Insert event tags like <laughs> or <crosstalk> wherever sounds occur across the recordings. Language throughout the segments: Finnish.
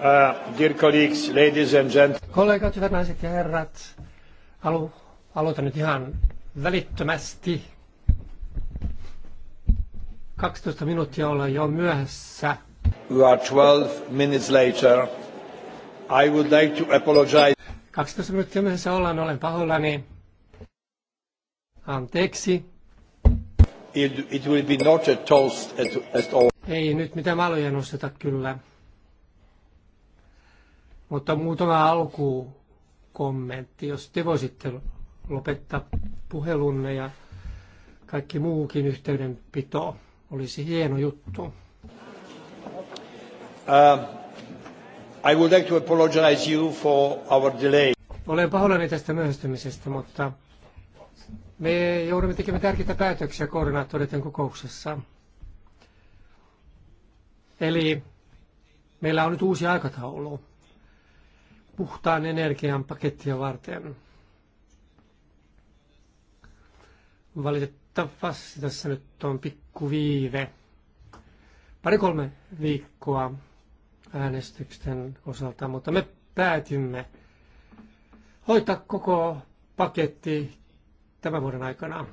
Uh, dear colleagues, ladies and gentlemen. Kollegat, hyvät naiset ja herrat, alu, aloitan nyt ihan välittömästi. 12 minuuttia ollaan jo myöhässä. You are 12 minutes later. I would like to apologize. 12 minuuttia myöhässä ollaan, olen pahoillani. Niin Anteeksi. It, it will be not a toast at, at all. Ei nyt mitään valoja nosteta kyllä. Mutta muutama alku kommentti. Jos te voisitte lopettaa puhelunne ja kaikki muukin yhteydenpito, olisi hieno juttu. Uh, I would like to apologize you for our delay. Olen pahoillani tästä myöhästymisestä, mutta me joudumme tekemään tärkeitä päätöksiä koordinaattoreiden kokouksessa. Eli meillä on nyt uusi aikataulu puhtaan energian pakettia varten. Valitettavasti tässä nyt on pikku viive. Pari-kolme viikkoa äänestyksen osalta, mutta me päätimme hoitaa koko paketti tämän vuoden aikana.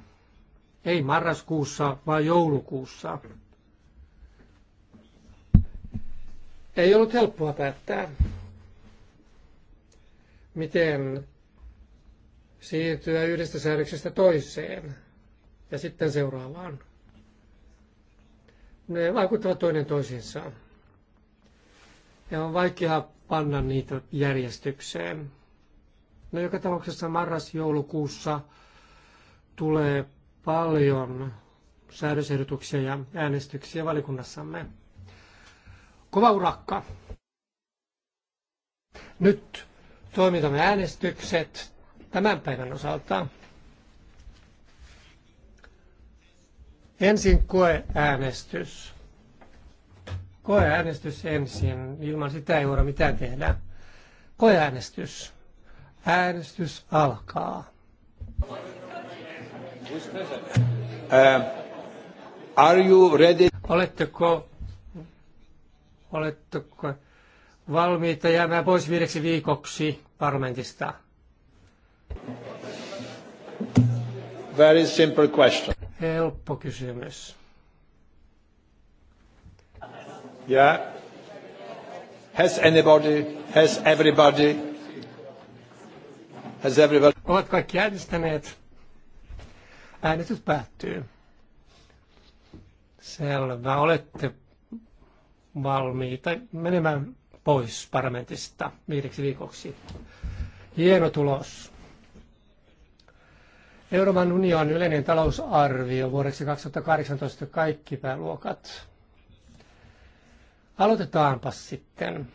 Ei marraskuussa, vaan joulukuussa. Ei ollut helppoa päättää, miten siirtyä yhdestä säädöksestä toiseen ja sitten seuraavaan. Ne vaikuttavat toinen toisiinsa. Ja on vaikea panna niitä järjestykseen. No joka tapauksessa marras-joulukuussa tulee paljon säädösehdotuksia ja äänestyksiä valikunnassamme. Kova urakka. Nyt toimitamme äänestykset tämän päivän osalta. Ensin koeäänestys. Koeäänestys ensin. Ilman sitä ei voida mitään tehdä. Koeäänestys. Äänestys alkaa. Uh, are you ready? Oletteko, oletteko valmiita jäämään pois viideksi viikoksi parlamentista? Very simple question. Helppo kysymys. Yeah. Has anybody, has everybody, has everybody... Ovat kaikki äänestäneet. Äänestys päättyy. Selvä. Olette valmiita menemään pois parlamentista viideksi viikoksi. Hieno tulos. Euroopan union yleinen talousarvio vuodeksi 2018 kaikki pääluokat. Aloitetaanpa sitten.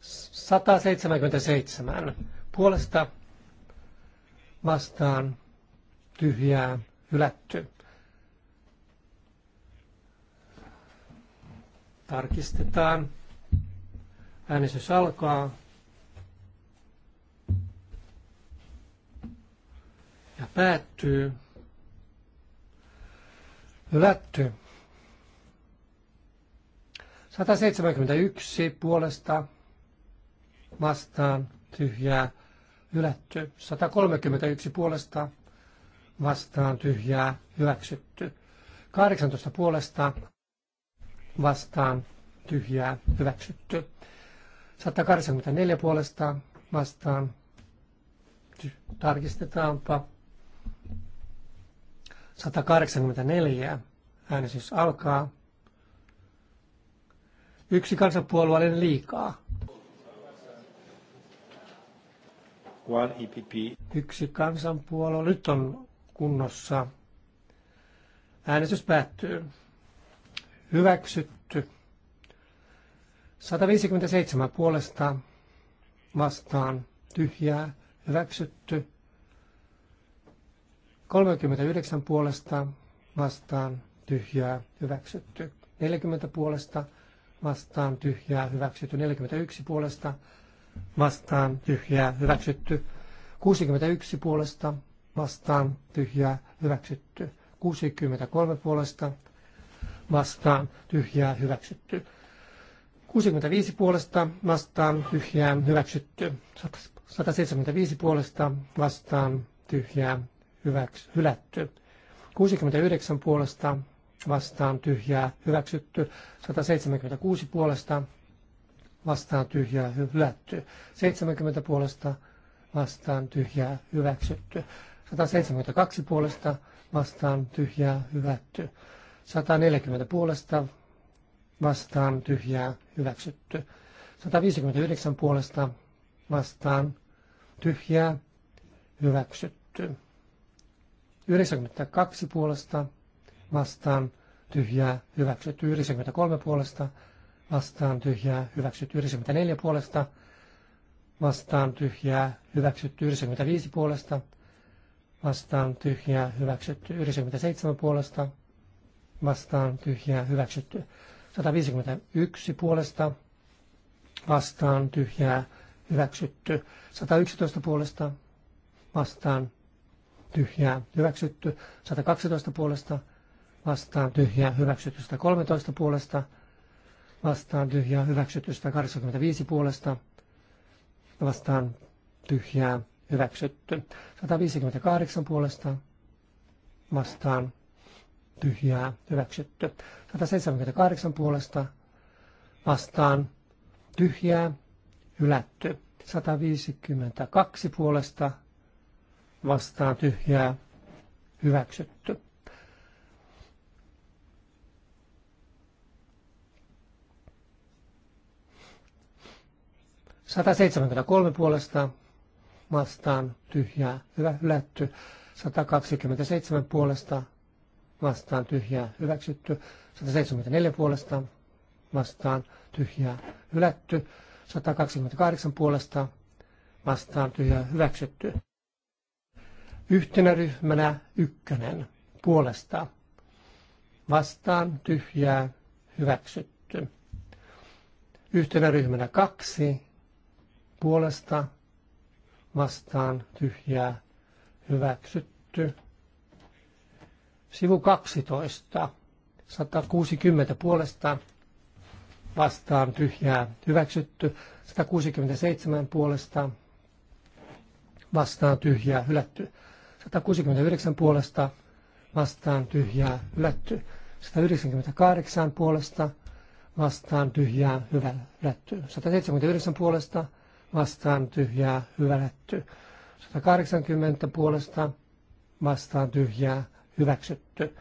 177 puolesta vastaan tyhjää hylätty. Tarkistetaan. Äänestys alkaa. Ja päättyy. Hylätty. 171 puolesta vastaan tyhjää hylätty. 131 puolesta vastaan tyhjää hyväksytty. 18 puolesta vastaan tyhjää hyväksytty. 184 puolesta vastaan tarkistetaanpa. 184 äänestys alkaa. Yksi kansanpuolueellinen liikaa. One EPP. Yksi kansanpuolue nyt on kunnossa. Äänestys päättyy. Hyväksytty. 157 puolesta vastaan tyhjää hyväksytty. 39 puolesta vastaan tyhjää hyväksytty. 40 puolesta vastaan tyhjää hyväksytty. 41 puolesta vastaan, vastaan tyhjää hyväksytty. 61 puolesta vastaan tyhjää hyväksytty. 63 puolesta vastaan tyhjää hyväksytty. 65 puolesta vastaan tyhjää hyväksytty. 175 puolesta vastaan tyhjää hyväks, hylätty. 69 puolesta vastaan tyhjää hyväksytty. 176 puolesta vastaan tyhjää hylätty. 70 puolesta vastaan tyhjää hyväksytty. 172 puolesta vastaan tyhjää hyvätty. 140 puolesta vastaan tyhjää hyväksytty. 159 puolesta vastaan tyhjää hyväksytty. 92 puolesta vastaan tyhjää hyväksytty. 93 puolesta vastaan, vastaan tyhjää hyväksytty 94 puolesta, vastaan tyhjää hyväksytty 95 puolesta, vastaan tyhjää hyväksytty 97 puolesta, vastaan tyhjää hyväksytty 151 puolesta, vastaan tyhjää hyväksytty 111 puolesta, vastaan tyhjää hyväksytty 112 puolesta, vastaan tyhjää hyväksytty 113 puolesta, vastaan tyhjää hyväksytty 185 puolesta vastaan tyhjää hyväksytty 158 puolesta vastaan tyhjää hyväksytty 178 puolesta vastaan tyhjää hylätty 152 puolesta vastaan tyhjää hyväksytty 173 puolesta vastaan tyhjää hyvä, hylätty. 127 puolesta vastaan tyhjää hyväksytty. 174 puolesta vastaan tyhjää hylätty. 128 puolesta vastaan tyhjää hyväksytty. Yhtenä ryhmänä ykkönen puolesta vastaan tyhjää hyväksytty. Yhtenä ryhmänä kaksi puolesta vastaan tyhjää hyväksytty. Sivu 12, 160 puolesta vastaan tyhjää hyväksytty, 167 puolesta vastaan tyhjää hylätty, 169 puolesta vastaan tyhjää hylätty, 198 puolesta vastaan tyhjää hylätty, 179 puolesta vastaan tyhjää hyvälätty. 180 puolesta vastaan tyhjää hyväksytty.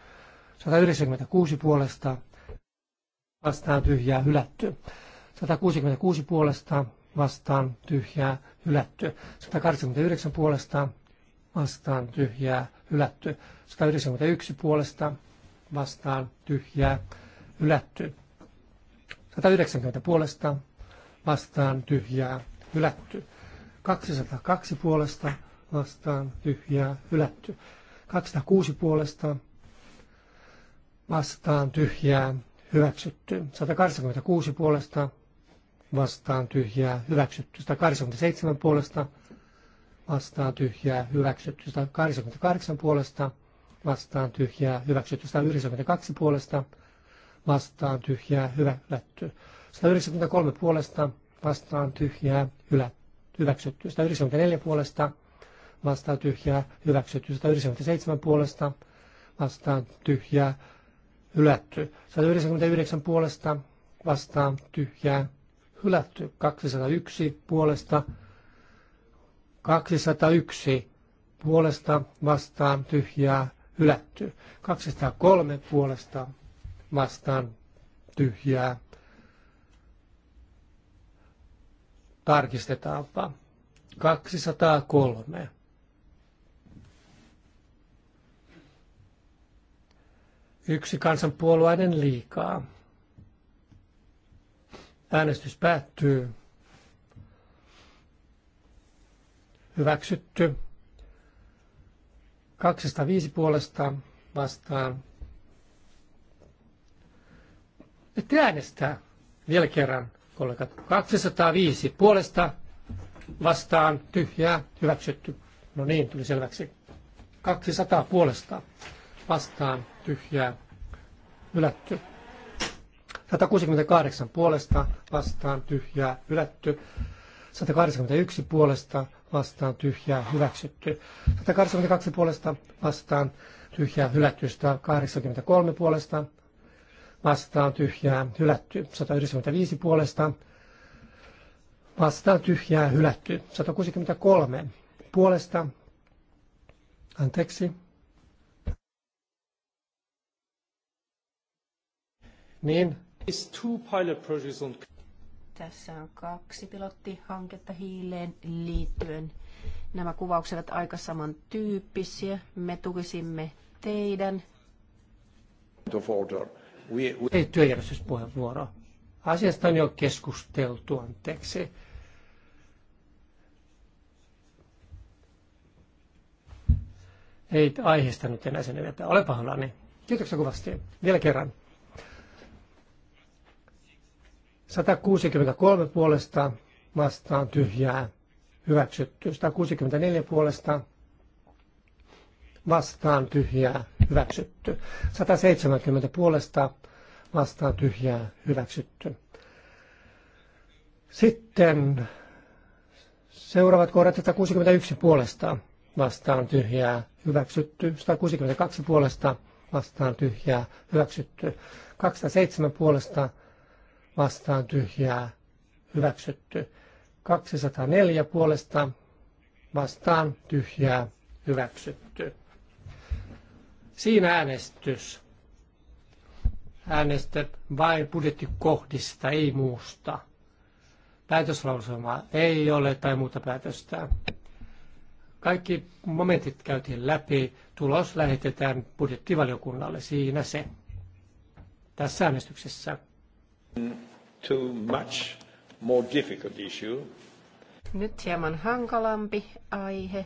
196 puolesta vastaan tyhjää hylätty. 166 puolesta vastaan tyhjää hylätty. 189 puolesta vastaan tyhjää hylätty. 191 puolesta vastaan tyhjää hylätty. 190 puolesta vastaan tyhjää hylätty. 202 puolesta vastaan tyhjää hylätty. 206 puolesta vastaan tyhjää hyväksytty. 186 puolesta vastaan tyhjää hyväksytty. 187 puolesta vastaan tyhjää hyväksytty. 188 puolesta vastaan tyhjää hyväksytty. 192 puolesta vastaan tyhjää hyväksytty. 193 puolesta vastaan tyhjää hyväksytty. 194 puolesta vastaan tyhjää hyväksytty. 197 puolesta vastaan tyhjää hylätty. 199 puolesta vastaan tyhjää hylätty. 201 puolesta 201 puolesta vastaan tyhjää hylätty. 203 puolesta vastaan tyhjää Tarkistetaanpa. 203. Yksi kansanpuolueiden liikaa. Äänestys päättyy. Hyväksytty. 205 puolesta vastaan. Ette äänestää vielä kerran kollegat. 205 puolesta vastaan tyhjää hyväksytty. No niin, tuli selväksi. 200 puolesta vastaan tyhjää hylätty. 168 puolesta vastaan tyhjää hylätty. 181 puolesta vastaan tyhjää hyväksytty. 182 puolesta vastaan tyhjää hylätty. 183 puolesta vastaan tyhjää hylätty. 195 puolesta vastaan tyhjää hylätty. 163 puolesta, anteeksi, niin. Tässä on kaksi pilottihanketta hiileen liittyen. Nämä kuvaukset ovat aika samantyyppisiä. Me tukisimme teidän. Of order. Ei työjärjestyspuheenvuoro. Asiasta on jo keskusteltu, anteeksi. Ei aiheesta nyt enää sen enempää. Ole pahoillani. Kiitoksia kuvasti. Vielä kerran. 163 puolesta vastaan tyhjää hyväksytty. 164 puolesta vastaan tyhjää hyväksytty. 170 puolesta vastaan tyhjää hyväksytty. Sitten seuraavat kohdat 161 puolesta vastaan tyhjää hyväksytty. 162 puolesta vastaan tyhjää hyväksytty. 207 puolesta vastaan tyhjää hyväksytty. 204 puolesta vastaan tyhjää hyväksytty. Siinä äänestys. Äänestä vain budjettikohdista, ei muusta. Päätöslausumaa ei ole tai muuta päätöstä. Kaikki momentit käytiin läpi. Tulos lähetetään budjettivaliokunnalle. Siinä se. Tässä äänestyksessä. Too much more difficult issue. Nyt hieman hankalampi aihe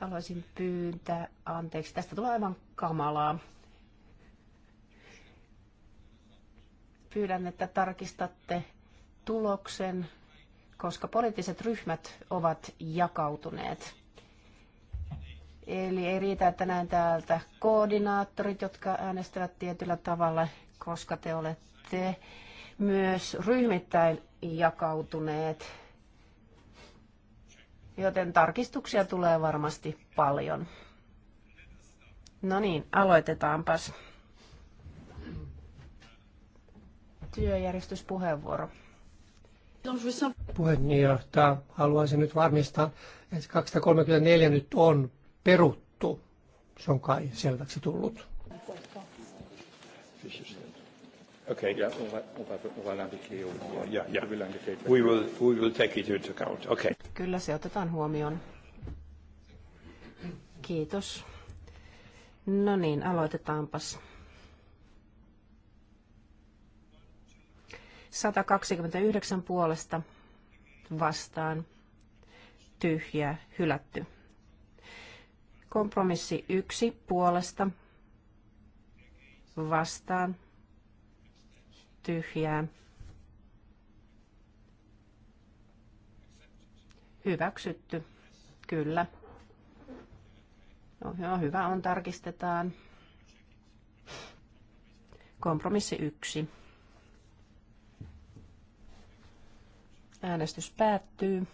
Haluaisin pyyntää anteeksi. Tästä tulee aivan kamalaa. Pyydän, että tarkistatte tuloksen, koska poliittiset ryhmät ovat jakautuneet. Eli ei riitä, että näen täältä koordinaattorit, jotka äänestävät tietyllä tavalla, koska te olette myös ryhmittäin jakautuneet joten tarkistuksia tulee varmasti paljon. No niin, aloitetaanpas. Työjärjestyspuheenvuoro. Puheenjohtaja, haluaisin nyt varmistaa, että 234 nyt on peruttu. Se on kai selväksi tullut. Fischer. Okay. Yeah, on va, on va, on va l'indiquer. Yeah, yeah. We will, we will take it into account. Okay. Kyllä se otetaan huomioon. Kiitos. No niin, aloitetaanpas. 129 puolesta vastaan tyhjä hylätty. Kompromissi 1 puolesta vastaan tyhjää. Hyväksytty, kyllä. No, joo, hyvä on, tarkistetaan. Kompromissi yksi. Äänestys päättyy.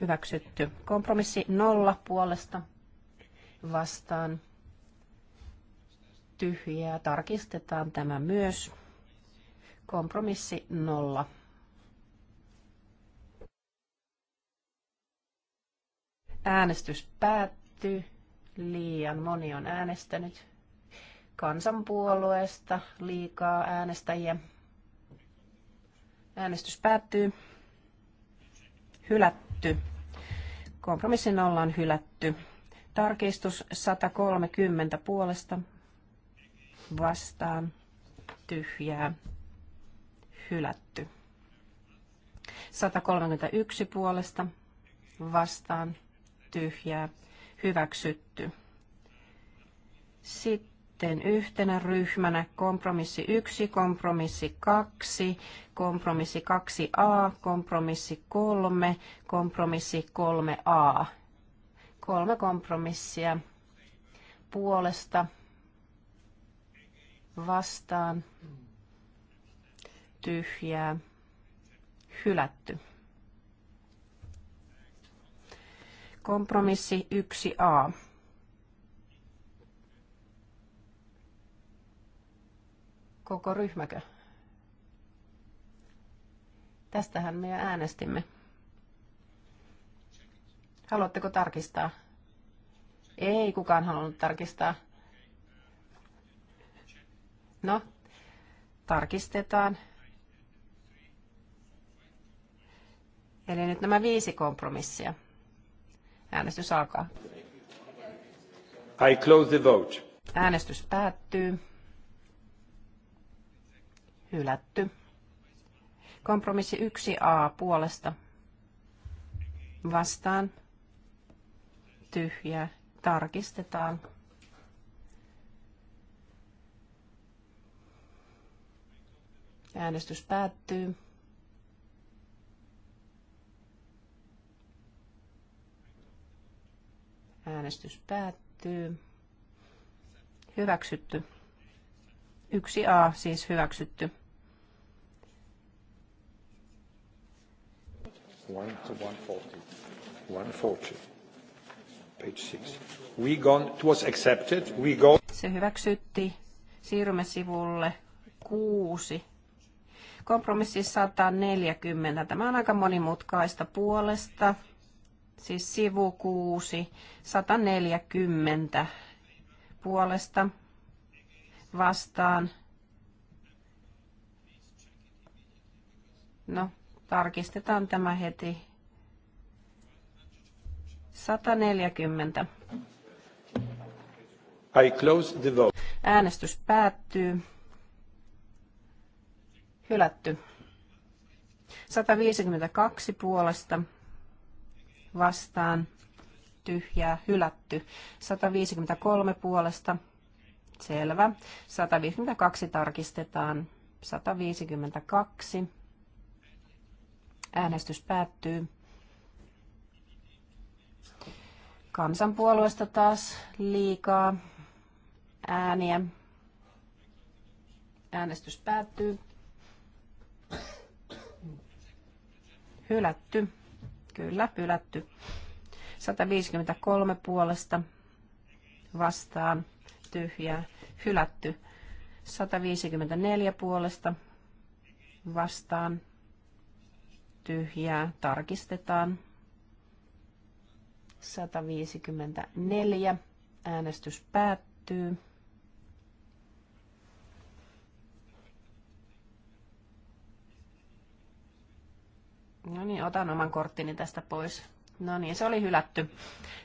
Hyväksytty. Kompromissi nolla puolesta vastaan tyhjää. Tarkistetaan tämä myös. Kompromissi nolla. Äänestys päättyy. Liian moni on äänestänyt. Kansanpuolueesta liikaa äänestäjiä. Äänestys päättyy. Hylätty. Kompromissin ollaan hylätty. Tarkistus 130 puolesta vastaan tyhjää hylätty. 131 puolesta vastaan tyhjää hyväksytty. Sitten yhtenä ryhmänä kompromissi 1, kompromissi 2, kompromissi 2a, kompromissi 3, kompromissi 3a. Kolme kompromissia puolesta vastaan tyhjää hylätty. Kompromissi 1a. Koko ryhmäkö? Tästähän me jo äänestimme. Haluatteko tarkistaa? Ei kukaan halunnut tarkistaa. No, tarkistetaan. Eli nyt nämä viisi kompromissia. Äänestys alkaa. I close the vote. Äänestys päättyy. Hylätty. Kompromissi 1a puolesta. Vastaan. Tyhjä. Tarkistetaan. Äänestys päättyy. Äänestys päättyy. Hyväksytty. 1A siis hyväksytty. One to Page six. We was accepted. We Se hyväksytti. Siirrymme sivulle kuusi. Kompromissi 140. Tämä on aika monimutkaista puolesta. Siis sivu 6, 140 puolesta vastaan. No, tarkistetaan tämä heti. 140. I close the vote. Äänestys päättyy. Hylätty. 152 puolesta vastaan tyhjää, hylätty. 153 puolesta, selvä. 152 tarkistetaan. 152. Äänestys päättyy. Kansanpuolueesta taas liikaa ääniä. Äänestys päättyy. Hylätty. Kyllä, hylätty. 153 puolesta vastaan tyhjää. Hylätty. 154 puolesta vastaan tyhjää. Tarkistetaan. 154. Äänestys päättyy. No niin, otan oman korttini tästä pois. No niin, se oli hylätty.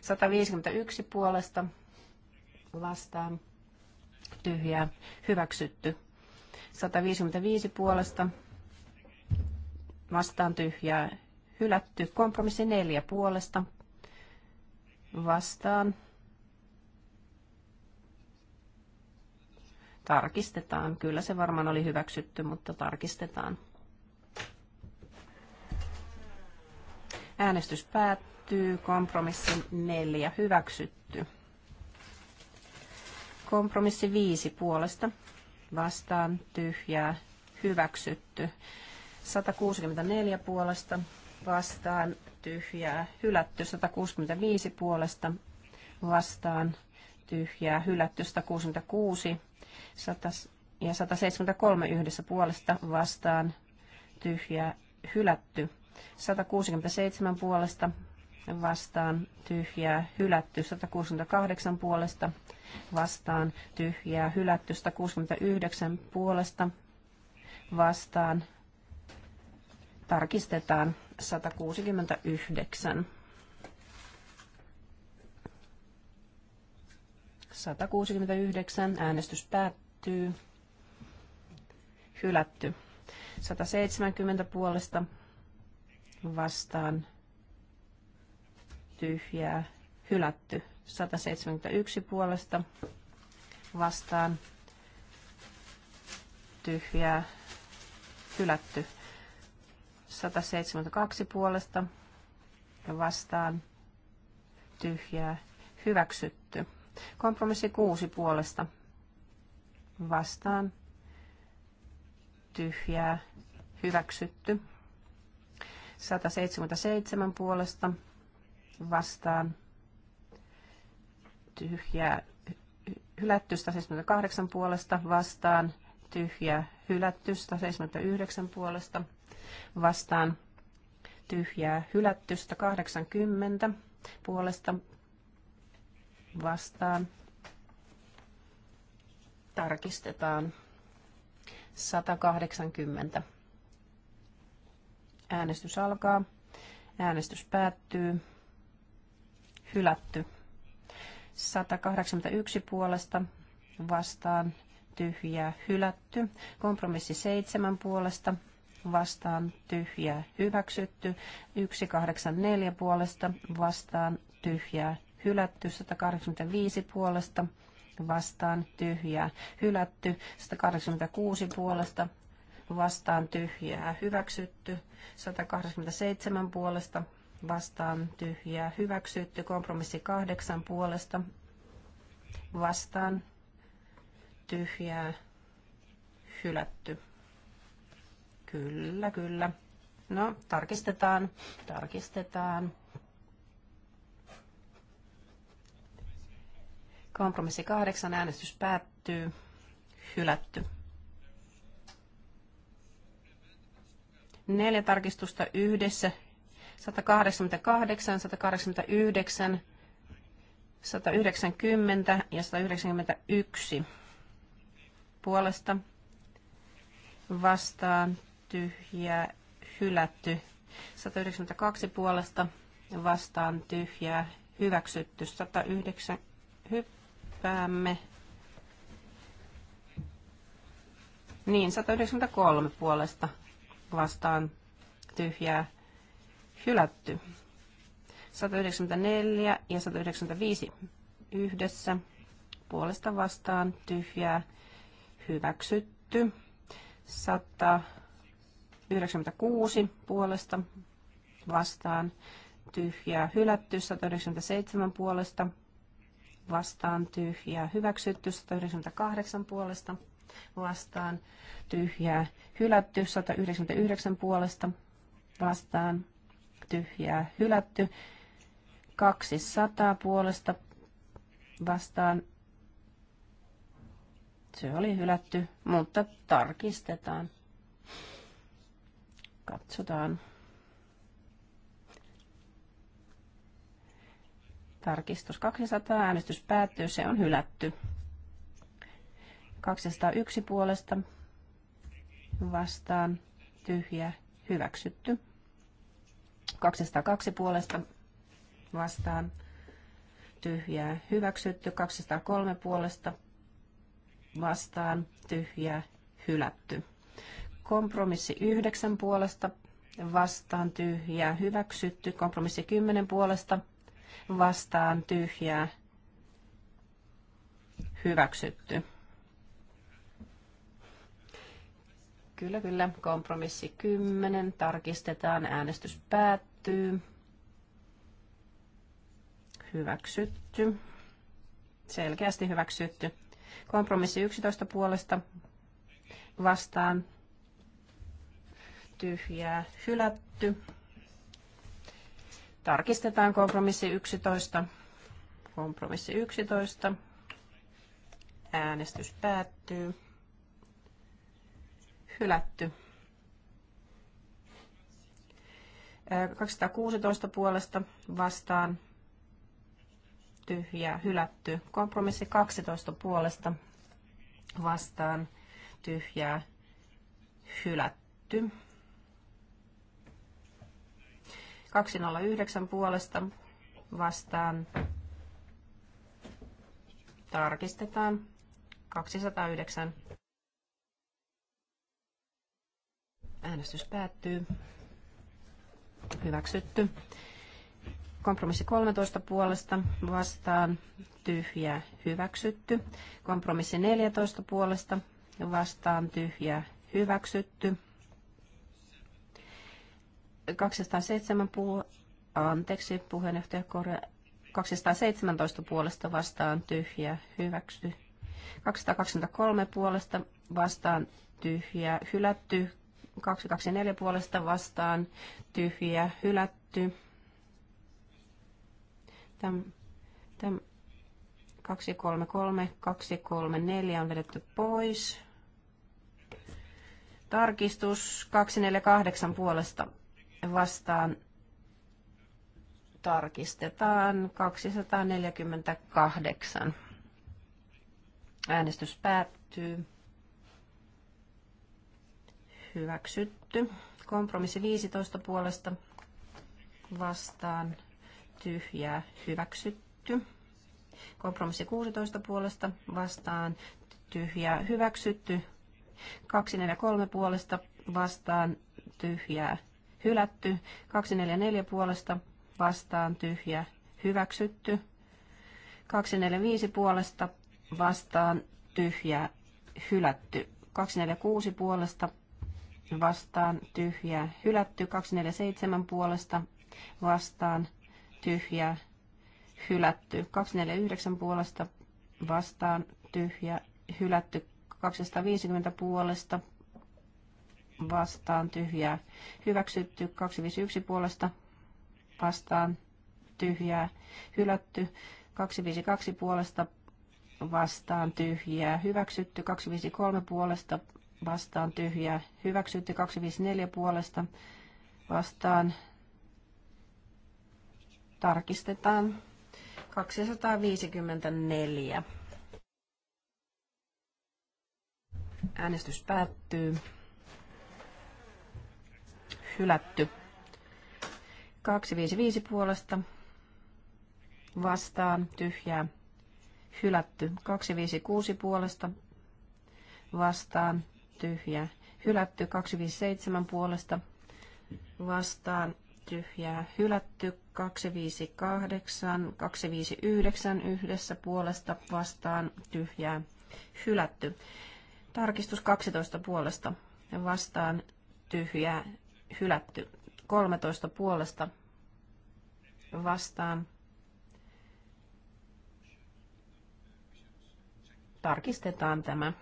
151 puolesta vastaan tyhjää hyväksytty. 155 puolesta vastaan tyhjää hylätty. Kompromissi 4 puolesta vastaan. Tarkistetaan. Kyllä se varmaan oli hyväksytty, mutta tarkistetaan. Äänestys päättyy. Kompromissi 4 hyväksytty. Kompromissi 5 puolesta vastaan tyhjää hyväksytty. 164 puolesta vastaan tyhjää hylätty. 165 puolesta vastaan tyhjää hylätty. 166 100, ja 173 yhdessä puolesta vastaan tyhjää hylätty. 167 puolesta vastaan tyhjää hylätty, 168 puolesta vastaan tyhjää hylätty, 169 puolesta vastaan tarkistetaan 169. 169 äänestys päättyy. Hylätty. 170 puolesta vastaan tyhjää hylätty. 171 puolesta vastaan tyhjää hylätty. 172 puolesta ja vastaan tyhjää hyväksytty. Kompromissi 6 puolesta vastaan tyhjää hyväksytty. 177 puolesta vastaan Tyhjä hylätty 178 puolesta vastaan Tyhjä hylätty 179 puolesta vastaan tyhjää hylätty 180 puolesta vastaan tarkistetaan 180. Äänestys alkaa. Äänestys päättyy. Hylätty. 181 puolesta vastaan tyhjää hylätty. Kompromissi 7 puolesta vastaan tyhjää hyväksytty. 184 puolesta vastaan tyhjää hylätty. 185 puolesta vastaan tyhjää hylätty. 186 puolesta vastaan tyhjää hyväksytty, 187 puolesta vastaan tyhjää hyväksytty, kompromissi 8 puolesta vastaan tyhjää hylätty. Kyllä, kyllä. No, tarkistetaan, tarkistetaan. Kompromissi kahdeksan äänestys päättyy. Hylätty. neljä tarkistusta yhdessä, 188, 189, 190 ja 191 puolesta vastaan tyhjää hylätty. 192 puolesta vastaan tyhjää hyväksytty. 109 hyppäämme. Niin, 193 puolesta vastaan tyhjää hylätty. 194 ja 195 yhdessä puolesta vastaan tyhjää hyväksytty. 196 puolesta vastaan tyhjää hylätty. 197 puolesta vastaan tyhjää hyväksytty. 198 puolesta vastaan tyhjää hylätty, 199 puolesta vastaan tyhjää hylätty, 200 puolesta vastaan se oli hylätty, mutta tarkistetaan. Katsotaan. Tarkistus 200, äänestys päättyy, se on hylätty. 201 puolesta vastaan tyhjä hyväksytty. 202 puolesta vastaan tyhjää hyväksytty. 203 puolesta vastaan tyhjää hylätty. Kompromissi 9 puolesta vastaan tyhjää hyväksytty. Kompromissi 10 puolesta vastaan tyhjää hyväksytty. Kyllä, kyllä. Kompromissi 10. Tarkistetaan. Äänestys päättyy. Hyväksytty. Selkeästi hyväksytty. Kompromissi 11 puolesta vastaan. Tyhjää hylätty. Tarkistetaan kompromissi 11. Kompromissi 11. Äänestys päättyy hylätty. 216 puolesta vastaan tyhjää hylätty. Kompromissi 12 puolesta vastaan tyhjää hylätty. 209 puolesta vastaan tarkistetaan 209 Äänestys päättyy. Hyväksytty. Kompromissi 13 puolesta vastaan tyhjä hyväksytty. Kompromissi 14 puolesta vastaan tyhjä hyväksytty. 207 puu, anteeksi, puheenjohtaja korja, 217 puolesta vastaan tyhjä hyväksy. 223 puolesta vastaan tyhjä hylätty. 224 puolesta vastaan tyhjä hylätty. Täm, täm, 233, 234 on vedetty pois. Tarkistus 248 puolesta vastaan tarkistetaan 248. Äänestys päättyy hyväksytty. Kompromissi 15 puolesta vastaan tyhjää hyväksytty. Kompromissi 16 puolesta vastaan tyhjää hyväksytty. 243 puolesta vastaan tyhjää hylätty. 244 puolesta vastaan tyhjä hyväksytty. 245 puolesta vastaan tyhjää hylätty. 246 puolesta vastaan tyhjää hylätty, 247 puolesta vastaan tyhjää hylätty, 249 puolesta vastaan tyhjä hylätty, 250 puolesta vastaan tyhjää hyväksytty, 251 puolesta vastaan tyhjää hylätty, 252 puolesta vastaan tyhjää hyväksytty, 253 puolesta vastaan tyhjää hyväksytty, 254 puolesta vastaan tarkistetaan 254. Äänestys päättyy. Hylätty. 255 puolesta vastaan tyhjää. Hylätty. 256 puolesta vastaan tyhjää hylätty. 257 puolesta vastaan tyhjää hylätty. 258, 259 yhdessä puolesta vastaan tyhjää hylätty. Tarkistus 12 puolesta vastaan tyhjää hylätty. 13 puolesta vastaan tarkistetaan tämä.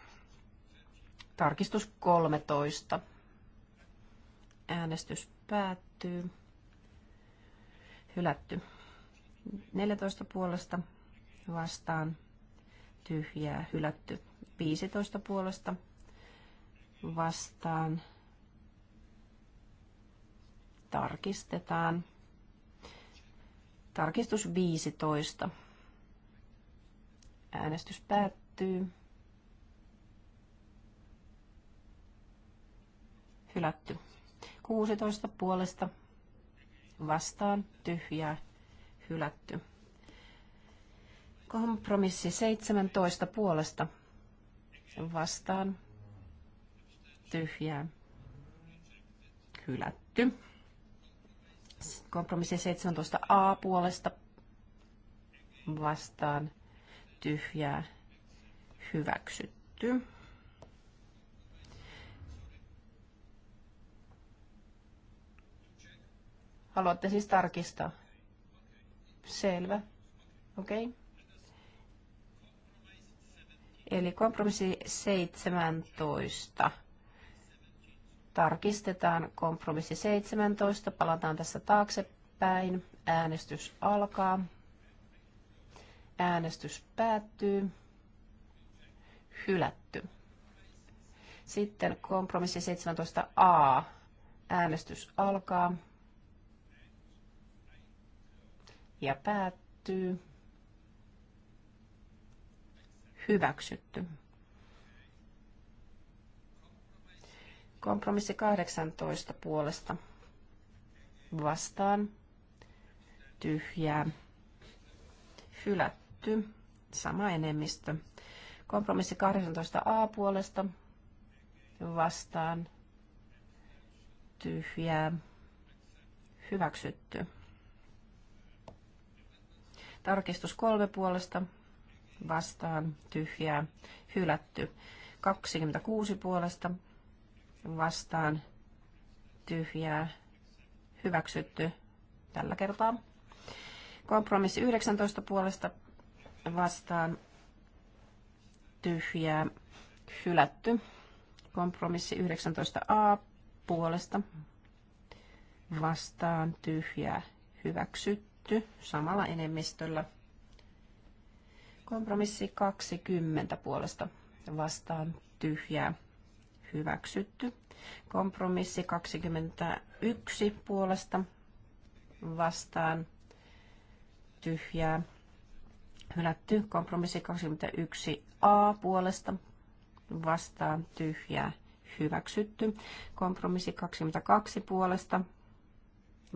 Tarkistus 13. Äänestys päättyy. Hylätty. 14 puolesta vastaan tyhjää hylätty. 15 puolesta vastaan tarkistetaan. Tarkistus 15. Äänestys päättyy. hylätty. 16 puolesta vastaan tyhjää hylätty. Kompromissi 17 puolesta vastaan tyhjää hylätty. Kompromissi 17a puolesta vastaan tyhjää hyväksytty. Haluatte siis tarkistaa? Selvä. Okei. Okay. Eli kompromissi 17. Tarkistetaan kompromissi 17. Palataan tässä taaksepäin. Äänestys alkaa. Äänestys päättyy. Hylätty. Sitten kompromissi 17a. Äänestys alkaa. ja päättyy. Hyväksytty. Kompromissi 18 puolesta vastaan. Tyhjää. Hylätty. Sama enemmistö. Kompromissi 18a puolesta vastaan. Tyhjää. Hyväksytty. Tarkistus kolme puolesta vastaan tyhjää hylätty. 26 puolesta vastaan tyhjää hyväksytty tällä kertaa. Kompromissi 19 puolesta vastaan tyhjää hylätty. Kompromissi 19a puolesta vastaan tyhjää hyväksytty hyväksytty samalla enemmistöllä. Kompromissi 20 puolesta vastaan tyhjää hyväksytty. Kompromissi 21 puolesta vastaan tyhjää hylätty. Kompromissi 21a puolesta vastaan tyhjää hyväksytty. Kompromissi 22 puolesta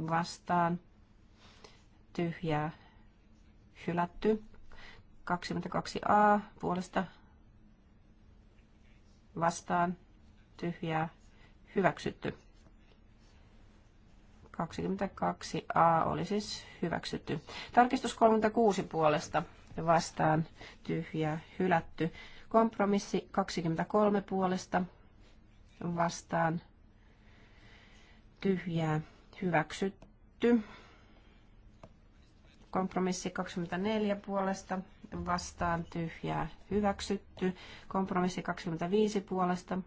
vastaan tyhjää hylätty. 22a puolesta vastaan tyhjää hyväksytty. 22a oli siis hyväksytty. Tarkistus 36 puolesta vastaan tyhjää hylätty. Kompromissi 23 puolesta vastaan tyhjää hyväksytty. Kompromissi 24 puolesta vastaan tyhjää hyväksytty. Kompromissi 25 puolesta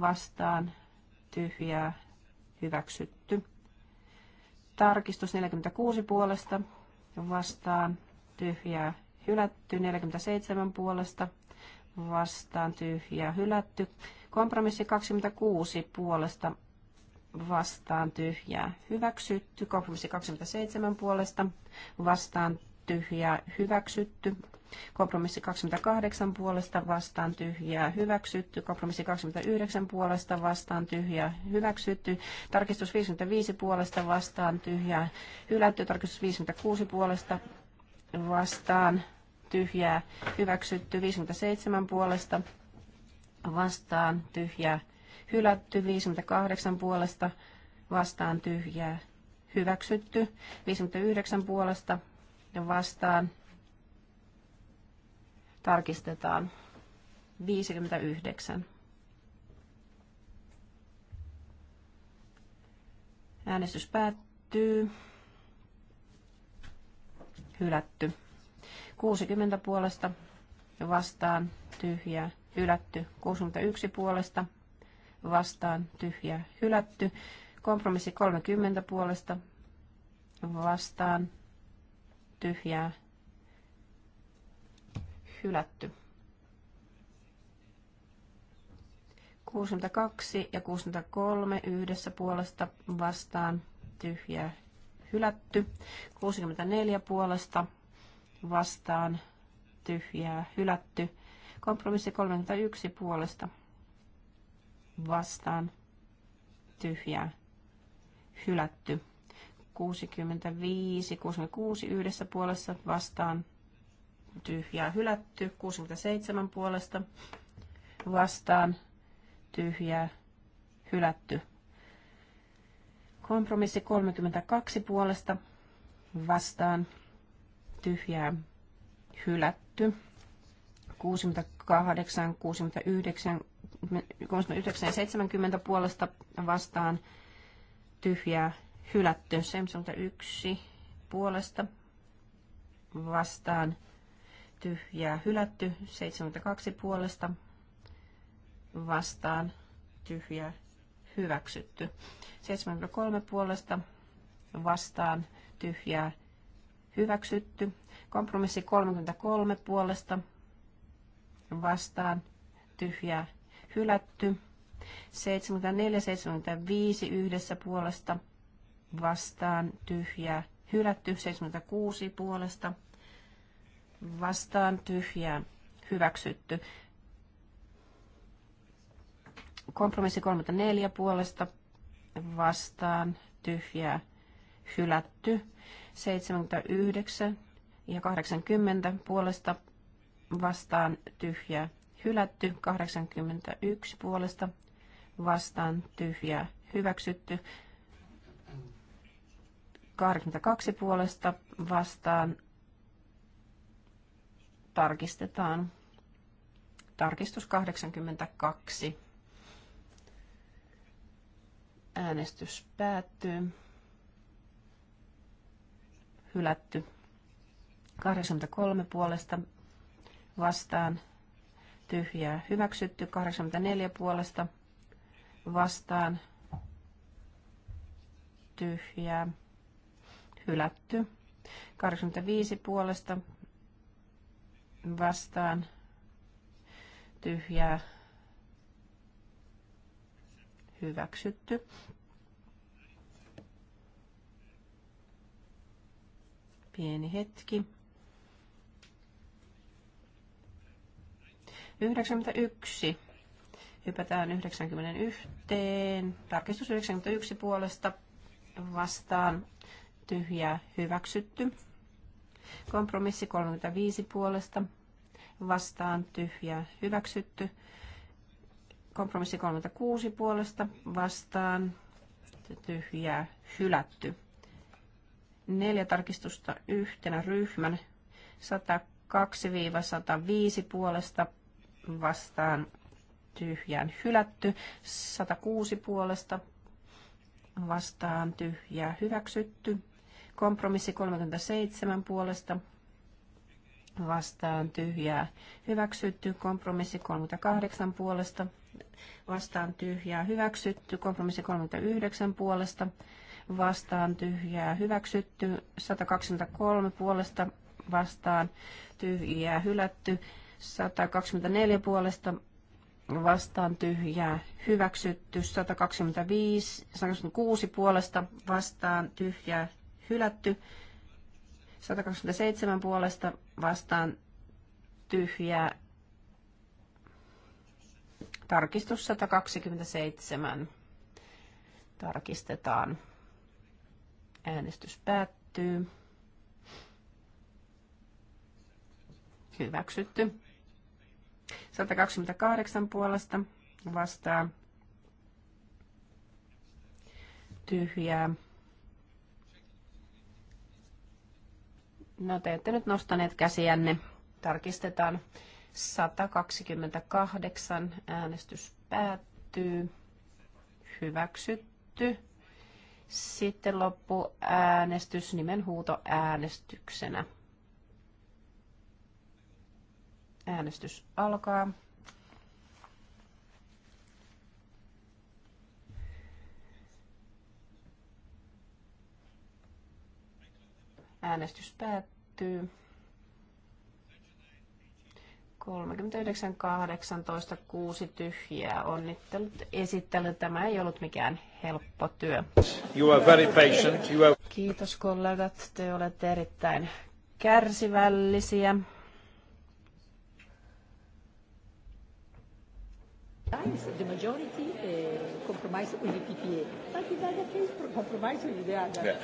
vastaan tyhjää hyväksytty. Tarkistus 46 puolesta vastaan tyhjää hylätty. 47 puolesta vastaan tyhjää hylätty. Kompromissi 26 puolesta vastaan tyhjää hyväksytty. Kompromissi 27 puolesta vastaan tyhjää hyväksytty. Kompromissi 28 puolesta vastaan tyhjää hyväksytty. Kompromissi 29 puolesta vastaan tyhjää hyväksytty. Tarkistus 55 puolesta vastaan tyhjää hylätty. Tarkistus 56 puolesta vastaan tyhjää hyväksytty. 57 puolesta vastaan tyhjää hylätty, 58 puolesta vastaan tyhjää, hyväksytty, 59 puolesta ja vastaan tarkistetaan 59. Äänestys päättyy. Hylätty. 60 puolesta ja vastaan tyhjää. Hylätty. 61 puolesta vastaan tyhjä hylätty. Kompromissi 30 puolesta vastaan tyhjää hylätty. 62 ja 63 yhdessä puolesta vastaan tyhjää hylätty. 64 puolesta vastaan tyhjää hylätty. Kompromissi 31 puolesta vastaan tyhjä, hylätty. 65, 66 yhdessä puolessa vastaan tyhjää hylätty. 67 puolesta vastaan tyhjää hylätty. Kompromissi 32 puolesta vastaan tyhjää hylätty. 68, 69, 970 puolesta vastaan tyhjää hylätty. 71 puolesta vastaan tyhjää hylätty. 72 puolesta vastaan tyhjää hyväksytty. 73 puolesta vastaan tyhjää hyväksytty. Kompromissi 33 puolesta vastaan tyhjää hylätty. 74, 75 yhdessä puolesta vastaan tyhjää hylätty. 76 puolesta vastaan tyhjää hyväksytty. Kompromissi 34 puolesta vastaan tyhjää hylätty. 79 ja 80 puolesta vastaan tyhjää hylätty, 81 puolesta vastaan tyhjää hyväksytty, 82 puolesta vastaan tarkistetaan. Tarkistus 82. Äänestys päättyy. Hylätty. 83 puolesta vastaan tyhjää hyväksytty. 84 puolesta vastaan tyhjää hylätty. 85 puolesta vastaan tyhjää hyväksytty. Pieni hetki. 91. Hypätään 91. Tarkistus 91 puolesta vastaan tyhjä hyväksytty. Kompromissi 35 puolesta vastaan tyhjä hyväksytty. Kompromissi 36 puolesta vastaan tyhjä hylätty. Neljä tarkistusta yhtenä ryhmän 102-105 puolesta vastaan tyhjään hylätty, 106 puolesta vastaan tyhjää hyväksytty, kompromissi 37 puolesta vastaan tyhjää hyväksytty, kompromissi 38 puolesta vastaan tyhjää hyväksytty, kompromissi 39 puolesta vastaan tyhjää hyväksytty, 123 puolesta vastaan tyhjää hylätty, 124 puolesta vastaan tyhjää hyväksytty, 125, 126 puolesta vastaan tyhjää hylätty, 127 puolesta vastaan tyhjää tarkistus 127 tarkistetaan. Äänestys päättyy. Hyväksytty. 128 puolesta vastaa tyhjää. No te ette nyt nostaneet käsiänne. Tarkistetaan. 128 äänestys päättyy. Hyväksytty. Sitten loppu äänestys nimen huuto äänestyksenä. Äänestys alkaa. Äänestys päättyy. 39, 18, 6 tyhjää. Onnittelut esittely. Tämä ei ollut mikään helppo työ. You are very patient. You are... Kiitos kollegat. Te olette erittäin kärsivällisiä. compromise, the majority uh, compromise with the PPA. But in other case, compromise with the other. Yeah.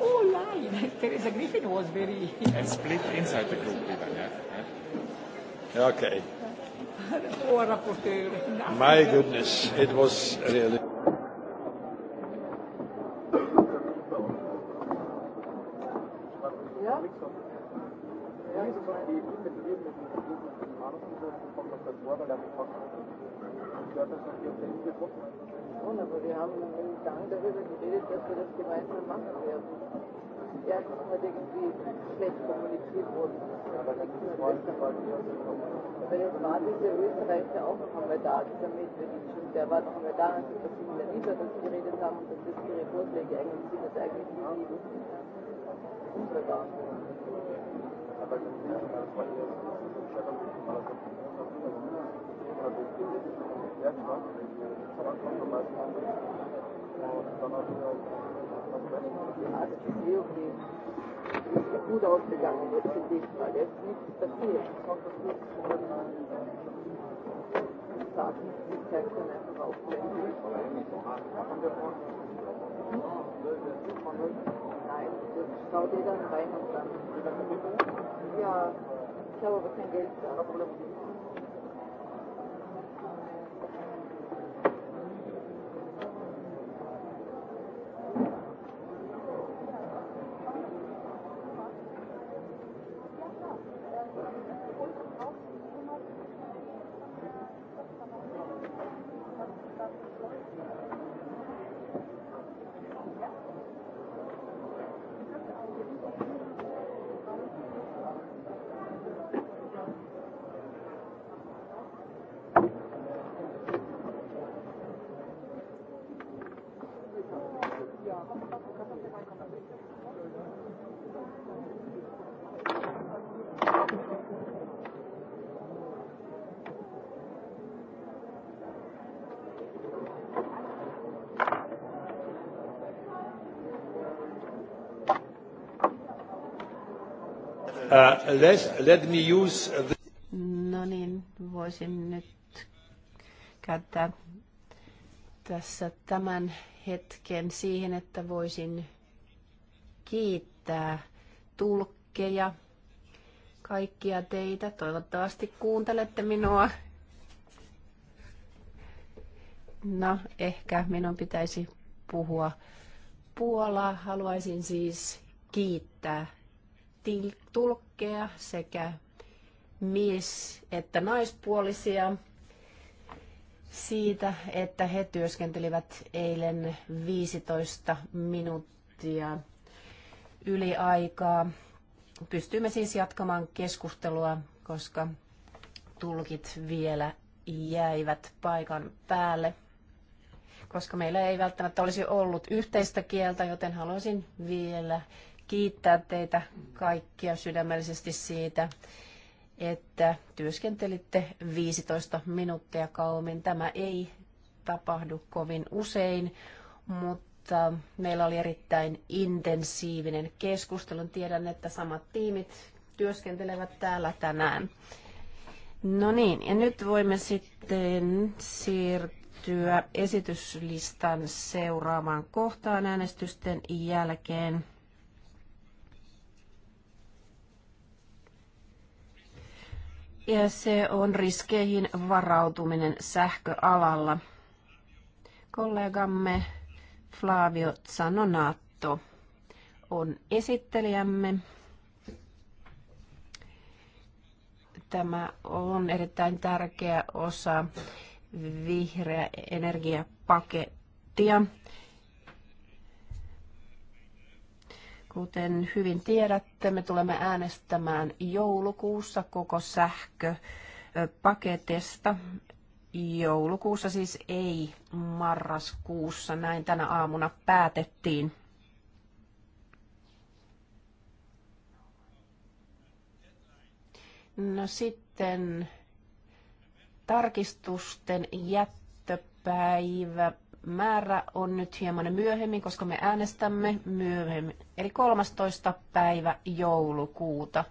Oh, All <laughs> Teresa Griffin was very... and split inside the group even, yeah. yeah. Okay. Poor <laughs> rapporteur. <laughs> My goodness, it was really... Schon, aber wir haben einen Gang darüber geredet, dass wir das gemeinsam machen werden. Erst ist man irgendwie schlecht kommuniziert worden. Aber das ist besser. Weil jetzt war dieser Österreicher auch noch einmal da, dieser Medvedic, und der war noch einmal da, und das ging ja lieber, dass sie geredet haben und dass das ihre Vorschläge eigentlich sind, das eigentlich nicht wunderbar. Aber das ist ja mal das, was ich ja, ich habe aber kein Geld da. Uh, let me use the... No niin, voisin nyt käyttää tässä tämän hetken siihen, että voisin kiittää tulkkeja, kaikkia teitä. Toivottavasti kuuntelette minua. No, ehkä minun pitäisi puhua Puolaa. Haluaisin siis kiittää tulkkeja sekä mies- että naispuolisia siitä, että he työskentelivät eilen 15 minuuttia yli aikaa. Pystymme siis jatkamaan keskustelua, koska tulkit vielä jäivät paikan päälle, koska meillä ei välttämättä olisi ollut yhteistä kieltä, joten haluaisin vielä kiittää teitä kaikkia sydämellisesti siitä, että työskentelitte 15 minuuttia kauemmin. Tämä ei tapahdu kovin usein, mutta meillä oli erittäin intensiivinen keskustelu. Tiedän, että samat tiimit työskentelevät täällä tänään. No niin, ja nyt voimme sitten siirtyä esityslistan seuraavaan kohtaan äänestysten jälkeen. ja se on riskeihin varautuminen sähköalalla. Kollegamme Flavio Zanonato on esittelijämme. Tämä on erittäin tärkeä osa vihreä energiapakettia Kuten hyvin tiedätte, me tulemme äänestämään joulukuussa koko sähköpaketista. Joulukuussa siis ei marraskuussa, näin tänä aamuna päätettiin. No sitten tarkistusten jättöpäivä määrä on nyt hieman myöhemmin, koska me äänestämme myöhemmin, eli 13. päivä joulukuuta.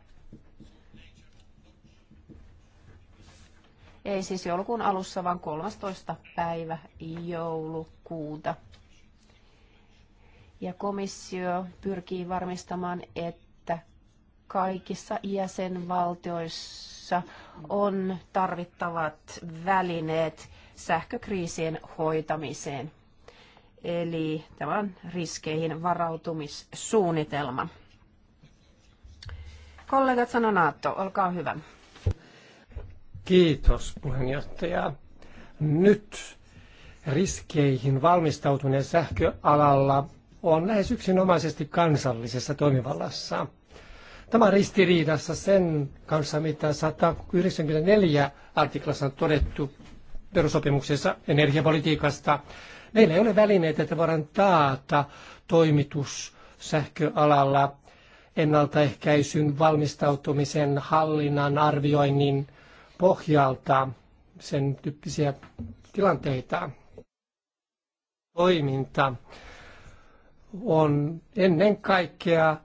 Ei siis joulukuun alussa, vaan 13. päivä joulukuuta. Ja komissio pyrkii varmistamaan, että kaikissa jäsenvaltioissa on tarvittavat välineet sähkökriisien hoitamiseen. Eli tämä on riskeihin varautumissuunnitelma. Kollegat Naatto, olkaa hyvä. Kiitos puheenjohtaja. Nyt riskeihin valmistautuneen sähköalalla on lähes yksinomaisesti kansallisessa toimivallassa. Tämä on ristiriidassa sen kanssa, mitä 194 artiklassa on todettu perussopimuksessa energiapolitiikasta. Meillä ei ole välineitä, että voidaan taata toimitus sähköalalla ennaltaehkäisyn, valmistautumisen, hallinnan, arvioinnin pohjalta sen tyyppisiä tilanteita. Toiminta on ennen kaikkea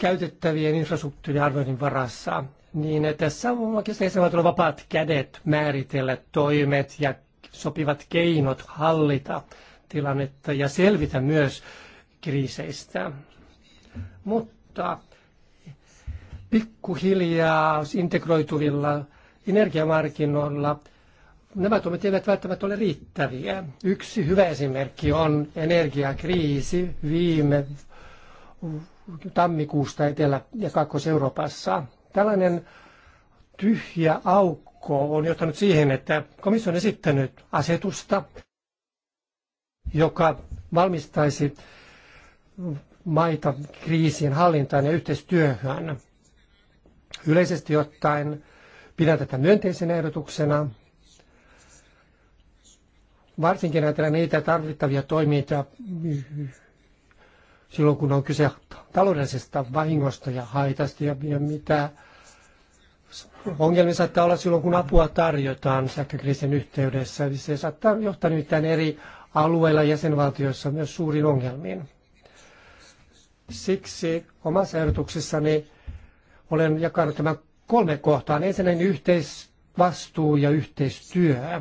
käytettävien arvioinnin varassa niin että tässä on oikeastaan vapaat kädet määritellä toimet ja sopivat keinot hallita tilannetta ja selvitä myös kriiseistä. Mutta pikkuhiljaa integroituvilla energiamarkkinoilla nämä toimet eivät välttämättä ole riittäviä. Yksi hyvä esimerkki on energiakriisi viime tammikuusta Etelä- ja Kaakkois-Euroopassa – Tällainen tyhjä aukko on johtanut siihen, että komissio on esittänyt asetusta, joka valmistaisi maita kriisien hallintaan ja yhteistyöhön. Yleisesti ottaen pidän tätä myönteisenä ehdotuksena. Varsinkin ajatellaan niitä tarvittavia toimia, silloin, kun on kyse taloudellisesta vahingosta ja haitasta ja, ja mitä ongelmia saattaa olla silloin, kun apua tarjotaan sähkökriisin yhteydessä. Se saattaa johtaa nimittäin eri alueilla jäsenvaltioissa myös suuriin ongelmiin. Siksi omassa ehdotuksessani olen jakanut tämän kolme kohtaa, Ensinnäkin yhteisvastuu ja yhteistyö,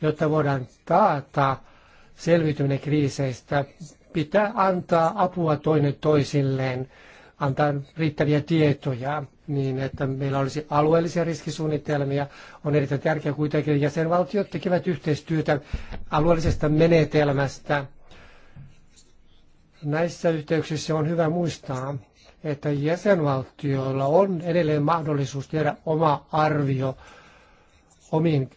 jotta voidaan taata selviytyminen kriiseistä pitää antaa apua toinen toisilleen, antaa riittäviä tietoja niin, että meillä olisi alueellisia riskisuunnitelmia. On erittäin tärkeää kuitenkin, jäsenvaltiot tekevät yhteistyötä alueellisesta menetelmästä. Näissä yhteyksissä on hyvä muistaa, että jäsenvaltioilla on edelleen mahdollisuus tehdä oma arvio omin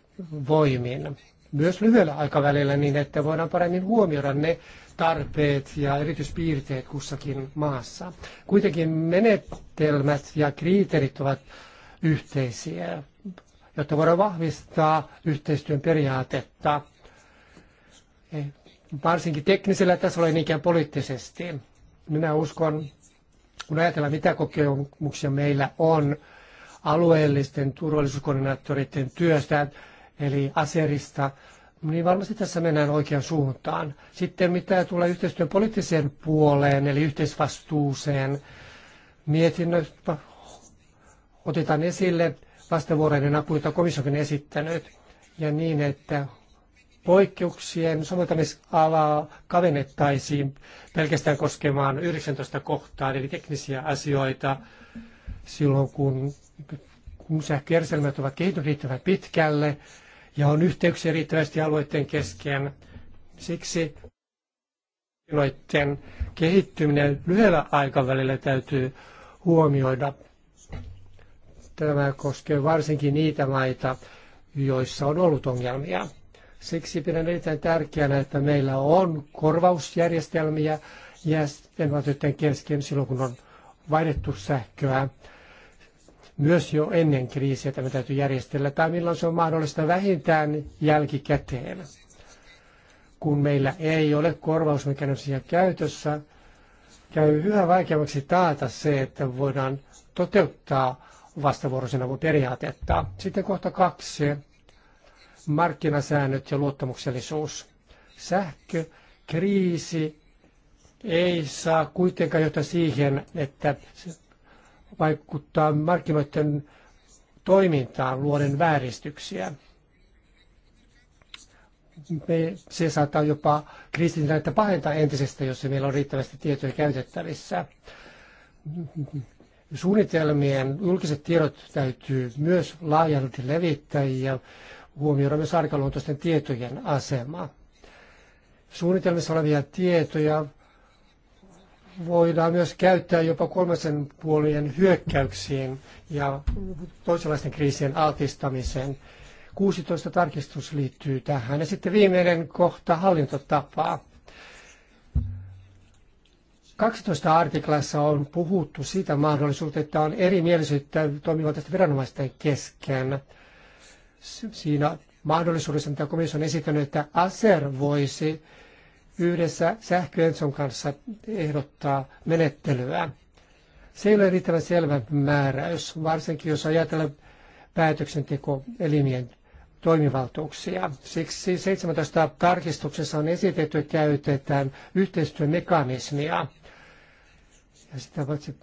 voimin. Myös lyhyellä aikavälillä niin, että voidaan paremmin huomioida ne tarpeet ja erityispiirteet kussakin maassa. Kuitenkin menetelmät ja kriteerit ovat yhteisiä, jotta voidaan vahvistaa yhteistyön periaatetta, eh, varsinkin teknisellä tasolla ja niinkään poliittisesti. Minä uskon, kun ajatellaan mitä kokemuksia meillä on alueellisten turvallisuuskoordinaattoreiden työstä, eli aserista, No niin varmasti tässä mennään oikeaan suuntaan. Sitten mitä tulee yhteistyön poliittiseen puoleen, eli yhteisvastuuseen, mietinnöstä otetaan esille vastavuoroinen apu, jota komissiokin esittänyt, ja niin, että poikkeuksien soveltamisalaa kavennettaisiin pelkästään koskemaan 19 kohtaa, eli teknisiä asioita, silloin kun sähköjärjestelmät ovat kehittyneet riittävän pitkälle, ja on yhteyksiä riittävästi alueiden kesken. Siksi alueiden kehittyminen lyhyellä aikavälillä täytyy huomioida. Tämä koskee varsinkin niitä maita, joissa on ollut ongelmia. Siksi pidän erittäin tärkeänä, että meillä on korvausjärjestelmiä jäsenvaltioiden kesken silloin, kun on vaihdettu sähköä myös jo ennen kriisiä tämä täytyy järjestellä, tai milloin se on mahdollista vähintään jälkikäteen. Kun meillä ei ole korvausmekanismia käytössä, käy yhä vaikeammaksi taata se, että voidaan toteuttaa vastavuoroisen avun periaatetta. Sitten kohta kaksi, markkinasäännöt ja luottamuksellisuus. kriisi ei saa kuitenkaan johtaa siihen, että vaikuttaa markkinoiden toimintaan luoden vääristyksiä. Me, se saattaa jopa kriisitilannetta pahentaa entisestä, jos meillä on riittävästi tietoja käytettävissä. Suunnitelmien julkiset tiedot täytyy myös laajalti levittää ja huomioida myös arkaluontoisten tietojen asema. Suunnitelmissa olevia tietoja voidaan myös käyttää jopa kolmasen puolien hyökkäyksiin ja toisenlaisten kriisien altistamiseen. 16 tarkistus liittyy tähän. Ja sitten viimeinen kohta hallintotapaa. 12 artiklassa on puhuttu siitä mahdollisuutta, että on erimielisyyttä toimivaltaisten viranomaisten kesken. Siinä mahdollisuudessa, mitä komissio on esittänyt, että ASER voisi yhdessä sähköenson kanssa ehdottaa menettelyä. Se ei ole riittävän selvä määräys, varsinkin jos ajatellaan päätöksentekoelimien toimivaltuuksia. Siksi 17 tarkistuksessa on esitetty, että käytetään yhteistyömekanismia ja sitä paitsi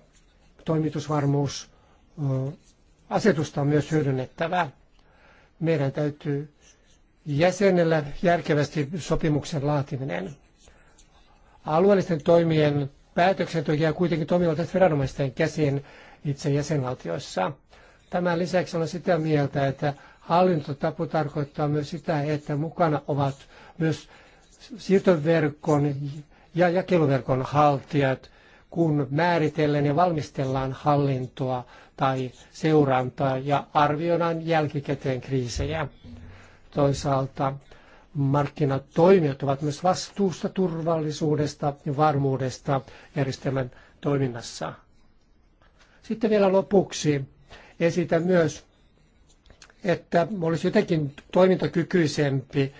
toimitusvarmuus asetusta on myös hyödynnettävä. Meidän täytyy jäsenellä järkevästi sopimuksen laatiminen. Alueellisten toimien päätöksenteko jää kuitenkin toimivaltaisten viranomaisten käsiin itse jäsenvaltioissa. Tämän lisäksi olen sitä mieltä, että hallintotapu tarkoittaa myös sitä, että mukana ovat myös siirtoverkon ja jakeluverkon haltijat, kun määritellään ja valmistellaan hallintoa tai seurantaa ja arvioidaan jälkikäteen kriisejä. Toisaalta markkinatoimijat ovat myös vastuussa turvallisuudesta ja varmuudesta järjestelmän toiminnassa. Sitten vielä lopuksi esitän myös, että olisi jotenkin toimintakykyisempi,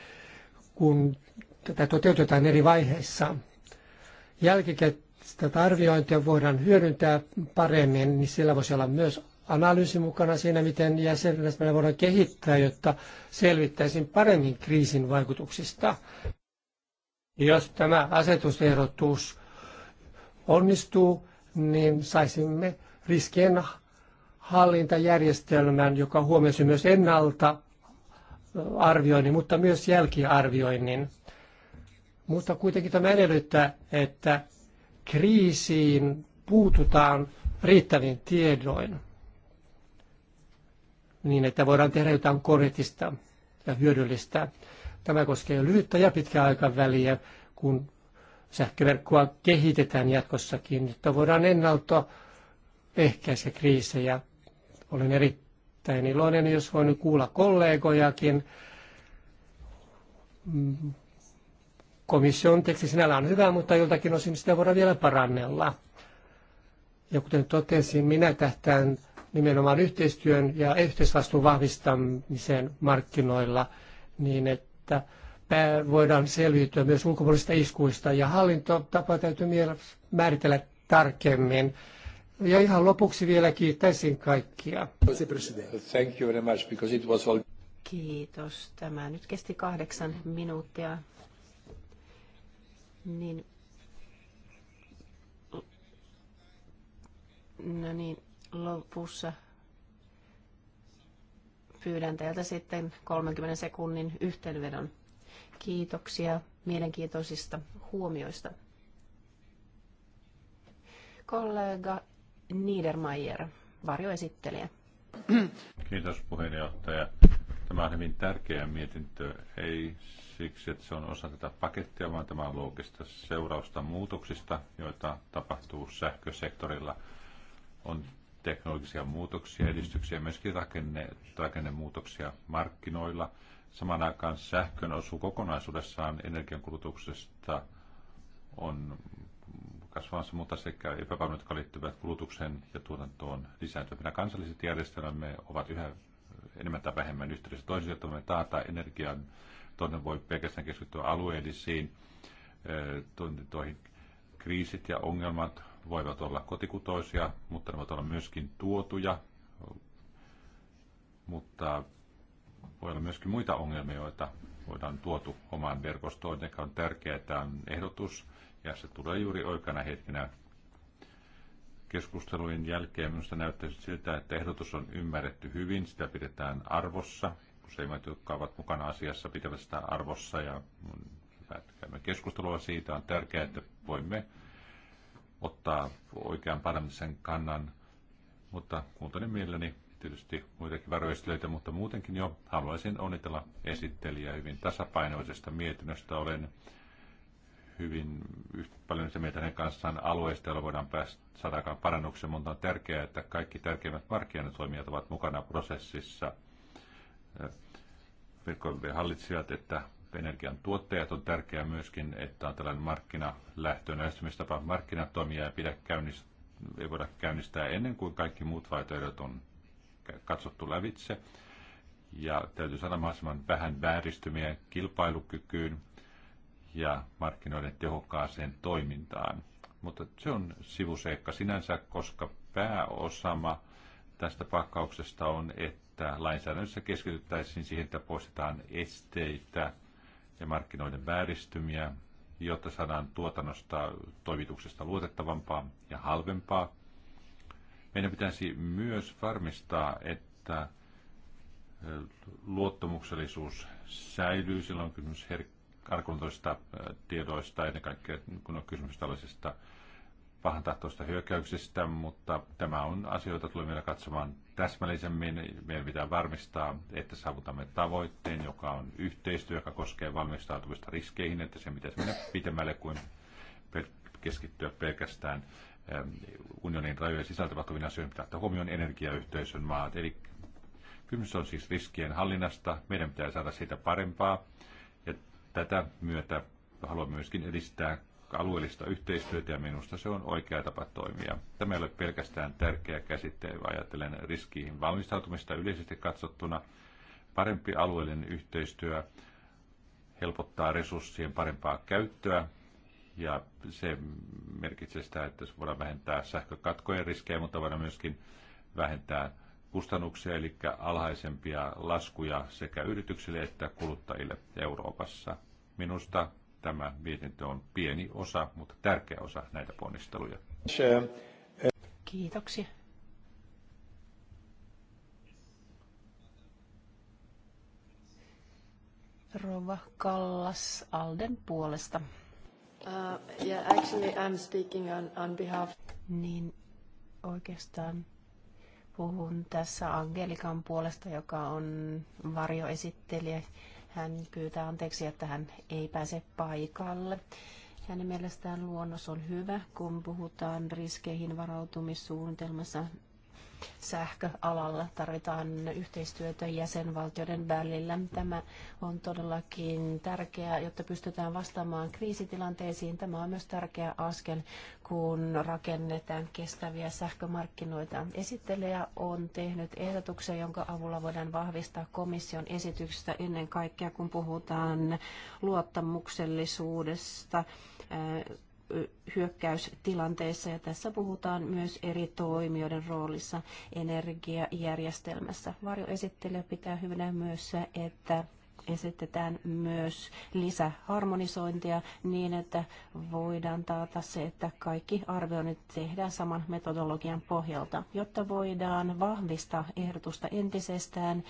kun tätä toteutetaan eri vaiheissa. Jälkikäteistä arviointia voidaan hyödyntää paremmin, niin sillä voisi olla myös analyysi mukana siinä, miten jäsenyydestä voidaan kehittää, jotta selvittäisiin paremmin kriisin vaikutuksista. Jos tämä asetusehdotus onnistuu, niin saisimme riskien hallintajärjestelmän, joka huomioisi myös ennalta arvioinnin, mutta myös jälkiarvioinnin. Mutta kuitenkin tämä edellyttää, että kriisiin puututaan riittävin tiedoin niin, että voidaan tehdä jotain korjettista ja hyödyllistä. Tämä koskee lyhyttä ja pitkää aikaväliä, kun sähköverkkoa kehitetään jatkossakin, että voidaan ennalta ehkäistä kriisejä. Olen erittäin iloinen, jos voin kuulla kollegojakin. Komission teksti sinällään on hyvä, mutta joltakin osin sitä voidaan vielä parannella. Ja kuten totesin, minä tähtään nimenomaan yhteistyön ja yhteisvastuun vahvistamiseen markkinoilla niin, että voidaan selviytyä myös ulkopuolisista iskuista ja hallintotapa täytyy määritellä tarkemmin. Ja ihan lopuksi vielä kiittäisin kaikkia. Kiitos. Tämä nyt kesti kahdeksan minuuttia. Niin. No niin, lopussa pyydän teiltä sitten 30 sekunnin yhteenvedon. Kiitoksia mielenkiintoisista huomioista. Kollega Niedermayer, varjoesittelijä. Kiitos puheenjohtaja. Tämä on hyvin tärkeä mietintö, ei siksi, että se on osa tätä pakettia, vaan tämä on loogista seurausta muutoksista, joita tapahtuu sähkösektorilla. On teknologisia muutoksia, edistyksiä, myöskin rakenne, rakennemuutoksia markkinoilla. Samaan aikaan sähkön osuus kokonaisuudessaan energiankulutuksesta on kasvamassa, mutta sekä epävarmuudet, jotka liittyvät kulutukseen ja tuotantoon lisääntyvänä. Kansalliset järjestelmämme ovat yhä enemmän tai vähemmän yhteydessä toisiinsa, jotta me taataan energian toinen voi pelkästään keskittyä alueellisiin eh, tuntoihin. Kriisit ja ongelmat voivat olla kotikutoisia, mutta ne voivat olla myöskin tuotuja, mutta voi olla myöskin muita ongelmia, joita voidaan tuotu omaan verkostoon, joka on tärkeää, että on ehdotus, ja se tulee juuri oikeana hetkenä keskustelujen jälkeen. Minusta näyttäisi siltä, että ehdotus on ymmärretty hyvin, sitä pidetään arvossa. Useimmat, jotka ovat mukana asiassa, pitävät sitä arvossa ja käymme keskustelua siitä. On tärkeää, että voimme ottaa oikean parlamentin kannan, mutta kuuntelin mielelläni tietysti muitakin varoistelijoita, mutta muutenkin jo haluaisin onnitella esittelijää hyvin tasapainoisesta mietinnöstä. Olen hyvin paljon se mieltä hänen kanssaan alueista, joilla voidaan päästä saadaan parannuksen, mutta on tärkeää, että kaikki tärkeimmät markkinatoimijat ovat mukana prosessissa. Virkojen äh, hallitsijat, että energian tuottajat. On tärkeää myöskin, että on tällainen markkinalähtöön lähestymistapa. Markkinatoimia ja pidä käynnist- ei voida käynnistää ennen kuin kaikki muut vaihtoehdot on katsottu lävitse. Ja täytyy saada mahdollisimman vähän vääristymiä kilpailukykyyn ja markkinoiden tehokkaaseen toimintaan. Mutta se on sivuseikka sinänsä, koska pääosama tästä pakkauksesta on, että lainsäädännössä keskityttäisiin siihen, että poistetaan esteitä ja markkinoiden vääristymiä, jotta saadaan tuotannosta toimituksesta luotettavampaa ja halvempaa. Meidän pitäisi myös varmistaa, että luottamuksellisuus säilyy silloin, kun kysymys arkaluontoisista tiedoista, ennen kaikkea kun on kysymys tällaisesta pahantahtoista hyökkäyksistä, mutta tämä on asioita, tulee meillä katsomaan täsmällisemmin. Meidän pitää varmistaa, että saavutamme tavoitteen, joka on yhteistyö, joka koskee valmistautumista riskeihin, että se pitäisi mennä pitemmälle kuin keskittyä pelkästään ähm, unionin rajojen sisältä tapahtuviin asioihin, pitää ottaa huomioon energiayhteisön maat. Eli kysymys on siis riskien hallinnasta. Meidän pitää saada siitä parempaa. Ja tätä myötä haluamme myöskin edistää alueellista yhteistyötä ja minusta se on oikea tapa toimia. Tämä ei ole pelkästään tärkeä käsite, ajatellen riskiihin valmistautumista yleisesti katsottuna. Parempi alueellinen yhteistyö helpottaa resurssien parempaa käyttöä ja se merkitsee sitä, että voidaan vähentää sähkökatkojen riskejä, mutta voidaan myöskin vähentää kustannuksia, eli alhaisempia laskuja sekä yrityksille että kuluttajille Euroopassa. Minusta tämä mietintö on pieni osa, mutta tärkeä osa näitä ponnisteluja. Kiitoksia. Rova Kallas Alden puolesta. Uh, yeah, actually I'm speaking on, on behalf... Niin oikeastaan puhun tässä Angelikan puolesta, joka on varjoesittelijä hän pyytää anteeksi, että hän ei pääse paikalle. Hänen mielestään luonnos on hyvä, kun puhutaan riskeihin varautumissuunnitelmassa sähköalalla. Tarvitaan yhteistyötä jäsenvaltioiden välillä. Tämä on todellakin tärkeää, jotta pystytään vastaamaan kriisitilanteisiin. Tämä on myös tärkeä askel, kun rakennetaan kestäviä sähkömarkkinoita. Esittelijä on tehnyt ehdotuksen, jonka avulla voidaan vahvistaa komission esityksestä ennen kaikkea, kun puhutaan luottamuksellisuudesta hyökkäystilanteissa ja tässä puhutaan myös eri toimijoiden roolissa energiajärjestelmässä. Varjoesittelijä pitää hyvänä myös, että esitetään myös lisäharmonisointia niin, että voidaan taata se, että kaikki arvioinnit tehdään saman metodologian pohjalta, jotta voidaan vahvistaa ehdotusta entisestään.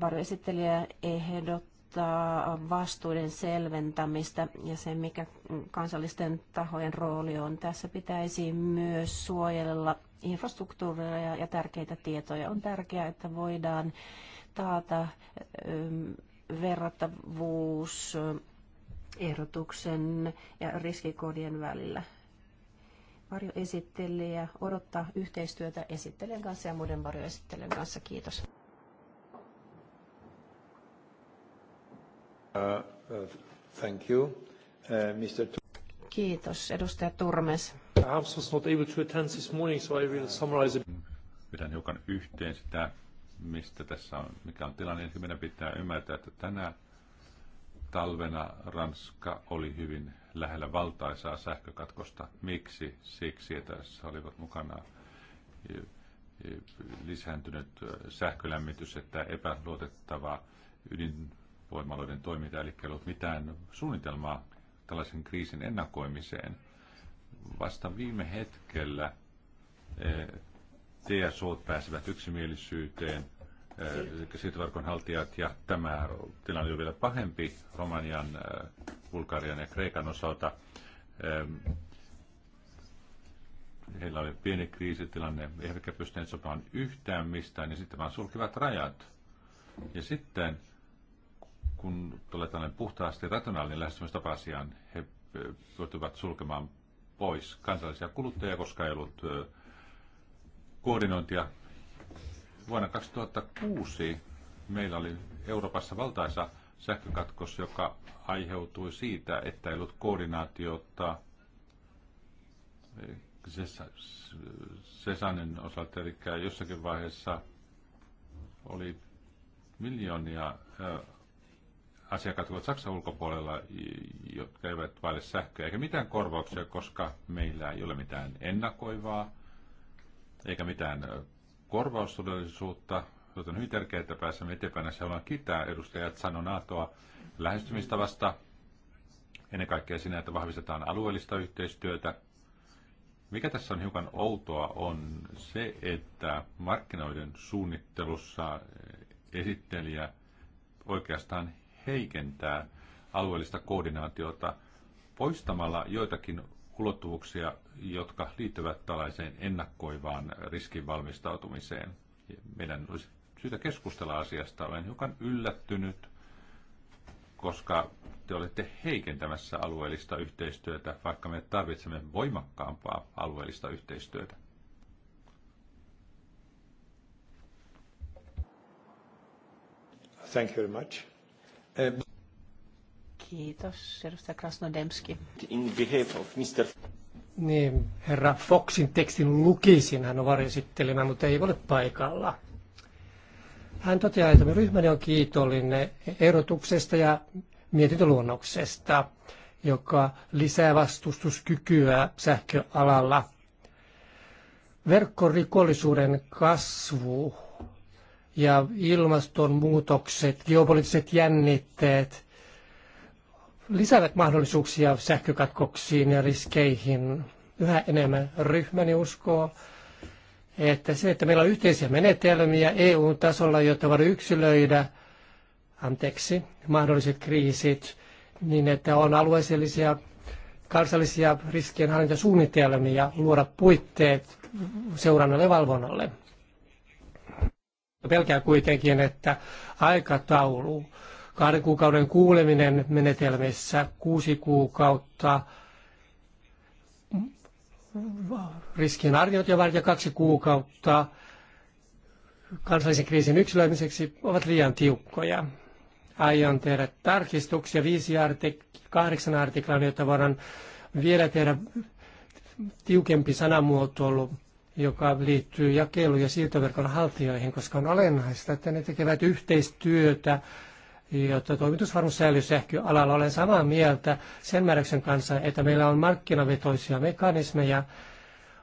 Varjoesittelijä ehdot tota, vastuuden selventämistä ja se, mikä kansallisten tahojen rooli on. Tässä pitäisi myös suojella infrastruktuuria ja tärkeitä tietoja. On tärkeää, että voidaan taata ähm, verrattavuus ehdotuksen ja riskikoodien välillä. Varjoesittelijä odottaa yhteistyötä esittelijän kanssa ja muiden varjoesittelijän kanssa. Kiitos. Uh, uh, thank you. Uh, Mr. Kiitos, edustaja Turmes. Perhaps was not able to attend this morning, so I will summarize it. Pidän hiukan yhteen sitä, mistä tässä on, mikä on tilanne. Ensin meidän pitää ymmärtää, että tänä talvena Ranska oli hyvin lähellä valtaisaa sähkökatkosta. Miksi? Siksi, että tässä olivat mukana e, e, lisääntynyt sähkölämmitys, että epäluotettava ydin voimaloiden toimintaa, eli ei ollut mitään suunnitelmaa tällaisen kriisin ennakoimiseen. Vasta viime hetkellä eh, TSO pääsevät yksimielisyyteen, eh, siirtoverkon haltijat, ja tämä tilanne on vielä pahempi Romanian, eh, Bulgarian ja Kreikan osalta. Heillä oli pieni kriisitilanne, eivätkä pystyneet sopimaan yhtään mistään, niin sitten vaan sulkivat rajat. Ja sitten kun tulee tällainen puhtaasti rationaalinen lähestymistapa asiaan, he joutuvat sulkemaan pois kansallisia kuluttajia, koska ei ollut koordinointia. Vuonna 2006 meillä oli Euroopassa valtaisa sähkökatkos, joka aiheutui siitä, että ei ollut koordinaatiota eh, Sesanin osalta, eli jossakin vaiheessa oli miljoonia asiakkaat ovat Saksan ulkopuolella, jotka eivät vaille sähköä eikä mitään korvauksia, koska meillä ei ole mitään ennakoivaa eikä mitään korvaustodellisuutta, joten on hyvin tärkeää, että pääsemme eteenpäin. Näissä haluan kiittää edustajat Sanonatoa lähestymistavasta, ennen kaikkea siinä, että vahvistetaan alueellista yhteistyötä. Mikä tässä on hiukan outoa on se, että markkinoiden suunnittelussa esittelijä oikeastaan heikentää alueellista koordinaatiota poistamalla joitakin ulottuvuuksia, jotka liittyvät tällaiseen ennakkoivaan riskin valmistautumiseen. Meidän olisi syytä keskustella asiasta. Olen hiukan yllättynyt, koska te olette heikentämässä alueellista yhteistyötä, vaikka me tarvitsemme voimakkaampaa alueellista yhteistyötä. Thank you very much. Kiitos, edustaja Krasnodemski. In behalf of Mr. Niin, herra Foxin tekstin lukisin, hän on varjosittelemä, mutta ei ole paikalla. Hän toteaa, että ryhmäni on kiitollinen erotuksesta ja mietintöluonnoksesta, joka lisää vastustuskykyä sähköalalla. Verkkorikollisuuden kasvu ja ilmastonmuutokset, geopoliittiset jännitteet lisäävät mahdollisuuksia sähkökatkoksiin ja riskeihin. Yhä enemmän ryhmäni uskoo, että se, että meillä on yhteisiä menetelmiä EU-tasolla, jotta voidaan yksilöidä anteeksi, mahdolliset kriisit, niin että on alueellisia kansallisia riskienhallintasuunnitelmia luoda puitteet seurannalle ja valvonnalle. Pelkään kuitenkin, että aikataulu, kahden kuukauden kuuleminen menetelmissä, kuusi kuukautta, riskien arviointia ja kaksi kuukautta kansallisen kriisin yksilöimiseksi ovat liian tiukkoja. Aion tehdä tarkistuksia viisi artik- kahdeksan artiklaan, jotta voidaan vielä tehdä tiukempi sanamuotoilu joka liittyy jakelu- ja siirtoverkon haltijoihin, koska on olennaista, että ne tekevät yhteistyötä, jotta toimitusvarmuus säilyy sähköalalla. Olen samaa mieltä sen määräyksen kanssa, että meillä on markkinavetoisia mekanismeja.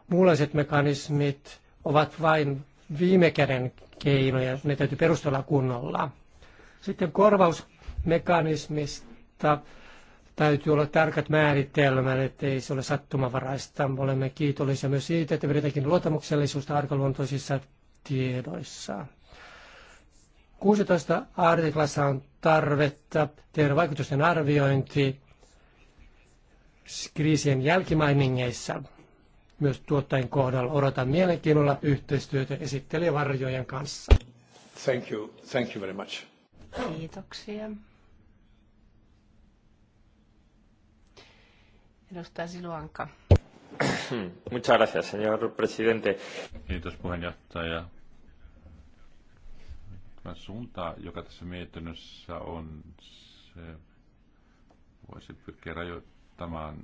Muunlaiset mekanismit ovat vain viime käden keinoja, ne täytyy perustella kunnolla. Sitten korvausmekanismista täytyy olla tarkat määritelmät, ettei se ole sattumavaraista. Me olemme kiitollisia myös siitä, että pidetäänkin luottamuksellisuutta arkaluontoisissa tiedoissa. 16 artiklassa on tarvetta tehdä vaikutusten arviointi kriisien jälkimainingeissa. Myös tuottajien kohdalla odotan mielenkiinnolla yhteistyötä esittelijävarjojen kanssa. Thank you. Thank you very much. Kiitoksia. Edustaja Siluanka. Muchas gracias, señor presidente. Kiitos puheenjohtaja. Tämä suunta, joka tässä mietinnössä on, se voisi pyrkiä rajoittamaan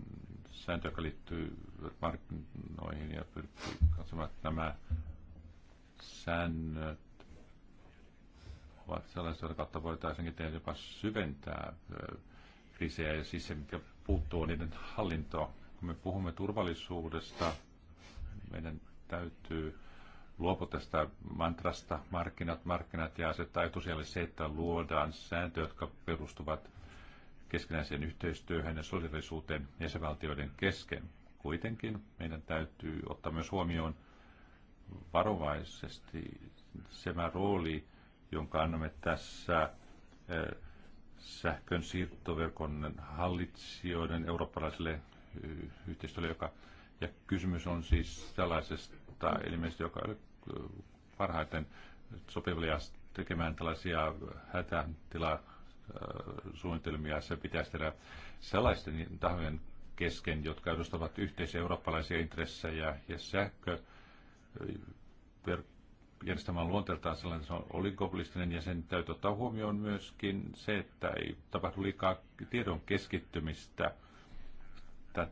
sääntöjä, joka liittyy markkinoihin ja pyrkii katsomaan, että nämä säännöt ovat sellaisia, joita kautta voitaisiin tehdä jopa syventää kriisejä ja siis se, mikä puuttuu niiden hallintoa. Kun me puhumme turvallisuudesta, meidän täytyy luopua tästä mantrasta markkinat, markkinat ja asettaa etusijalle se, että luodaan sääntöjä, jotka perustuvat keskinäiseen yhteistyöhön ja solidarisuuteen jäsenvaltioiden kesken. Kuitenkin meidän täytyy ottaa myös huomioon varovaisesti se rooli, jonka annamme tässä eh, sähkön siirtoverkon hallitsijoiden eurooppalaiselle yhteistyölle, joka, ja kysymys on siis tällaisesta elimestä, joka parhaiten sopivia tekemään tällaisia hätätilasuunnitelmia. Se pitäisi tehdä sellaisten tahojen kesken, jotka edustavat yhteisiä eurooppalaisia intressejä ja sähkö järjestelmä on luonteeltaan sellainen, että se on oligopolistinen ja sen täytyy ottaa huomioon myöskin se, että ei tapahdu liikaa tiedon keskittymistä. Tätä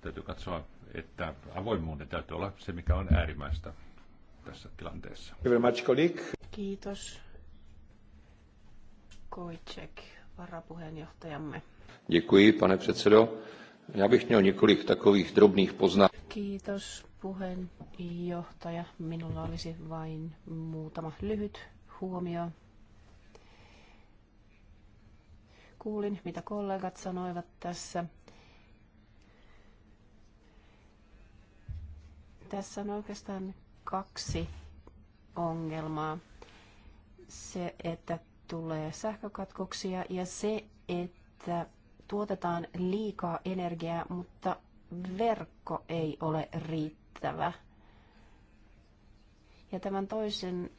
täytyy katsoa, että avoimuuden täytyy olla se, mikä on äärimmäistä tässä tilanteessa. Kiitos. Kojček, varapuheenjohtajamme. Děkuji, pane předsedo. Já bych měl několik takových drobných poznámek. Kiitos, puheenjohtaja. Minulla olisi vain muutama lyhyt huomio. Kuulin, mitä kollegat sanoivat tässä. Tässä on oikeastaan kaksi ongelmaa. Se, että tulee sähkökatkoksia ja se, että tuotetaan liikaa energiaa, mutta verkko ei ole riittävä riittävä. Ja tämän toisen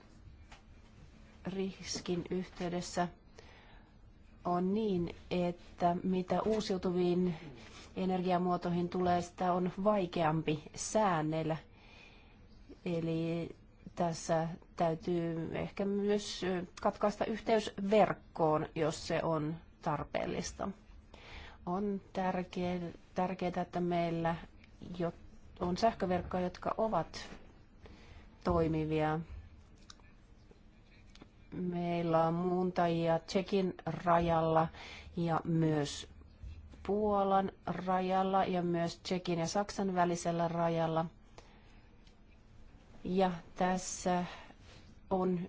riskin yhteydessä on niin, että mitä uusiutuviin energiamuotoihin tulee, sitä on vaikeampi säännellä. Eli tässä täytyy ehkä myös katkaista yhteys verkkoon, jos se on tarpeellista. On tärkeää, että meillä, jotta on sähköverkkoja, jotka ovat toimivia. Meillä on muuntajia Tsekin rajalla ja myös Puolan rajalla ja myös Tsekin ja Saksan välisellä rajalla. Ja tässä on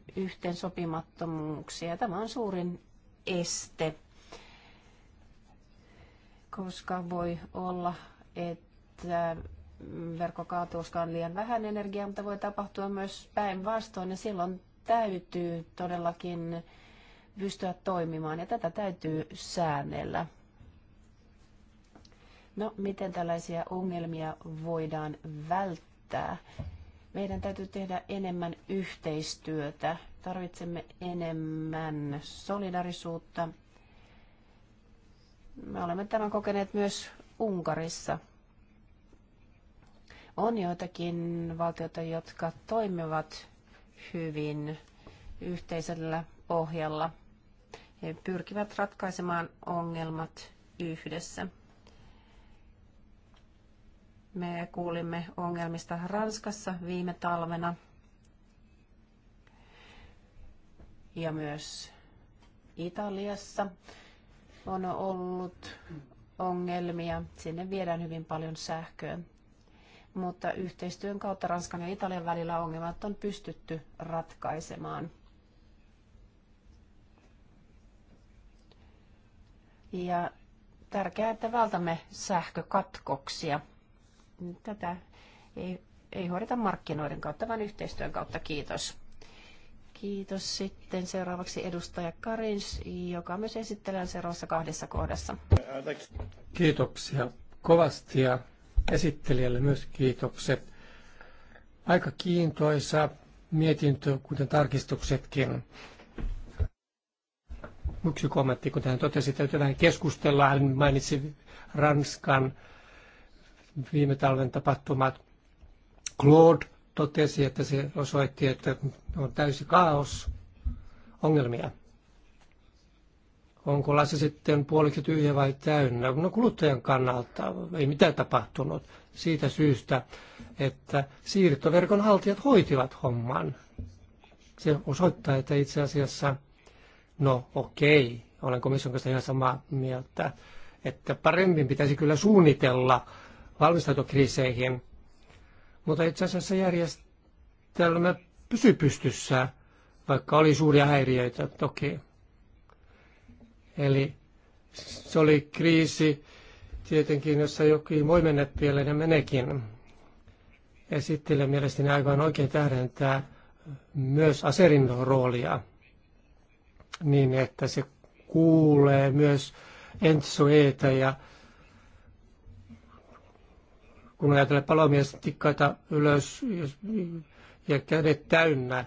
sopimattomuuksia. Tämä on suurin este, koska voi olla, että verkko kaatuu, liian vähän energiaa, mutta voi tapahtua myös päinvastoin ja niin silloin täytyy todellakin pystyä toimimaan ja tätä täytyy säännellä. No, miten tällaisia ongelmia voidaan välttää? Meidän täytyy tehdä enemmän yhteistyötä. Tarvitsemme enemmän solidarisuutta. Me olemme tämän kokeneet myös Unkarissa. On joitakin valtioita, jotka toimivat hyvin yhteisellä pohjalla. He pyrkivät ratkaisemaan ongelmat yhdessä. Me kuulimme ongelmista Ranskassa viime talvena ja myös Italiassa on ollut ongelmia. Sinne viedään hyvin paljon sähköä mutta yhteistyön kautta Ranskan ja Italian välillä ongelmat on pystytty ratkaisemaan. Ja tärkeää, että vältämme sähkökatkoksia. Tätä ei, ei hoideta markkinoiden kautta, vaan yhteistyön kautta. Kiitos. Kiitos. Sitten seuraavaksi edustaja Karins, joka myös esittelee seuraavassa kahdessa kohdassa. Kiitoksia kovasti ja esittelijälle myös kiitokset. Aika kiintoisa mietintö, kuten tarkistuksetkin. Yksi kommentti, kun hän totesi, täytyy vähän keskustella. Hän mainitsi Ranskan viime talven tapahtumat. Claude totesi, että se osoitti, että on täysi kaos, ongelmia onko lasi sitten puoliksi tyhjä vai täynnä. No kuluttajan kannalta ei mitään tapahtunut siitä syystä, että siirtoverkon haltijat hoitivat homman. Se osoittaa, että itse asiassa, no okei, olen komission kanssa ihan samaa mieltä, että paremmin pitäisi kyllä suunnitella valmistautua kriiseihin, mutta itse asiassa järjestelmä pysyi pystyssä, vaikka oli suuria häiriöitä toki Eli se oli kriisi tietenkin, jossa jokin voi mennä pieleen ja menekin. sitten mielestäni aivan oikein tähdentää myös aserin roolia niin, että se kuulee myös Entsueetä ja kun ajatellaan palomies tikkaita ylös ja kädet täynnä,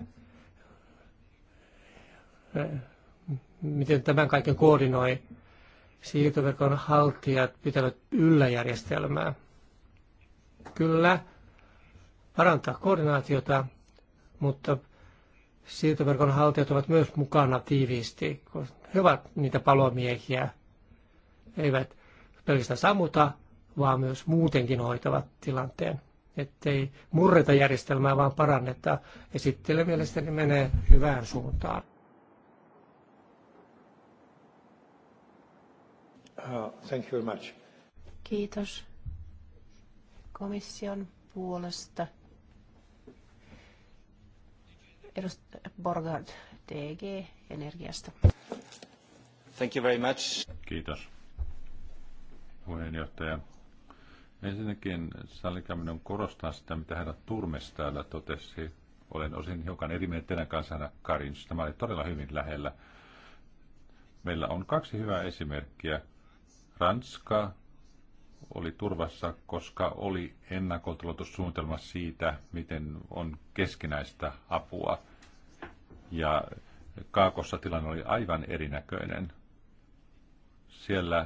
miten tämän kaiken koordinoi siirtoverkon haltijat pitävät yllä järjestelmää. Kyllä, parantaa koordinaatiota, mutta siirtoverkon haltijat ovat myös mukana tiiviisti, kun he ovat niitä palomiehiä. He eivät pelkästään sammuta, vaan myös muutenkin hoitavat tilanteen. ei murreta järjestelmää, vaan paranneta. Ja sitten mielestäni menee hyvään suuntaan. Uh, thank you very much. Kiitos komission puolesta. Edustaja Borgard, DG Energiasta. Thank you very much. Kiitos, puheenjohtaja. Ensinnäkin sallikaa minun korostaa sitä, mitä herra Turmes täällä totesi. Olen osin hiukan eri mieltä teidän kanssanne, Karin. Tämä oli todella hyvin lähellä. Meillä on kaksi hyvää esimerkkiä Ranska oli turvassa, koska oli ennakkoluotussuunnitelma siitä, miten on keskinäistä apua. Ja Kaakossa tilanne oli aivan erinäköinen. Siellä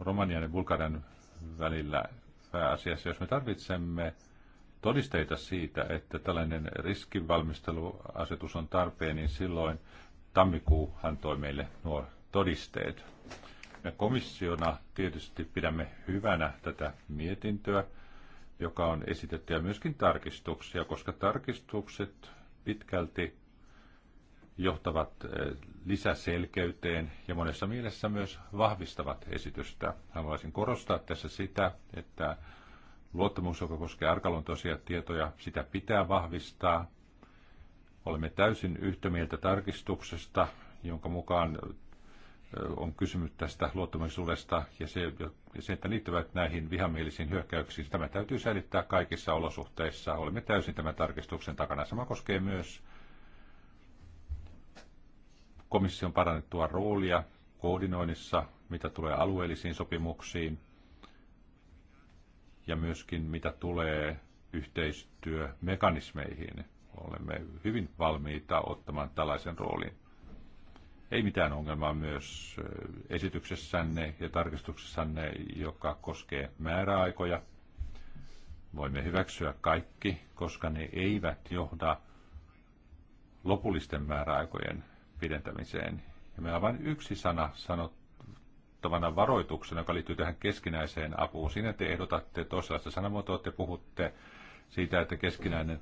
Romanian ja Bulgarian välillä pääasiassa, jos me tarvitsemme todisteita siitä, että tällainen riskivalmisteluasetus on tarpeen, niin silloin tammikuuhan toi meille nuo todisteet. Me komissiona tietysti pidämme hyvänä tätä mietintöä, joka on esitetty, ja myöskin tarkistuksia, koska tarkistukset pitkälti johtavat eh, lisäselkeyteen ja monessa mielessä myös vahvistavat esitystä. Haluaisin korostaa tässä sitä, että luottamus, joka koskee arkaluontoisia tietoja, sitä pitää vahvistaa. Olemme täysin yhtä mieltä tarkistuksesta, jonka mukaan on kysymys tästä luottamuksellisuudesta ja se, ja se, että liittyvät näihin vihamielisiin hyökkäyksiin, tämä täytyy säilyttää kaikissa olosuhteissa. Olemme täysin tämän tarkistuksen takana. Sama koskee myös komission parannettua roolia koordinoinnissa, mitä tulee alueellisiin sopimuksiin ja myöskin mitä tulee yhteistyömekanismeihin. Olemme hyvin valmiita ottamaan tällaisen roolin ei mitään ongelmaa myös äh, esityksessänne ja tarkistuksessanne, joka koskee määräaikoja. Voimme hyväksyä kaikki, koska ne eivät johda lopullisten määräaikojen pidentämiseen. Ja meillä on vain yksi sana sanottavana varoituksena, joka liittyy tähän keskinäiseen apuun. Siinä te ehdotatte toisenlaista sanamuotoa, te puhutte siitä, että keskinäinen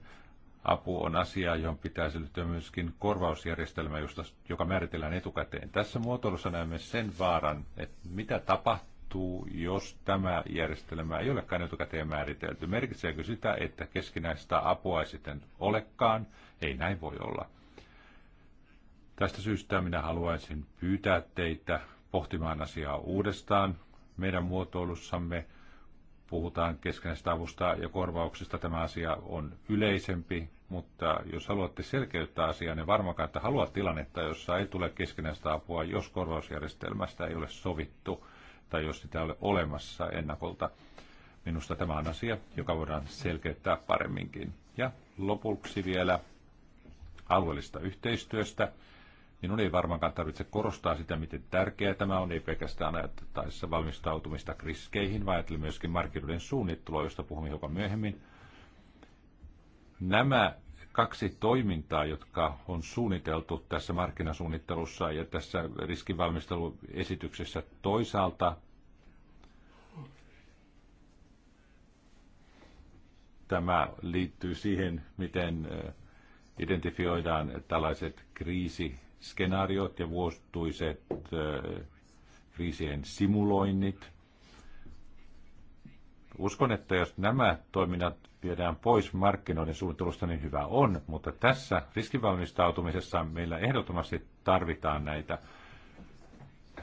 apu on asia, johon pitäisi liittyä myöskin korvausjärjestelmä, josta, joka määritellään etukäteen. Tässä muotoilussa näemme sen vaaran, että mitä tapahtuu, jos tämä järjestelmä ei olekaan etukäteen määritelty. Merkitseekö sitä, että keskinäistä apua ei sitten olekaan? Ei näin voi olla. Tästä syystä minä haluaisin pyytää teitä pohtimaan asiaa uudestaan meidän muotoilussamme – puhutaan keskenäisestä avusta ja korvauksista, tämä asia on yleisempi, mutta jos haluatte selkeyttää asiaa, niin varmakaan, että haluat tilannetta, jossa ei tule keskenäistä apua, jos korvausjärjestelmästä ei ole sovittu tai jos sitä ei ole olemassa ennakolta. Minusta tämä on asia, joka voidaan selkeyttää paremminkin. Ja lopuksi vielä alueellista yhteistyöstä. Minun ei varmaankaan tarvitse korostaa sitä, miten tärkeää tämä on, ei pelkästään ajateltaessa valmistautumista kriskeihin, vaan ajattelin myöskin markkinoiden suunnittelua, josta puhumme hiukan myöhemmin. Nämä kaksi toimintaa, jotka on suunniteltu tässä markkinasuunnittelussa ja tässä riskivalmisteluesityksessä toisaalta tämä liittyy siihen, miten eh, identifioidaan tällaiset kriisi skenaariot ja vuotuiset äh, kriisien simuloinnit. Uskon, että jos nämä toiminnat viedään pois markkinoiden suunnittelusta, niin hyvä on, mutta tässä riskivalmistautumisessa meillä ehdottomasti tarvitaan näitä,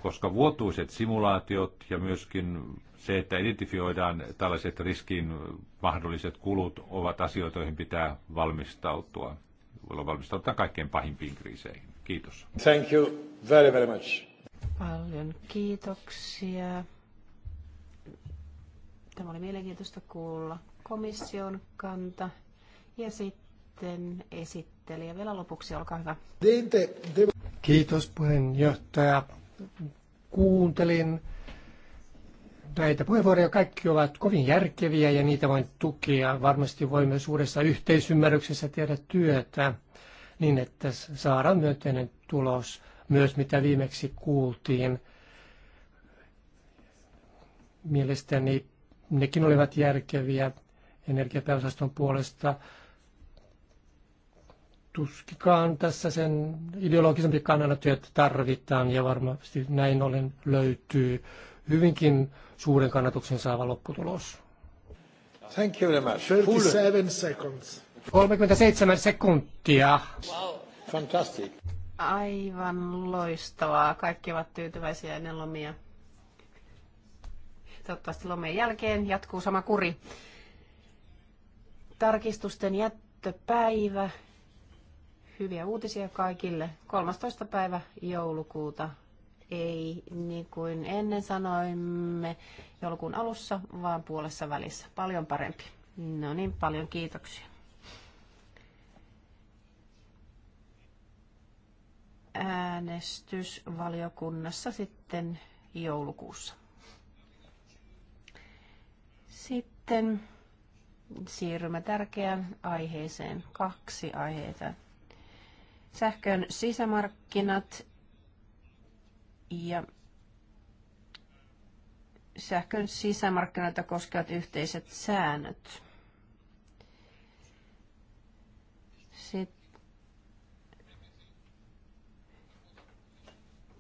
koska vuotuiset simulaatiot ja myöskin se, että identifioidaan tällaiset riskin mahdolliset kulut, ovat asioita, joihin pitää valmistautua. Voidaan valmistautua kaikkein pahimpiin kriiseihin. Kiitos. Thank you very, very much. Paljon kiitoksia. Tämä oli mielenkiintoista kuulla komission kanta. Ja sitten esittelijä vielä lopuksi, olkaa hyvä. Kiitos puheenjohtaja. Kuuntelin näitä puheenvuoroja. Kaikki ovat kovin järkeviä ja niitä voin tukea. Varmasti voimme suuressa yhteisymmärryksessä tehdä työtä niin, että saadaan myönteinen tulos myös, mitä viimeksi kuultiin. Mielestäni nekin olivat järkeviä energiapääosaston puolesta. Tuskikaan tässä sen ideologisempi kannanottoja tarvitaan ja varmasti näin ollen löytyy hyvinkin suuren kannatuksen saava lopputulos. Thank you very much. 37 seconds. 37 sekuntia. Wow. Fantastic. Aivan loistavaa. Kaikki ovat tyytyväisiä ennen lomia. Toivottavasti lomien jälkeen jatkuu sama kuri. Tarkistusten jättöpäivä. Hyviä uutisia kaikille. 13. päivä joulukuuta. Ei niin kuin ennen sanoimme joulukuun alussa, vaan puolessa välissä. Paljon parempi. No niin, paljon kiitoksia. äänestys valiokunnassa sitten joulukuussa. Sitten siirrymme tärkeään aiheeseen, kaksi aiheita. Sähkön sisämarkkinat ja sähkön sisämarkkinoita koskevat yhteiset säännöt.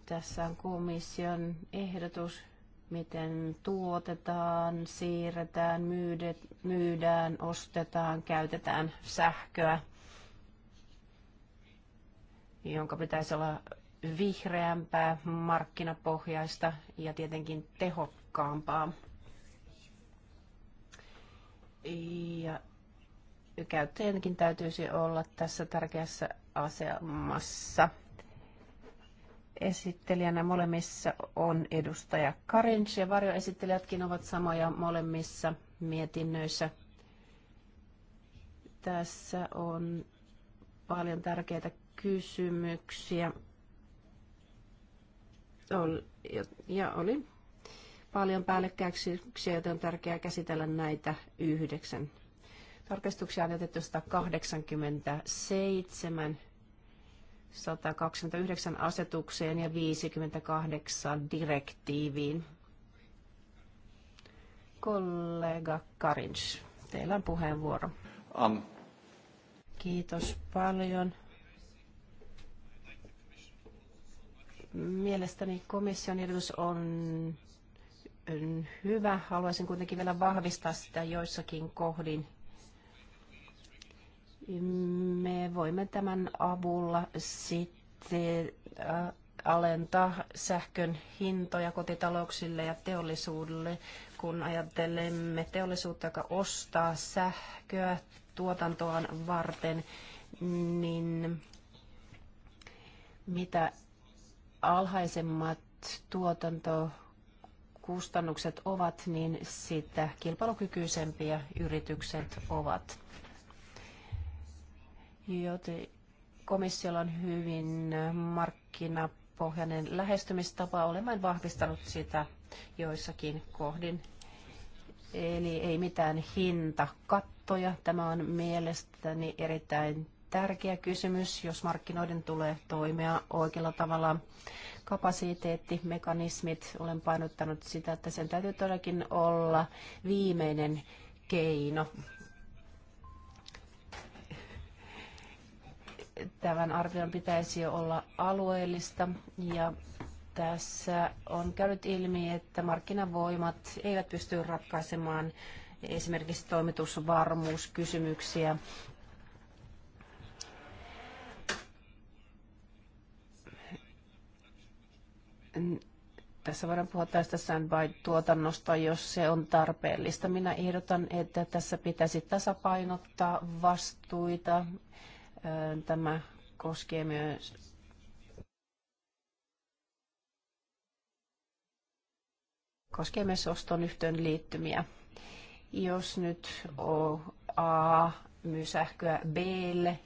Tässä on komission ehdotus, miten tuotetaan, siirretään, myydet, myydään, ostetaan, käytetään sähköä, jonka pitäisi olla vihreämpää, markkinapohjaista ja tietenkin tehokkaampaa. Ja käyttäjänkin täytyisi olla tässä tärkeässä asemassa esittelijänä molemmissa on edustaja Karins ja varjoesittelijätkin ovat samoja molemmissa mietinnöissä. Tässä on paljon tärkeitä kysymyksiä. Ja oli paljon päällekkäyksiä, joten on tärkeää käsitellä näitä yhdeksän. Tarkastuksia on jätetty 187 129 asetukseen ja 58 direktiiviin. Kollega Karins, teillä on puheenvuoro. Um. Kiitos paljon. Mielestäni komission ehdotus on hyvä. Haluaisin kuitenkin vielä vahvistaa sitä joissakin kohdin. Me voimme tämän avulla sitten alentaa sähkön hintoja kotitalouksille ja teollisuudelle, kun ajattelemme teollisuutta, joka ostaa sähköä tuotantoaan varten, niin mitä alhaisemmat tuotantokustannukset ovat, niin sitä kilpailukykyisempiä yritykset ovat joten komissiolla on hyvin markkinapohjainen lähestymistapa. Olen vain vahvistanut sitä joissakin kohdin. Eli ei mitään hintakattoja. Tämä on mielestäni erittäin tärkeä kysymys, jos markkinoiden tulee toimia oikealla tavalla. Kapasiteettimekanismit, olen painottanut sitä, että sen täytyy todellakin olla viimeinen keino tämän arvion pitäisi olla alueellista ja tässä on käynyt ilmi, että markkinavoimat eivät pysty ratkaisemaan esimerkiksi toimitusvarmuuskysymyksiä. Tässä voidaan puhua tästä sandbite tuotannosta jos se on tarpeellista. Minä ehdotan, että tässä pitäisi tasapainottaa vastuita Tämä koskee myös koskee myös oston yhtiön liittymiä. Jos nyt o A myy sähköä Blle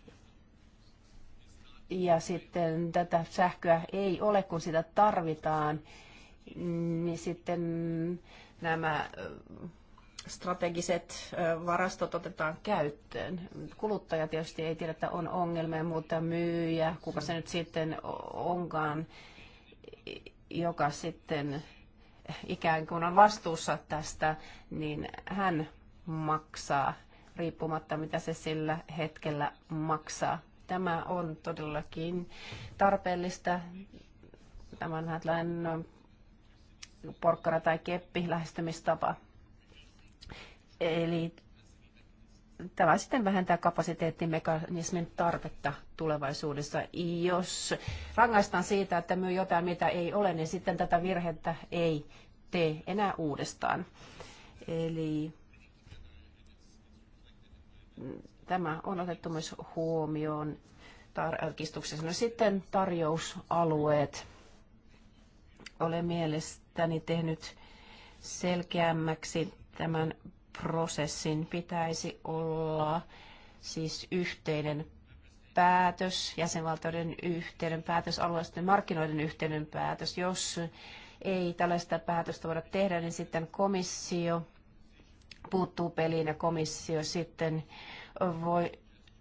ja sitten tätä sähköä ei ole, kun sitä tarvitaan, niin sitten nämä strategiset varastot otetaan käyttöön. Kuluttaja tietysti ei tiedä, että on ongelmia, mutta myyjä, kuka se nyt sitten onkaan, joka sitten ikään kuin on vastuussa tästä, niin hän maksaa riippumatta, mitä se sillä hetkellä maksaa. Tämä on todellakin tarpeellista. Tämä on tällainen porkkana tai keppi lähestymistapa. Eli tämä sitten vähentää kapasiteettimekanismin tarvetta tulevaisuudessa. Jos rangaistaan siitä, että myy jotain, mitä ei ole, niin sitten tätä virhettä ei tee enää uudestaan. Eli tämä on otettu myös huomioon tarkistuksessa. No sitten tarjousalueet. Olen mielestäni tehnyt selkeämmäksi tämän prosessin pitäisi olla siis yhteinen päätös, jäsenvaltioiden yhteinen päätös, alueellisten markkinoiden yhteinen päätös. Jos ei tällaista päätöstä voida tehdä, niin sitten komissio puuttuu peliin ja komissio sitten voi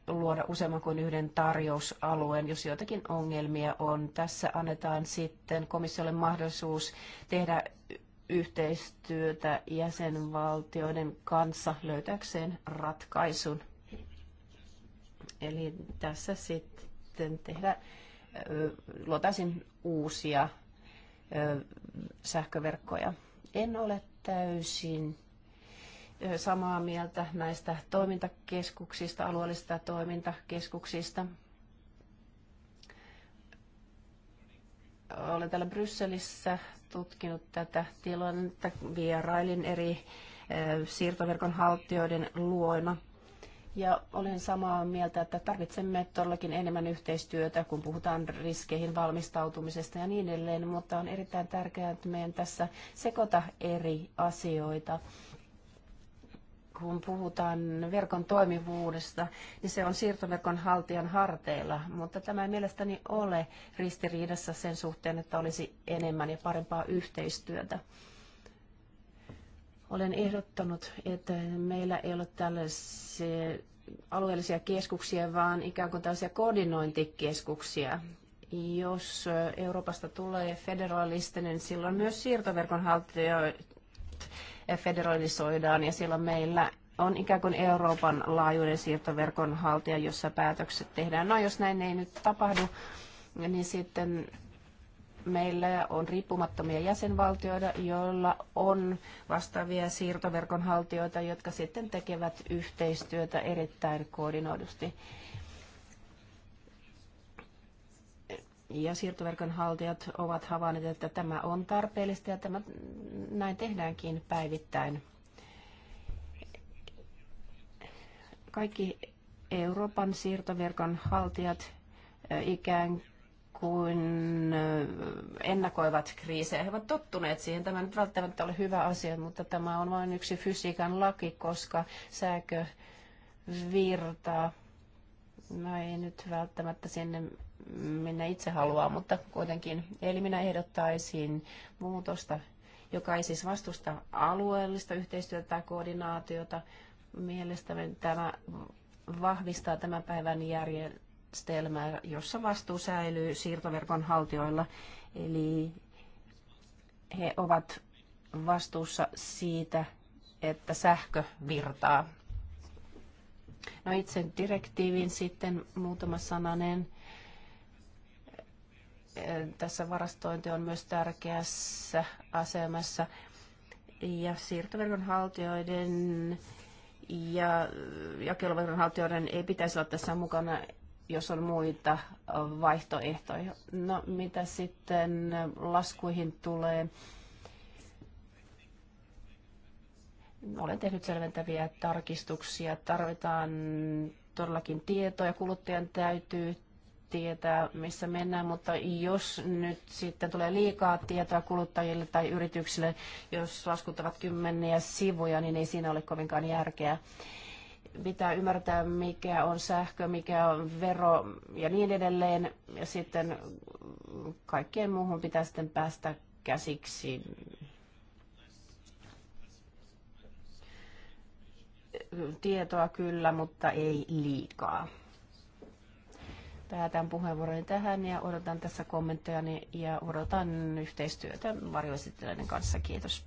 luoda useamman kuin yhden tarjousalueen, jos joitakin ongelmia on. Tässä annetaan sitten komissiolle mahdollisuus tehdä yhteistyötä jäsenvaltioiden kanssa löytääkseen ratkaisun. Eli tässä sitten tehdä, luotaisin uusia sähköverkkoja. En ole täysin samaa mieltä näistä toimintakeskuksista, alueellisista toimintakeskuksista. Olen täällä Brysselissä tutkinut tätä tilannetta. Vierailin eri siirtoverkon haltijoiden luoina. Ja olen samaa mieltä, että tarvitsemme todellakin enemmän yhteistyötä, kun puhutaan riskeihin valmistautumisesta ja niin edelleen, mutta on erittäin tärkeää, että meidän tässä sekoita eri asioita kun puhutaan verkon toimivuudesta, niin se on siirtoverkon haltijan harteilla, mutta tämä ei mielestäni ole ristiriidassa sen suhteen, että olisi enemmän ja parempaa yhteistyötä. Olen ehdottanut, että meillä ei ole tällaisia alueellisia keskuksia, vaan ikään kuin tällaisia koordinointikeskuksia. Jos Euroopasta tulee federalistinen, silloin myös siirtoverkon haltijoita federalisoidaan ja silloin meillä on ikään kuin Euroopan laajuinen siirtoverkon haltija, jossa päätökset tehdään. No jos näin ei nyt tapahdu, niin sitten meillä on riippumattomia jäsenvaltioita, joilla on vastaavia siirtoverkon haltijoita, jotka sitten tekevät yhteistyötä erittäin koordinoidusti. ja siirtoverkon haltijat ovat havainneet, että tämä on tarpeellista ja tämä näin tehdäänkin päivittäin. Kaikki Euroopan siirtoverkon haltijat ikään kuin ennakoivat kriisejä. He ovat tottuneet siihen. Tämä nyt välttämättä ole hyvä asia, mutta tämä on vain yksi fysiikan laki, koska sääkö virtaa No ei nyt välttämättä sinne, minne itse haluaa, mutta kuitenkin. Eli minä ehdottaisin muutosta, joka ei siis vastusta alueellista yhteistyötä tai koordinaatiota. Mielestäni tämä vahvistaa tämän päivän järjestelmää, jossa vastuu säilyy siirtoverkon haltijoilla. Eli he ovat vastuussa siitä, että sähkö virtaa No itse direktiivin sitten muutama sananen. Tässä varastointi on myös tärkeässä asemassa. Ja siirtoverkon haltijoiden ja jakeluverkon haltijoiden ei pitäisi olla tässä mukana, jos on muita vaihtoehtoja. No mitä sitten laskuihin tulee? Olen tehnyt selventäviä tarkistuksia. Tarvitaan todellakin tietoja. Kuluttajan täytyy tietää, missä mennään, mutta jos nyt sitten tulee liikaa tietoa kuluttajille tai yrityksille, jos laskuttavat kymmeniä sivuja, niin ei siinä ole kovinkaan järkeä. Pitää ymmärtää, mikä on sähkö, mikä on vero ja niin edelleen. Ja sitten kaikkeen muuhun pitää sitten päästä käsiksi tietoa kyllä, mutta ei liikaa. Päätän puheenvuoroni tähän ja odotan tässä kommentteja ja odotan yhteistyötä varjoesittelijöiden kanssa. Kiitos.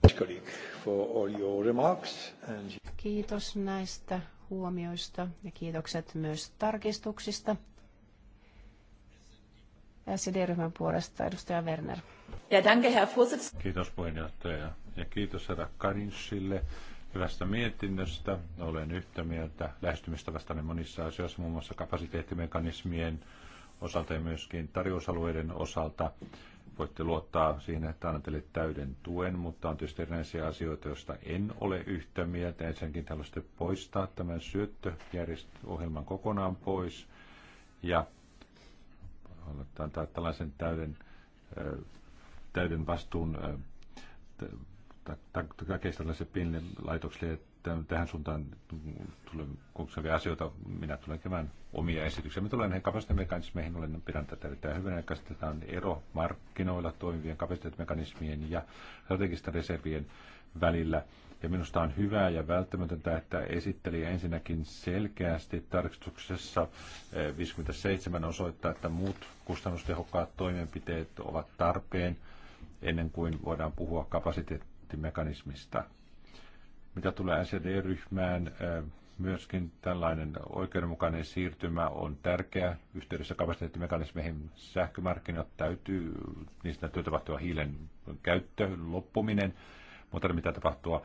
Kiitos näistä huomioista ja kiitokset myös tarkistuksista. sd ryhmän puolesta edustaja Werner. Ja danke, Kiitos puheenjohtaja ja kiitos herra Karinssille hyvästä mietinnöstä. Olen yhtä mieltä lähestymistavasta monissa asioissa, muun muassa kapasiteettimekanismien osalta ja myöskin tarjousalueiden osalta. Voitte luottaa siihen, että annan teille täyden tuen, mutta on tietysti erinäisiä asioita, joista en ole yhtä mieltä. Ensinnäkin haluaisitte poistaa tämän syöttöjärjestöohjelman kokonaan pois ja antaa tällaisen täyden, täyden vastuun takeista tällaisille pienille laitoksille, että tähän suuntaan tulee kutsuvia asioita. Minä tulen kevään omia esityksiä. Me tulen näihin kapasiteettimekanismeihin, olen pidän tätä erittäin hyvänä, että tämä on ero markkinoilla toimivien kapasiteettimekanismien ja strategisten reservien välillä. Ja minusta on hyvää ja välttämätöntä, että esitteli ensinnäkin selkeästi tarkistuksessa 57 eh, osoittaa, että muut kustannustehokkaat toimenpiteet ovat tarpeen ennen kuin voidaan puhua kapasiteetti raportointimekanismista. Mitä tulee SED-ryhmään, myöskin tällainen oikeudenmukainen siirtymä on tärkeä. Yhteydessä kapasiteettimekanismeihin sähkömarkkinat täytyy, niistä täytyy tapahtua hiilen käyttö, loppuminen, mutta mitä tapahtua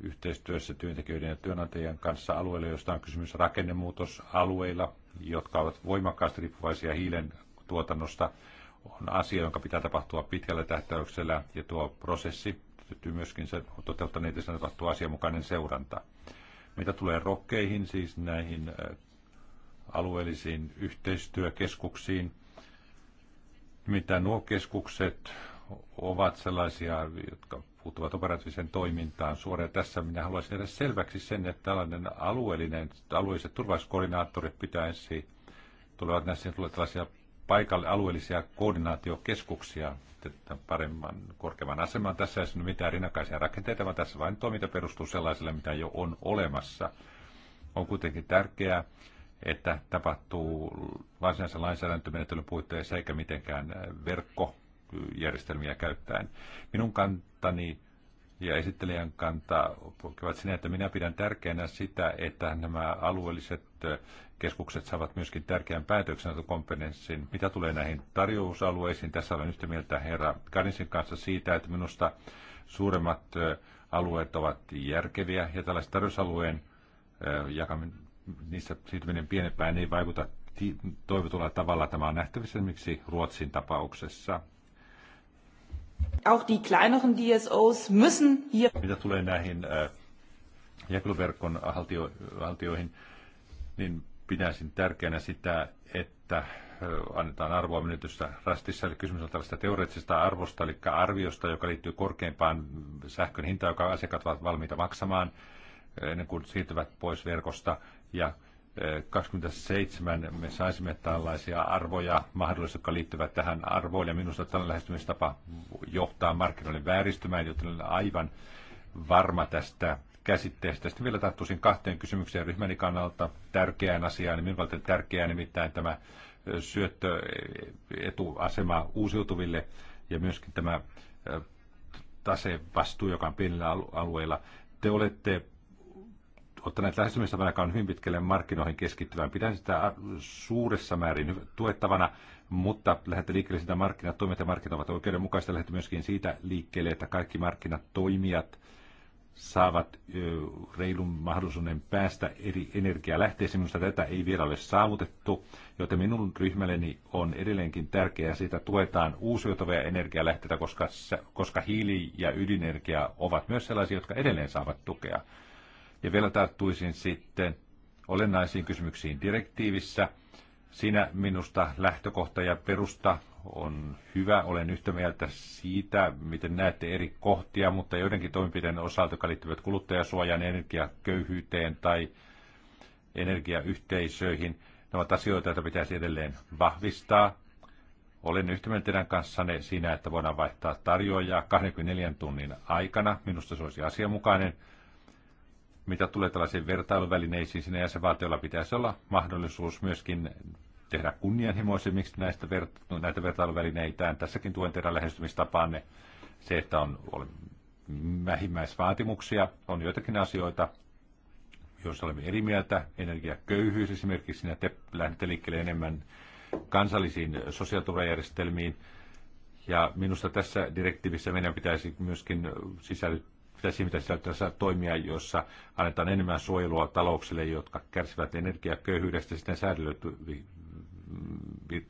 yhteistyössä työntekijöiden ja työnantajien kanssa alueilla, joista on kysymys rakennemuutosalueilla, jotka ovat voimakkaasti riippuvaisia hiilen tuotannosta, on asia, jonka pitää tapahtua pitkällä tähtäyksellä ja tuo prosessi pystyy myöskin se toteuttaneet ja sanottu asianmukainen seuranta. Mitä tulee rokkeihin, siis näihin alueellisiin yhteistyökeskuksiin, mitä nuo keskukset ovat sellaisia, jotka puuttuvat operatiiviseen toimintaan suoraan. Tässä minä haluaisin tehdä selväksi sen, että tällainen alueellinen, alueelliset turvallisuuskoordinaattorit pitäisi, tulevat näissä tulee tällaisia paikalle alueellisia koordinaatiokeskuksia paremman, korkeamman aseman. Tässä ei ole mitään rinnakkaisia rakenteita, vaan tässä vain toiminta perustuu sellaiselle, mitä jo on olemassa. On kuitenkin tärkeää, että tapahtuu varsinaisen lainsäädäntömenettelyn puitteissa eikä mitenkään verkkojärjestelmiä käyttäen. Minun kantani ja esittelijän kanta ovat sinä, että minä pidän tärkeänä sitä, että nämä alueelliset keskukset saavat myöskin tärkeän kompetenssin. Mitä tulee näihin tarjousalueisiin, tässä olen yhtä mieltä herra Karinsin kanssa siitä, että minusta suuremmat alueet ovat järkeviä ja tällaiset tarjousalueen jakaminen, niissä siirtyminen pienempään ei vaikuta toivotulla tavalla. Tämä on nähtävissä esimerkiksi Ruotsin tapauksessa auch die kleineren DSOs müssen hier... Mitä tulee näihin äh, jakeluverkon haltio, haltioihin, niin pitäisin tärkeänä sitä, että äh, annetaan arvoa menetystä rastissa. Eli kysymys on tällaista teoreettisesta arvosta, eli arviosta, joka liittyy korkeimpaan sähkön hintaan, joka asiakkaat ovat valmiita maksamaan äh, ennen kuin siirtyvät pois verkosta. Ja 27 me saisimme tällaisia arvoja mahdollisesti, jotka liittyvät tähän arvoille. Ja minusta tällainen lähestymistapa johtaa markkinoille vääristymään, joten olen aivan varma tästä käsitteestä. Sitten vielä tarttuisin kahteen kysymykseen ryhmäni kannalta tärkeään asiaan, niin minun tärkeää nimittäin tämä syöttöetuasema uusiutuville ja myöskin tämä tasevastuu, joka on pienillä alueilla. Te olette ottaneet lähestymistavan, joka on hyvin pitkälle markkinoihin keskittyvän. Pidän sitä suuressa määrin tuettavana, mutta lähdette liikkeelle sitä markkinat, toimijat ja markkinat ovat oikeudenmukaista. Lähdette myöskin siitä liikkeelle, että kaikki toimijat saavat reilun mahdollisuuden päästä eri energialähteisiin. Minusta tätä ei vielä ole saavutettu, joten minun ryhmälleni on edelleenkin tärkeää siitä, tuetaan uusiutuvia energialähteitä, koska, koska hiili- ja ydinenergia ovat myös sellaisia, jotka edelleen saavat tukea. Ja vielä tarttuisin sitten olennaisiin kysymyksiin direktiivissä. Siinä minusta lähtökohta ja perusta on hyvä. Olen yhtä mieltä siitä, miten näette eri kohtia, mutta joidenkin toimenpiteiden osalta, jotka liittyvät kuluttajasuojaan, energiaköyhyyteen tai energiayhteisöihin, ne ovat asioita, joita pitäisi edelleen vahvistaa. Olen yhtä mieltä teidän kanssanne siinä, että voidaan vaihtaa tarjoajaa 24 tunnin aikana. Minusta se olisi asianmukainen mitä tulee tällaisiin vertailuvälineisiin, siinä jäsenvaltiolla pitäisi olla mahdollisuus myöskin tehdä kunnianhimoisemmiksi näistä vert- näitä vertailuvälineitään. Tässäkin tuen teidän lähestymistapaanne. Se, että on vähimmäisvaatimuksia, on joitakin asioita, jos olemme eri mieltä, energiaköyhyys esimerkiksi, siinä te lähdette liikkeelle enemmän kansallisiin sosiaaliturvajärjestelmiin. Ja minusta tässä direktiivissä meidän pitäisi myöskin sisällyttää pitäisi mitä sisältönsä toimia, jossa annetaan enemmän suojelua talouksille, jotka kärsivät energiaköyhyydestä, sitten säädellyt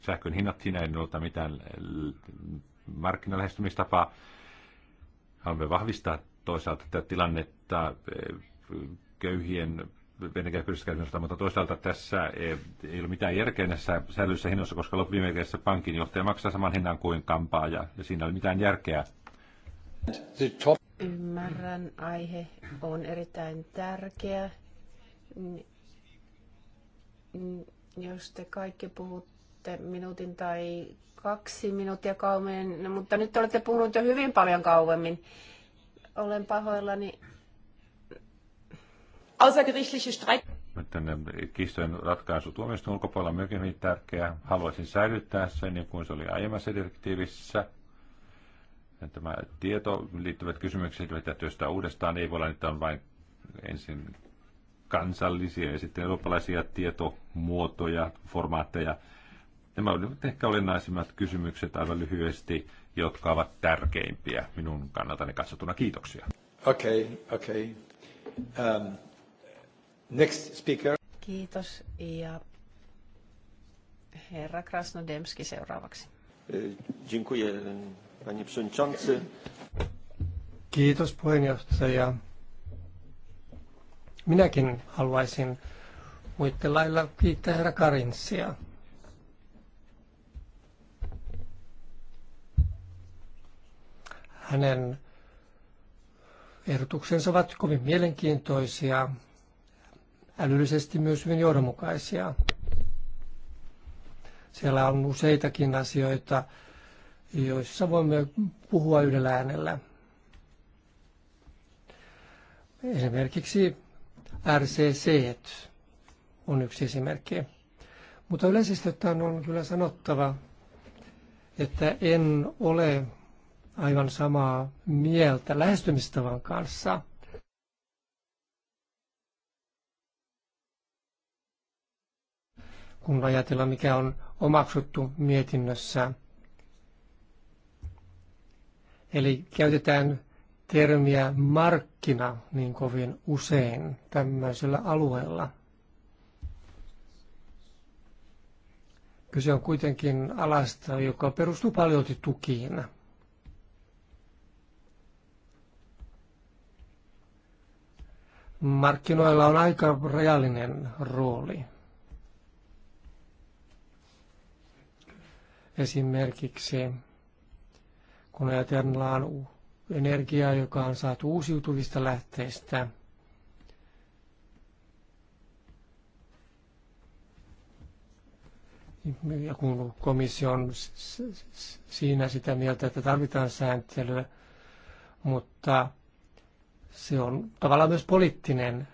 sähkön hinnat siinä ei ole mitään markkinalähestymistapaa. Haluamme vahvistaa toisaalta tätä tilannetta eh, köyhien energiaköyhyydestä mutta toisaalta tässä ei ole mitään järkeä näissä säilyissä hinnoissa, koska loppuviimeisessä pankinjohtaja maksaa saman hinnan kuin kampaaja, ja siinä ei ole mitään järkeä. The top Ymmärrän, aihe on erittäin tärkeä. Jos te kaikki puhutte minuutin tai kaksi minuuttia kauemmin, mutta nyt olette puhunut jo hyvin paljon kauemmin. Olen pahoillani. Außergerichtliche Streik Kistojen ratkaisu tuomioistuin ulkopuolella on myöskin hyvin tärkeää. Haluaisin säilyttää sen niin kuin se oli aiemmassa direktiivissä. Tämä tieto liittyvät kysymykset, joita työstää uudestaan, ei voi olla, että on vain ensin kansallisia ja sitten eurooppalaisia tietomuotoja, formaatteja. Nämä olivat ehkä olennaisimmat kysymykset aivan lyhyesti, jotka ovat tärkeimpiä minun kannaltani katsotuna. Kiitoksia. Okei, okay, okei. Okay. Um, next speaker. Kiitos ja herra Krasnodemski seuraavaksi. Dziękuję panie przewodniczący. Kiitos puheenjohtaja. Minäkin haluaisin muiden lailla kiittää herra Karinsia. Hänen ehdotuksensa ovat kovin mielenkiintoisia, älyllisesti myös hyvin johdonmukaisia. Siellä on useitakin asioita, joissa voimme puhua yhdellä äänellä. Esimerkiksi RCC on yksi esimerkki. Mutta yleisesti ottaen on kyllä sanottava, että en ole aivan samaa mieltä lähestymistavan kanssa. Kun ajatellaan, mikä on omaksuttu mietinnössä – Eli käytetään termiä markkina niin kovin usein tämmöisellä alueella. Kyse on kuitenkin alasta, joka perustuu paljon tukiin. Markkinoilla on aika rajallinen rooli. Esimerkiksi kun ajatellaan energiaa, joka on saatu uusiutuvista lähteistä, ja kun komissio on siinä sitä mieltä, että tarvitaan sääntelyä, mutta se on tavallaan myös poliittinen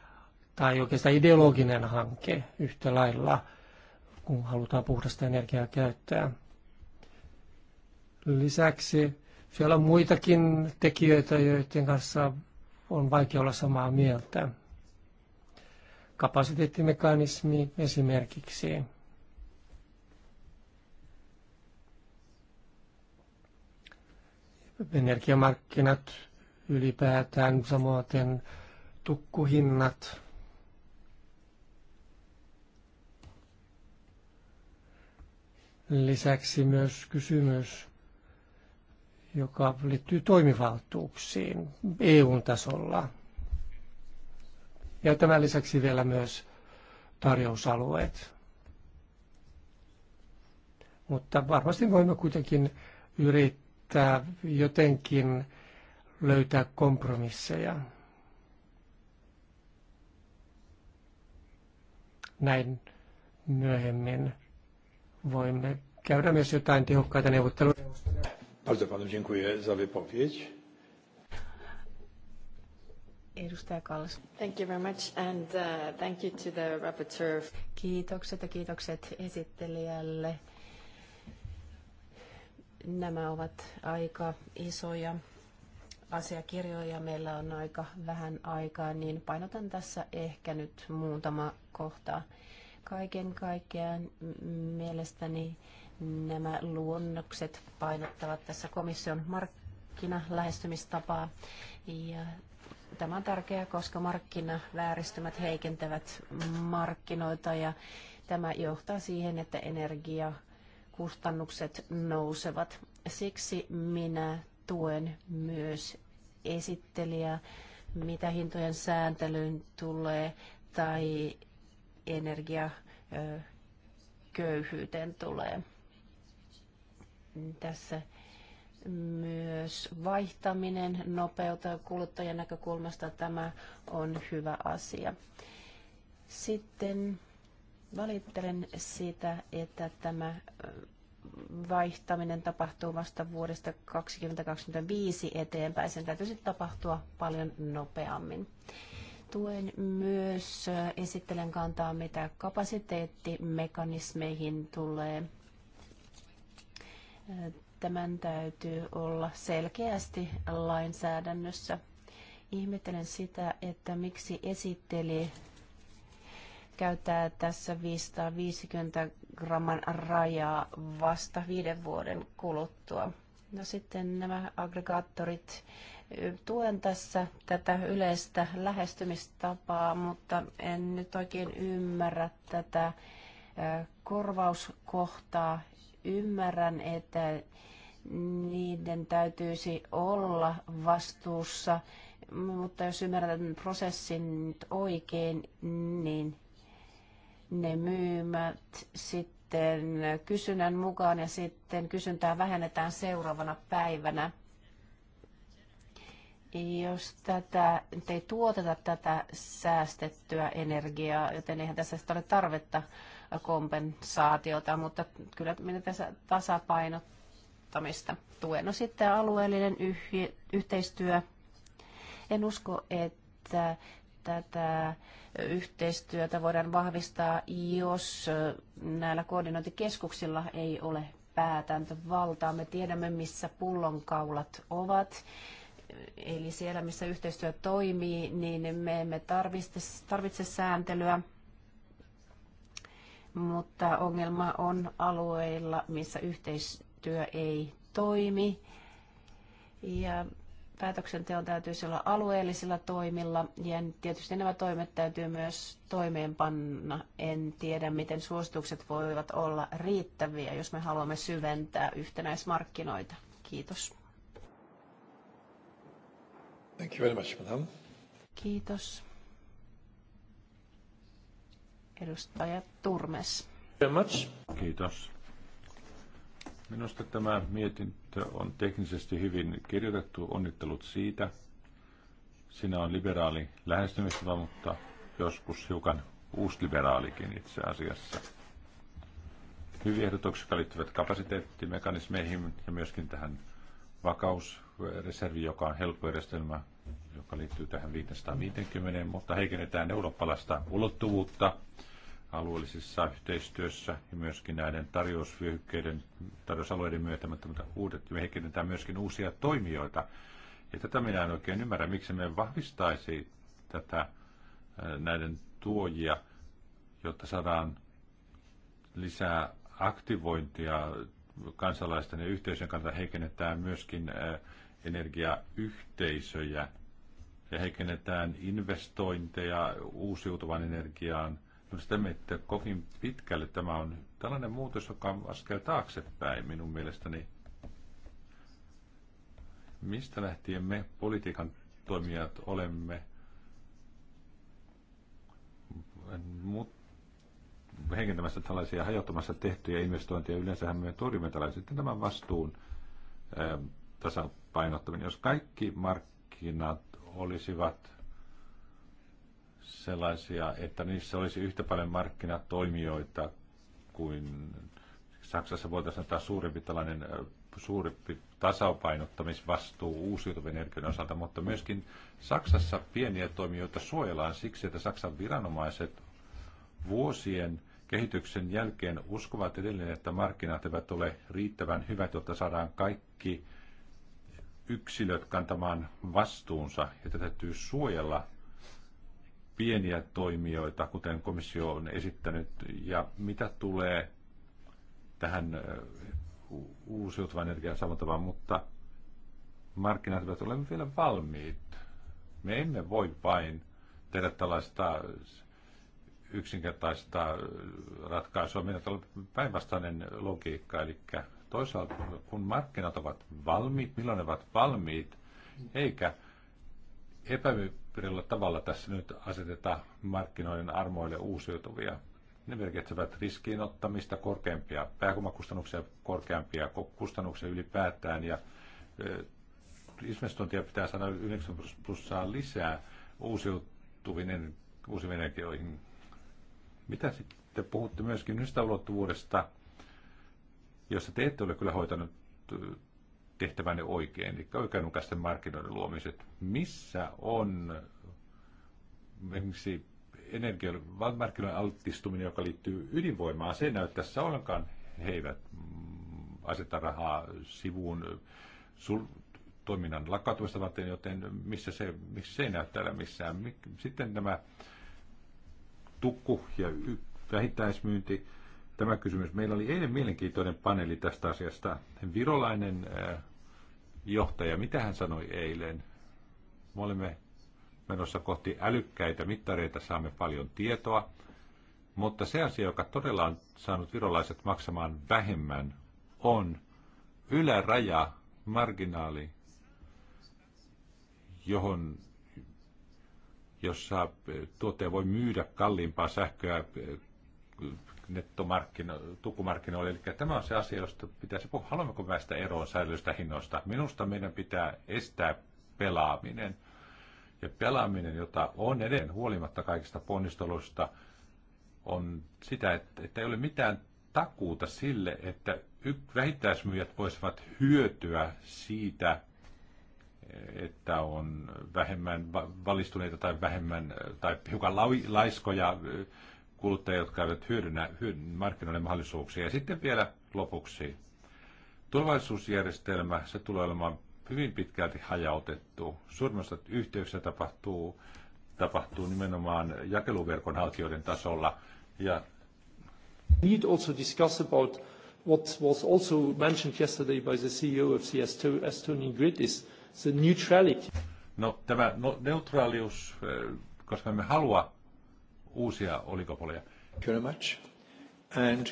tai oikeastaan ideologinen hanke yhtä lailla, kun halutaan puhdasta energiaa käyttää. Lisäksi siellä on muitakin tekijöitä, joiden kanssa on vaikea olla samaa mieltä. Kapasiteettimekanismi esimerkiksi. Energiamarkkinat ylipäätään, samoin tukkuhinnat. Lisäksi myös kysymys joka liittyy toimivaltuuksiin EU-tasolla. Ja tämän lisäksi vielä myös tarjousalueet. Mutta varmasti voimme kuitenkin yrittää jotenkin löytää kompromisseja. Näin myöhemmin voimme käydä myös jotain tehokkaita neuvotteluja. Bardzo panu dziękuję za wypowiedź. Edustaja Kallas. Thank you very much and uh, thank you to the rapporteur. Kiitokset ja kiitokset esittelijälle. Nämä ovat aika isoja asiakirjoja. Meillä on aika vähän aikaa, niin painotan tässä ehkä nyt muutama kohta. Kaiken kaikkiaan mielestäni Nämä luonnokset painottavat tässä komission markkinalähestymistapaa ja tämä on tärkeää, koska markkinavääristymät heikentävät markkinoita ja tämä johtaa siihen, että energiakustannukset nousevat. Siksi minä tuen myös esittelijää, mitä hintojen sääntelyyn tulee tai energiaköyhyyteen tulee. Tässä myös vaihtaminen nopeuttaa kuluttajan näkökulmasta. Tämä on hyvä asia. Sitten valittelen sitä, että tämä vaihtaminen tapahtuu vasta vuodesta 2025 eteenpäin. Sen täytyisi tapahtua paljon nopeammin. Tuen myös esittelen kantaa, mitä kapasiteettimekanismeihin tulee – Tämän täytyy olla selkeästi lainsäädännössä. Ihmettelen sitä, että miksi esitteli käyttää tässä 550 gramman rajaa vasta viiden vuoden kuluttua. No sitten nämä aggregaattorit. Tuen tässä tätä yleistä lähestymistapaa, mutta en nyt oikein ymmärrä tätä korvauskohtaa, ymmärrän, että niiden täytyisi olla vastuussa, mutta jos ymmärrän prosessin nyt oikein, niin ne myymät sitten kysynnän mukaan ja sitten kysyntää vähennetään seuraavana päivänä. Jos tätä, ei tuoteta tätä säästettyä energiaa, joten eihän tässä ole tarvetta kompensaatiota, mutta kyllä minä tässä tasapainottamista tuen. No sitten alueellinen yh- yhteistyö. En usko, että tätä yhteistyötä voidaan vahvistaa, jos näillä koordinointikeskuksilla ei ole päätäntövaltaa. Me tiedämme, missä pullonkaulat ovat. Eli siellä, missä yhteistyö toimii, niin me emme tarvitse, tarvitse sääntelyä mutta ongelma on alueilla, missä yhteistyö ei toimi. Ja päätöksenteon täytyisi olla alueellisilla toimilla ja tietysti nämä toimet täytyy myös toimeenpanna. En tiedä, miten suositukset voivat olla riittäviä, jos me haluamme syventää yhtenäismarkkinoita. Kiitos. Thank you very much, madam. Kiitos. Edustaja Turmes. Kiitos. Minusta tämä mietintö on teknisesti hyvin kirjoitettu. Onnittelut siitä. Sinä on liberaali lähestymistapa, mutta joskus hiukan uusliberaalikin itse asiassa. Hyviä ehdotuksia, liittyvät kapasiteettimekanismeihin ja myöskin tähän vakausreservi, joka on helppo järjestelmä, joka liittyy tähän 550, mutta heikennetään eurooppalaista ulottuvuutta alueellisessa yhteistyössä ja myöskin näiden tarjousvyöhykkeiden, tarjousalueiden mutta uudet, me heikennetään myöskin uusia toimijoita. Ja tätä minä en oikein ymmärrä, miksi me vahvistaisi tätä näiden tuojia, jotta saadaan lisää aktivointia kansalaisten ja yhteisön kannalta heikennetään myöskin energiayhteisöjä ja heikennetään investointeja uusiutuvan energiaan – sitä että kovin pitkälle tämä on tällainen muutos, joka on askel taaksepäin minun mielestäni. Mistä lähtien me politiikan toimijat olemme, mut, heikentämässä tällaisia hajottamassa tehtyjä investointeja. Yleensähän me torjumme tällaisen tämän vastuun ää, tasapainottaminen. Jos kaikki markkinat olisivat sellaisia, että niissä olisi yhtä paljon markkinatoimijoita kuin Saksassa voitaisiin antaa suurempi tällainen suurempi tasapainottamisvastuu uusiutuvien energian osalta, mutta myöskin Saksassa pieniä toimijoita suojellaan siksi, että Saksan viranomaiset vuosien kehityksen jälkeen uskovat edelleen, että markkinat eivät ole riittävän hyvät, jotta saadaan kaikki yksilöt kantamaan vastuunsa, ja tätä täytyy suojella pieniä toimijoita, kuten komissio on esittänyt, ja mitä tulee tähän uusiutuvan energian samantavaan, mutta markkinat eivät ole vielä valmiit. Me emme voi vain tehdä tällaista yksinkertaista ratkaisua. Meillä on päinvastainen logiikka, eli toisaalta kun markkinat ovat valmiit, milloin ne ovat valmiit, eikä epävirillä tavalla tässä nyt aseteta markkinoiden armoille uusiutuvia. Ne merkitsevät ottamista, korkeampia pääkumakustannuksia, korkeampia kustannuksia ylipäätään ja investointia pitää saada 9 plussaa lisää uusiutuvien, uusiin energioihin. Mitä sitten puhutte myöskin yhdestä ulottuvuudesta, jossa te ette ole kyllä hoitanut tehtävänne oikein, eli oikeudenmukaisten markkinoiden luomiset. Missä on esimerkiksi energiamarkkinoiden altistuminen, joka liittyy ydinvoimaan, se ei näy tässä ollenkaan. He eivät mm, aseta rahaa sivuun sul- toiminnan lakkautumista varten, joten missä se, missä se ei näy täällä missään. Sitten tämä tukku ja vähittäismyynti, tämä kysymys. Meillä oli eilen mielenkiintoinen paneeli tästä asiasta. Virolainen äh, johtaja, mitä hän sanoi eilen? Me olemme menossa kohti älykkäitä mittareita, saamme paljon tietoa, mutta se asia, joka todella on saanut virolaiset maksamaan vähemmän, on yläraja, marginaali, johon jossa tuote voi myydä kalliimpaa sähköä nettomarkkinoille. Eli tämä on se asia, josta pitäisi puhua. Haluammeko päästä eroon säilyistä hinnoista? Minusta meidän pitää estää pelaaminen. Ja pelaaminen, jota on edelleen huolimatta kaikista ponnisteluista, on sitä, että, että ei ole mitään takuuta sille, että vähittäismyyjät voisivat hyötyä siitä, että on vähemmän valistuneita tai vähemmän tai hiukan laiskoja kuluttajia, jotka eivät hyödynnä markkinoiden mahdollisuuksia. Ja sitten vielä lopuksi. Turvallisuusjärjestelmä, se tulee olemaan hyvin pitkälti hajautettu. Suurimmassa yhteyksissä tapahtuu, tapahtuu nimenomaan jakeluverkon haltijoiden tasolla. Ja need also discuss about what was also mentioned yesterday by the CEO of the Estonian grid is the neutrality. No tämä no, neutraalius, eh, koska me halua uusia oligopoleja. Very much. And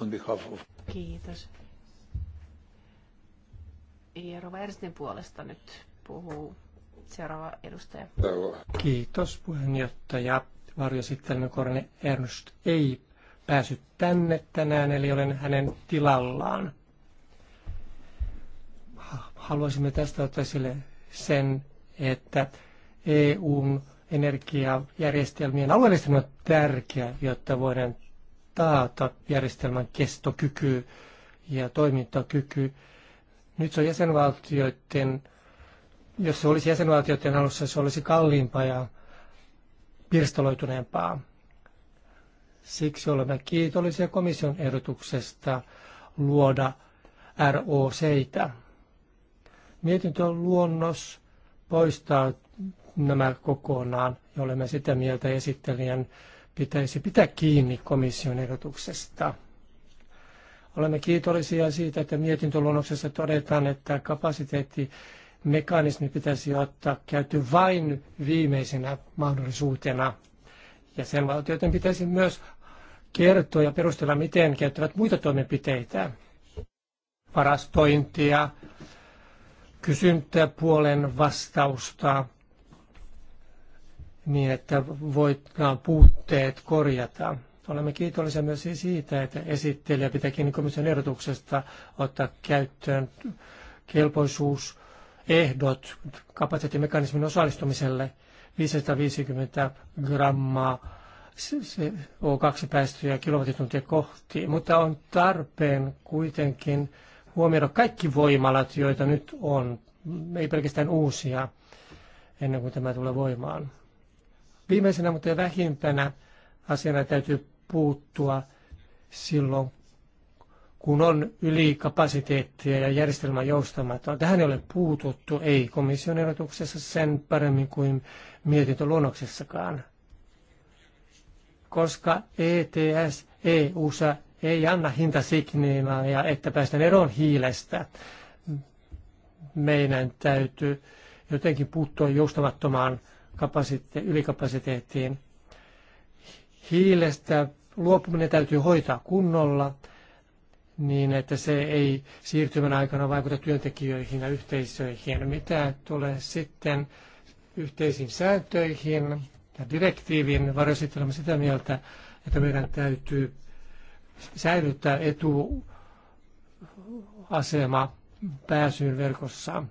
on behalf of... Kiitos. Jerova Erstin puolesta nyt puhuu seuraava edustaja. Kiitos puheenjohtaja. Varjosittelemme Korne Ernst ei päässyt tänne tänään, eli olen hänen tilallaan. Haluaisimme tästä ottaa esille sen, että EUn energiajärjestelmien alueellistaminen on tärkeä, jotta voidaan taata järjestelmän kestokyky ja toimintakyky. Nyt se on jäsenvaltioiden, jos se olisi jäsenvaltioiden alussa, se olisi kalliimpaa ja pirstaloituneempaa. Siksi olemme kiitollisia komission ehdotuksesta luoda ROC. Mietintöluonnos luonnos poistaa nämä kokonaan ja olemme sitä mieltä esittelijän pitäisi pitää kiinni komission ehdotuksesta. Olemme kiitollisia siitä, että mietintöluonnoksessa todetaan, että kapasiteettimekanismi pitäisi ottaa käyty vain viimeisenä mahdollisuutena. Ja sen valtioiden pitäisi myös kertoa ja perustella, miten käyttävät muita toimenpiteitä. Varastointia, kysyntäpuolen vastausta, niin, että voidaan puutteet korjata. Olemme kiitollisia myös siitä, että esittelijä pitääkin komission ehdotuksesta ottaa käyttöön kelpoisuusehdot kapasiteettimekanismin osallistumiselle 550 grammaa O2-päästöjä kilowattituntia kohti, mutta on tarpeen kuitenkin huomioida kaikki voimalat, joita nyt on, ei pelkästään uusia, ennen kuin tämä tulee voimaan. Viimeisenä, mutta vähimpänä asiana täytyy puuttua silloin, kun on ylikapasiteettia ja järjestelmä joustamaton. Tähän ei ole puututtu, ei komission erotuksessa sen paremmin kuin mietintöluonnoksessakaan. Koska ETS EUssa ei anna hintasignaaleja, että päästään eroon hiilestä, meidän täytyy jotenkin puuttua joustamattomaan kapasite- ylikapasiteettiin. Hiilestä luopuminen täytyy hoitaa kunnolla niin, että se ei siirtymän aikana vaikuta työntekijöihin ja yhteisöihin. Mitä tulee sitten yhteisiin sääntöihin ja direktiivin olemme sitä mieltä, että meidän täytyy säilyttää etuasema pääsyyn verkossa.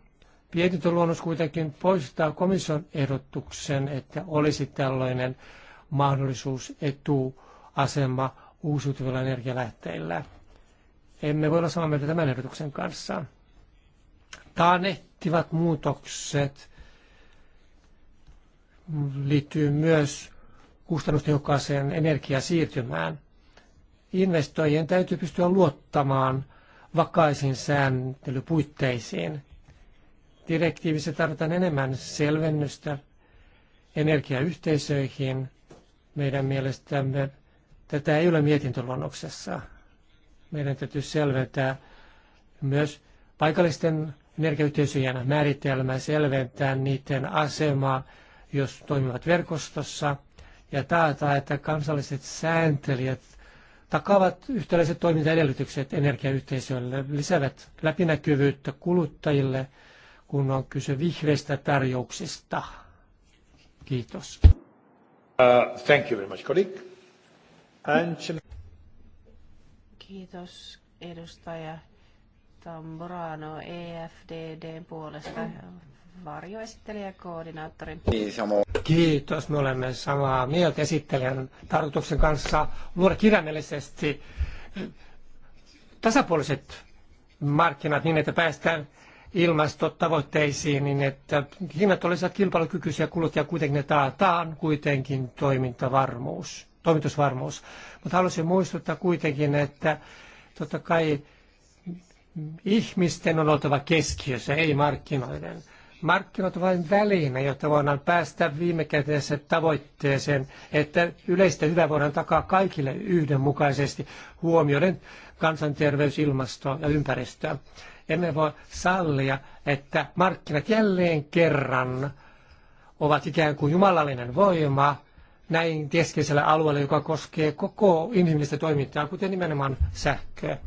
Mietintöluonnos kuitenkin poistaa komission ehdotuksen, että olisi tällainen mahdollisuus etuasema uusiutuvilla energialähteillä. Emme voi olla samaa mieltä tämän ehdotuksen kanssa. Taanehtivat muutokset liittyy myös kustannustehokkaaseen energiasiirtymään. Investoijien täytyy pystyä luottamaan vakaisiin sääntelypuitteisiin. Direktiivissä tarvitaan enemmän selvennystä energiayhteisöihin. Meidän mielestämme tätä ei ole mietintöluonnoksessa. Meidän täytyy selventää myös paikallisten energiayhteisöjen määritelmää, selventää niiden asemaa, jos toimivat verkostossa, ja taata, että kansalliset sääntelijät takavat yhtäläiset toimintaedellytykset energiayhteisöille, lisäävät läpinäkyvyyttä kuluttajille – kun on kyse vihreistä tarjouksista. Kiitos. Uh, thank you very much, colleague. And... Kiitos, edustaja Tamburano EFDDn puolesta varjoesittelijä ja koordinaattori. Kiitos, me olemme samaa mieltä esittelijän tarkoituksen kanssa luoda kirjaimellisesti tasapuoliset markkinat niin, että päästään ilmastotavoitteisiin, niin että hinnat olisivat kilpailukykyisiä kuluttajia kuitenkin ne taataan kuitenkin toimintavarmuus, toimitusvarmuus. Mutta haluaisin muistuttaa kuitenkin, että totta kai ihmisten on oltava keskiössä, ei markkinoiden. Markkinat ovat vain väline, jotta voidaan päästä viime kädessä tavoitteeseen, että yleistä hyvää voidaan takaa kaikille yhdenmukaisesti huomioiden kansanterveys, ilmasto ja ympäristö. Emme voi sallia, että markkinat jälleen kerran ovat ikään kuin jumalallinen voima näin keskeisellä alueella, joka koskee koko inhimillistä toimintaa, kuten nimenomaan sähköä.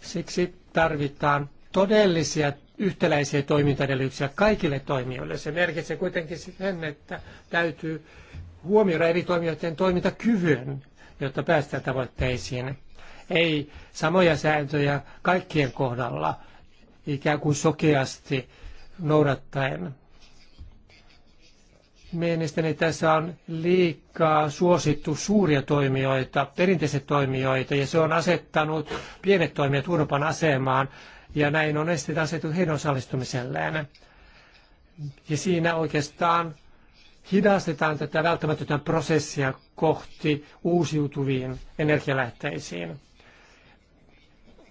Siksi tarvitaan todellisia yhtäläisiä toimintaedellytyksiä kaikille toimijoille. Se merkitsee kuitenkin sen, että täytyy huomioida eri toimijoiden toimintakyvyn, jotta päästään tavoitteisiin. Ei samoja sääntöjä kaikkien kohdalla, ikään kuin sokeasti noudattaen. Mielestäni tässä on liikaa suosittu suuria toimijoita, perinteisiä toimijoita, ja se on asettanut pienet toimijat Euroopan asemaan, ja näin on estetty asetettu heidän osallistumiselleen. Ja siinä oikeastaan hidastetaan tätä välttämätöntä prosessia kohti uusiutuviin energialähteisiin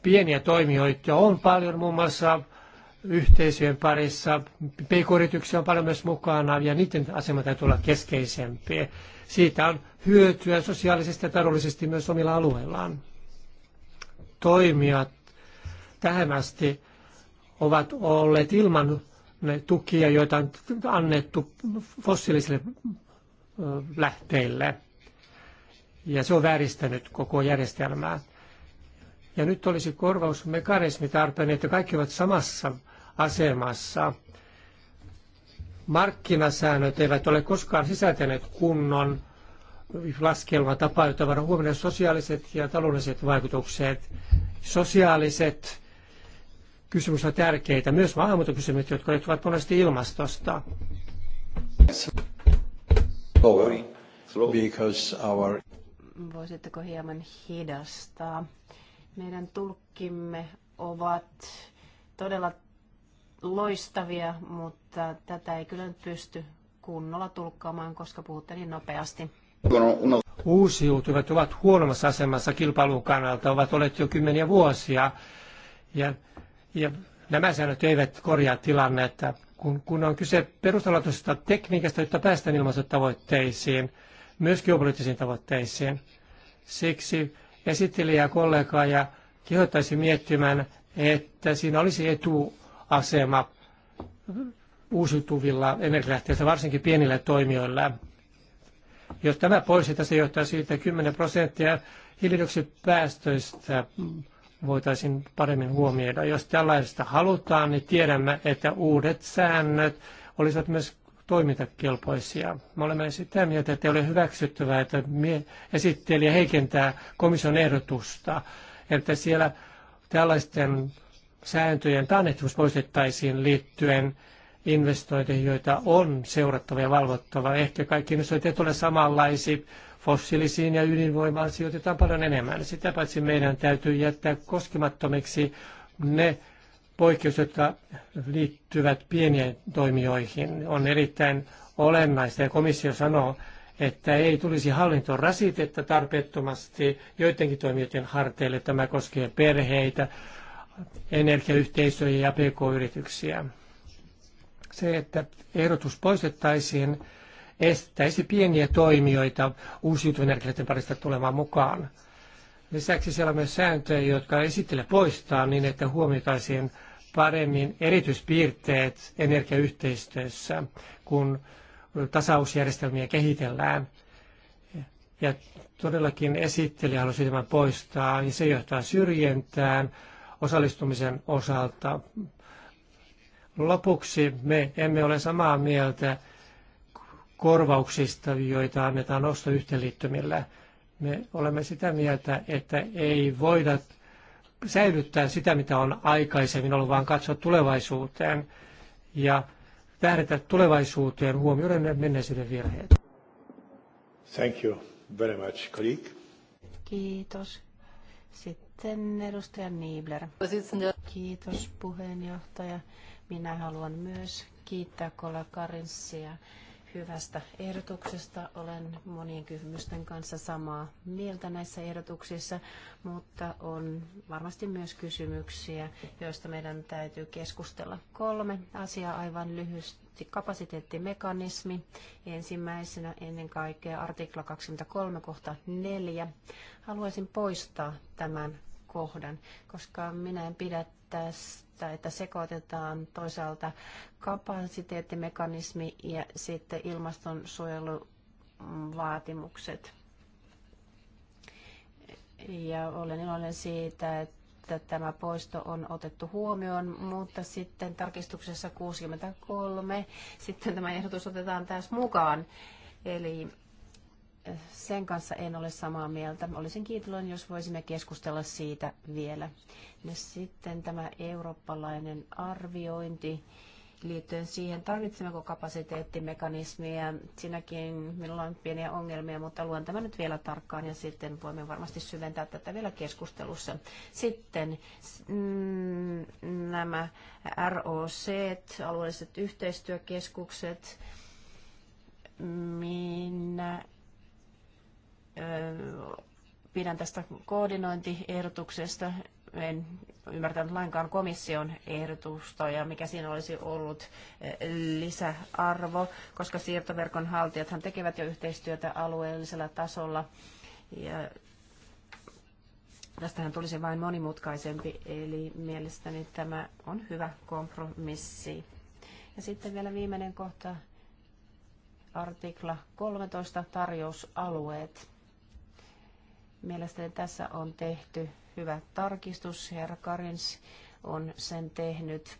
pieniä toimijoita on paljon muun muassa yhteisöjen parissa. PK-yrityksiä on paljon myös mukana ja niiden asema täytyy olla keskeisempi. Siitä on hyötyä sosiaalisesti ja taloudellisesti myös omilla alueillaan. Toimijat tähän asti ovat olleet ilman ne tukia, joita on annettu fossiilisille lähteille. Ja se on vääristänyt koko järjestelmää. Ja nyt olisi korvausmekanismi tarpeen, että kaikki ovat samassa asemassa. Markkinasäännöt eivät ole koskaan sisältäneet kunnon laskelmatapaa, jota voidaan huomioida sosiaaliset ja taloudelliset vaikutukset. Sosiaaliset kysymykset ovat tärkeitä, myös maahanmuuttokysymykset, jotka liittyvät monesti ilmastosta. Because our... Voisitteko hieman hidastaa? Meidän tulkkimme ovat todella loistavia, mutta tätä ei kyllä nyt pysty kunnolla tulkkaamaan, koska puhutte niin nopeasti. Uusiutuvat ovat huonommassa asemassa kilpailun kannalta, ovat olleet jo kymmeniä vuosia. Ja, ja nämä säännöt eivät korjaa tilannetta. Kun, kun on kyse perustalotusta, tekniikasta, jotta päästään ilmastotavoitteisiin, myös geopoliittisiin tavoitteisiin. Siksi esittelijää kollegaa ja kehottaisin miettimään, että siinä olisi etuasema uusiutuvilla energialähteillä, varsinkin pienillä toimijoilla. Jos tämä poistetaan, se johtaa siitä 10 prosenttia hiilidioksidipäästöistä voitaisiin paremmin huomioida. Jos tällaista halutaan, niin tiedämme, että uudet säännöt olisivat myös toimintakelpoisia. Me olemme sitä mieltä, että ei ole hyväksyttävää, että esittelijä heikentää komission ehdotusta, että siellä tällaisten sääntöjen taannehtivuus poistettaisiin liittyen investointeihin, joita on seurattava ja valvottava. Ehkä kaikki investointit ole samanlaisia. Fossiilisiin ja ydinvoimaan sijoitetaan paljon enemmän. Sitä paitsi meidän täytyy jättää koskemattomiksi ne poikkeus, jotka liittyvät pieniin toimijoihin, on erittäin olennaista. Ja komissio sanoo, että ei tulisi hallintoon rasitetta tarpeettomasti joidenkin toimijoiden harteille. Tämä koskee perheitä, energiayhteisöjä ja pk-yrityksiä. Se, että ehdotus poistettaisiin, estäisi pieniä toimijoita uusiutuvien energioiden parista tulemaan mukaan. Lisäksi siellä on myös sääntöjä, jotka esittele poistaa niin, että huomioitaisiin paremmin erityispiirteet energiayhteistyössä, kun tasausjärjestelmiä kehitellään. Ja todellakin esittelijä halusi tämän poistaa, ja se johtaa syrjintään osallistumisen osalta. Lopuksi me emme ole samaa mieltä korvauksista, joita annetaan ostoyhteenliittymillä. Me olemme sitä mieltä, että ei voida säilyttää sitä, mitä on aikaisemmin ollut, vaan katsoa tulevaisuuteen ja tähdätä tulevaisuuteen huomioiden menneisyyden virheet. Thank you very much, colleague. Kiitos. Sitten edustaja Niebler. Kiitos puheenjohtaja. Minä haluan myös kiittää kollega Karinsia hyvästä ehdotuksesta. Olen monien kysymysten kanssa samaa mieltä näissä ehdotuksissa, mutta on varmasti myös kysymyksiä, joista meidän täytyy keskustella. Kolme asiaa aivan lyhyesti. Kapasiteettimekanismi. Ensimmäisenä ennen kaikkea artikla 23 kohta 4. Haluaisin poistaa tämän kohdan, koska minä en pidä tästä, että sekoitetaan toisaalta kapasiteettimekanismi ja sitten ilmastonsuojeluvaatimukset. Ja olen iloinen siitä, että tämä poisto on otettu huomioon, mutta sitten tarkistuksessa 63 sitten tämä ehdotus otetaan taas mukaan. Eli sen kanssa en ole samaa mieltä. Olisin kiitollinen, jos voisimme keskustella siitä vielä. Ja sitten tämä eurooppalainen arviointi liittyen siihen, tarvitsemmeko kapasiteettimekanismia. Siinäkin minulla on pieniä ongelmia, mutta luen tämän nyt vielä tarkkaan ja sitten voimme varmasti syventää tätä vielä keskustelussa. Sitten mm, nämä ROC, alueelliset yhteistyökeskukset. Minä pidän tästä koordinointiehdotuksesta. En ymmärtänyt lainkaan komission ehdotusta ja mikä siinä olisi ollut lisäarvo, koska siirtoverkon haltijathan tekevät jo yhteistyötä alueellisella tasolla. Ja tästähän tulisi vain monimutkaisempi, eli mielestäni tämä on hyvä kompromissi. Ja sitten vielä viimeinen kohta, artikla 13, tarjousalueet Mielestäni tässä on tehty hyvä tarkistus. Herra Karins on sen tehnyt.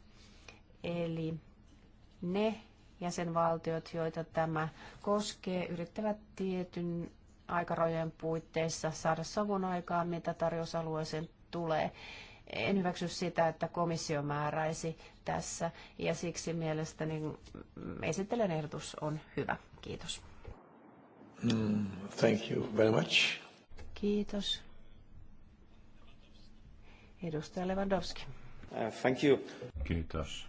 Eli ne jäsenvaltiot, joita tämä koskee, yrittävät tietyn aikarajojen puitteissa saada sovun aikaa, mitä tarjousalueeseen tulee. En hyväksy sitä, että komissio määräisi tässä, ja siksi mielestäni esittelen ehdotus on hyvä. Kiitos. Mm, thank you very much. Kiitos. Edustaja Lewandowski. Uh, thank you. Kiitos.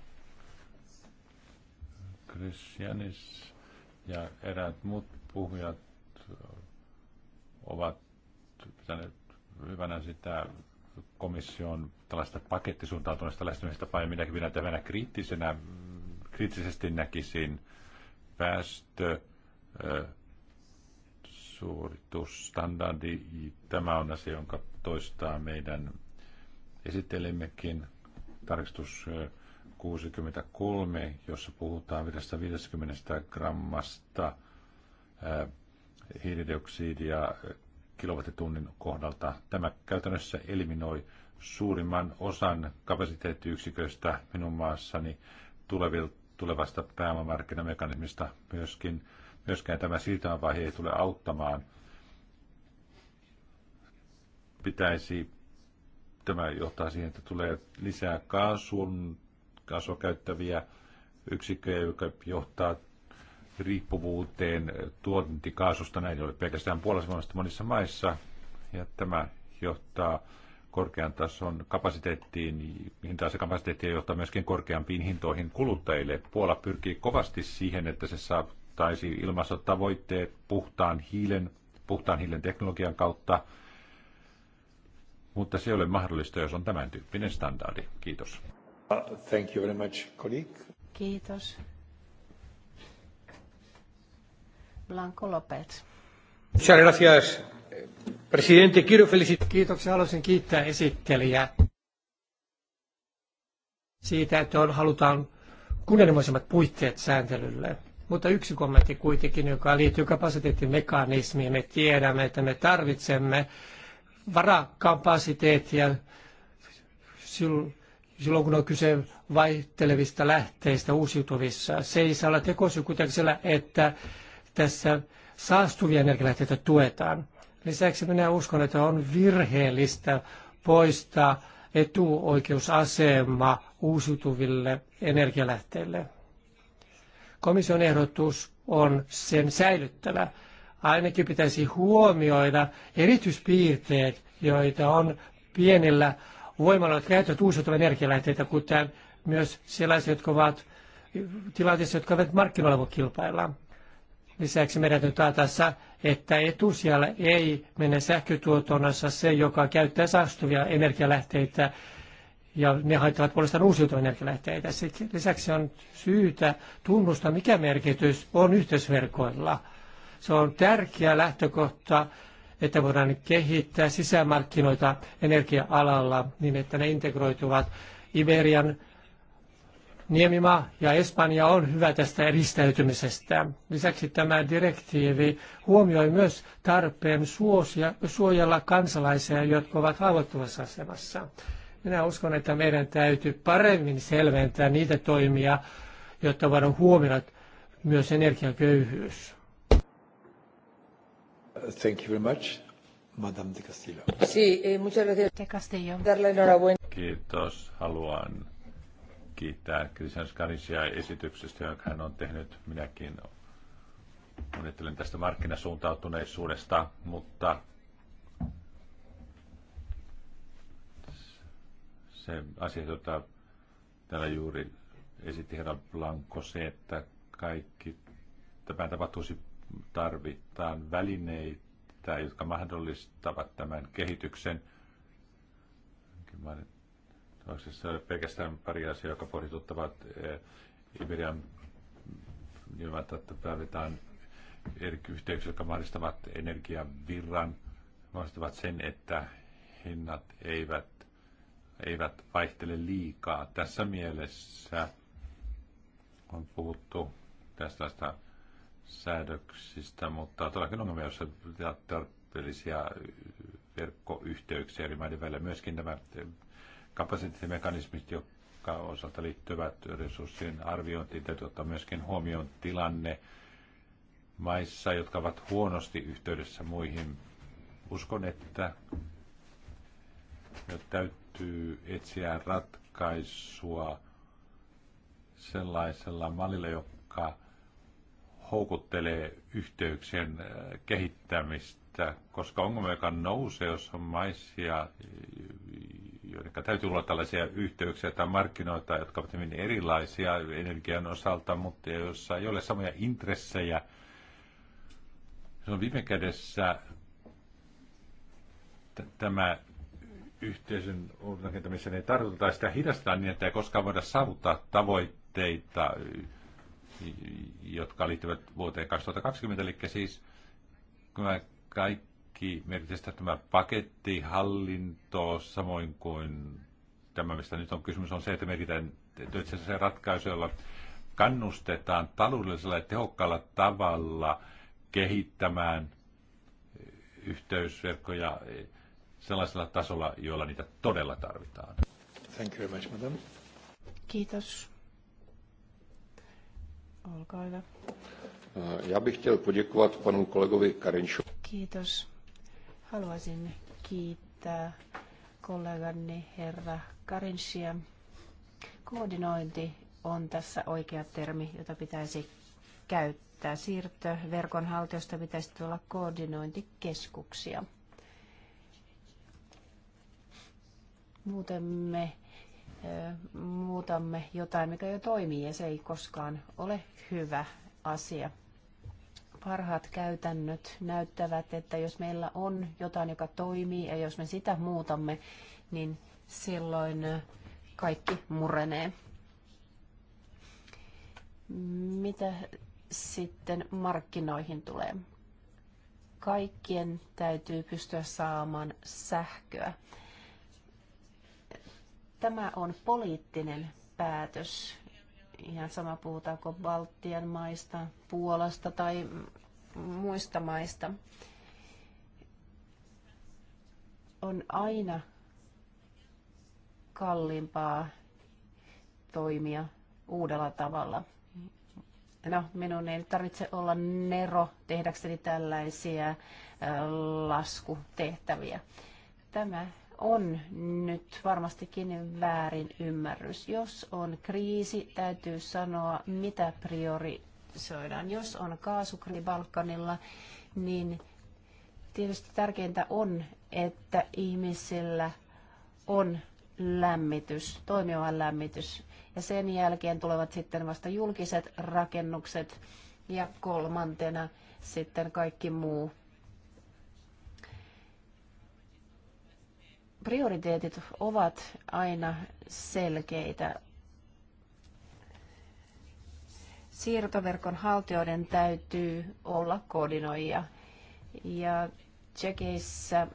Christianis ja eräät muut puhujat ovat pitäneet hyvänä sitä komission tällaista pakettisuuntautumista lähtemistä ja minäkin pidän tämänä kriittisenä, kriittisesti näkisin päästö, suoritusstandardi. Tämä on asia, jonka toistaa meidän esittelemmekin tarkistus 63, jossa puhutaan 50 grammasta hiilidioksidia kilowattitunnin kohdalta. Tämä käytännössä eliminoi suurimman osan kapasiteettiyksiköistä minun maassani tulevasta pääomamarkkinamekanismista myöskin Myöskään tämä siirtymävaihe ei tule auttamaan. Pitäisi, tämä johtaa siihen, että tulee lisää kaasun, kaasua käyttäviä yksikköjä, joka johtaa riippuvuuteen tuotantikaasusta Näin ei ole pelkästään puolessa monissa maissa. Ja tämä johtaa korkean tason kapasiteettiin, se kapasiteetti johtaa myöskin korkeampiin hintoihin kuluttajille. Puola pyrkii kovasti siihen, että se saa saavuttaisi ilmastotavoitteet puhtaan hiilen, puhtaan hiilen teknologian kautta, mutta se ei ole mahdollista, jos on tämän tyyppinen standardi. Kiitos. Uh, thank you very much, colleague. Kiitos. Blanco López. Muchas gracias, presidente. Quiero felicitar. Kiitoksia. Haluaisin kiittää esittelijää siitä, että on, halutaan kunnianhimoisemmat puitteet sääntelylle. Mutta yksi kommentti kuitenkin, joka liittyy kapasiteettimekanismiin. Me tiedämme, että me tarvitsemme varakapasiteettia silloin, kun on kyse vaihtelevista lähteistä uusiutuvissa. Se ei saa olla tekosyy kuitenkin että tässä saastuvia energialähteitä tuetaan. Lisäksi minä uskon, että on virheellistä poistaa etuoikeusasema uusiutuville energialähteille. Komission ehdotus on sen säilyttävä. Ainakin pitäisi huomioida erityispiirteet, joita on pienillä voimalla, jotka käyttävät uusiutuvia energialähteitä, kuten myös sellaisia, jotka ovat tilanteissa, jotka eivät markkinoilla voi kilpailla. Lisäksi meidän täytyy taata, että etusijalle ei mene sähkötuotannossa se, joka käyttää saastuvia energialähteitä ja ne haittavat puolestaan uusiutuvia energialähteitä. lisäksi on syytä tunnustaa, mikä merkitys on yhteisverkoilla. Se on tärkeä lähtökohta, että voidaan kehittää sisämarkkinoita energia-alalla niin, että ne integroituvat Iberian Niemima ja Espanja on hyvä tästä eristäytymisestä. Lisäksi tämä direktiivi huomioi myös tarpeen suosia, suojella kansalaisia, jotka ovat haavoittuvassa asemassa. Minä uskon, että meidän täytyy paremmin selventää niitä toimia, jotta voidaan huomioida myös energiaköyhyys. Thank you very much. Madame de Castillo. Sí, eh, muchas gracias. De Castillo. Darle enhorabuena. Kiitos. Haluan kiittää Christian Scanisia esityksestä, jonka hän on tehnyt. Minäkin onnittelen tästä markkinasuuntautuneisuudesta, mutta se asia, jota täällä juuri esitti herra Blanco, se, että kaikki tämä tapahtuisi tarvitaan välineitä, jotka mahdollistavat tämän kehityksen. Toisessa pelkästään pari asiaa, jotka pohdituttavat eh, Iberian, niin että tarvitaan eri yhteyksiä, jotka mahdollistavat energiavirran, mahdollistavat sen, että hinnat eivät eivät vaihtele liikaa. Tässä mielessä on puhuttu tästä säädöksistä, mutta todellakin ongelmia, joissa tarpeellisia verkkoyhteyksiä eri maiden välillä. Myöskin nämä kapasiteettimekanismit, jotka osalta liittyvät resurssien arviointiin, täytyy ottaa myöskin huomioon tilanne maissa, jotka ovat huonosti yhteydessä muihin. Uskon, että ja täytyy etsiä ratkaisua sellaisella mallilla, joka houkuttelee yhteyksien äh, kehittämistä, koska ongelma, joka nousee, jos on maisia, joiden täytyy olla tällaisia yhteyksiä tai markkinoita, jotka ovat hyvin erilaisia energian osalta, mutta joissa ei ole samoja intressejä. Se on viime kädessä tämä yhteisön rakentamiseen niin ei tartuta sitä hidastetaan niin, että ei koskaan voida saavuttaa tavoitteita, jotka liittyvät vuoteen 2020. Eli siis kaikki merkitsee tämä paketti, hallinto, samoin kuin tämä, mistä nyt on kysymys, on se, että merkitään itse se ratkaisu, jolla kannustetaan taloudellisella ja tehokkaalla tavalla kehittämään yhteysverkkoja sellaisella tasolla, jolla niitä todella tarvitaan. Thank you very much, madam. Kiitos. Olkaa hyvä. Eh, ja bych chtěl poděkovat panu kolegovi Karinšu. Kiitos. Haluaisin kiittää kollegani herra Karinsia. Koordinointi on tässä oikea termi, jota pitäisi käyttää. Siirtoverkon haltijoista pitäisi tulla koordinointikeskuksia. Muuten me muutamme jotain, mikä jo toimii ja se ei koskaan ole hyvä asia. Parhaat käytännöt näyttävät, että jos meillä on jotain, joka toimii ja jos me sitä muutamme, niin silloin kaikki murenee. Mitä sitten markkinoihin tulee? Kaikkien täytyy pystyä saamaan sähköä Tämä on poliittinen päätös. Ihan sama puhutaanko Baltian maista, Puolasta tai muista maista. On aina kalliimpaa toimia uudella tavalla. No, minun ei tarvitse olla nero tehdäkseni tällaisia äh, laskutehtäviä. Tämä on nyt varmastikin väärin ymmärrys. Jos on kriisi, täytyy sanoa, mitä priorisoidaan. Jos on kaasukriisi Balkanilla, niin tietysti tärkeintä on, että ihmisillä on lämmitys, toimiva lämmitys. Ja sen jälkeen tulevat sitten vasta julkiset rakennukset ja kolmantena sitten kaikki muu prioriteetit ovat aina selkeitä. Siirtoverkon haltijoiden täytyy olla koordinoijia. Ja Tsekeissä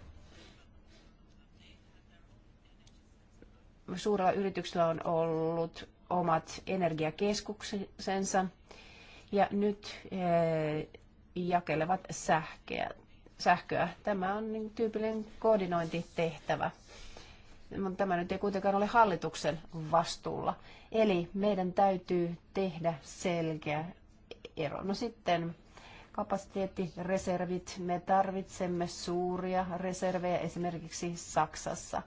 suurella yrityksellä on ollut omat energiakeskuksensa ja nyt eh, jakelevat sähköä, sähköä. Tämä on niin tyypillinen koordinointitehtävä. Mutta tämä nyt ei kuitenkaan ole hallituksen vastuulla. Eli meidän täytyy tehdä selkeä ero. No sitten kapasiteettireservit. Me tarvitsemme suuria reservejä esimerkiksi Saksassa.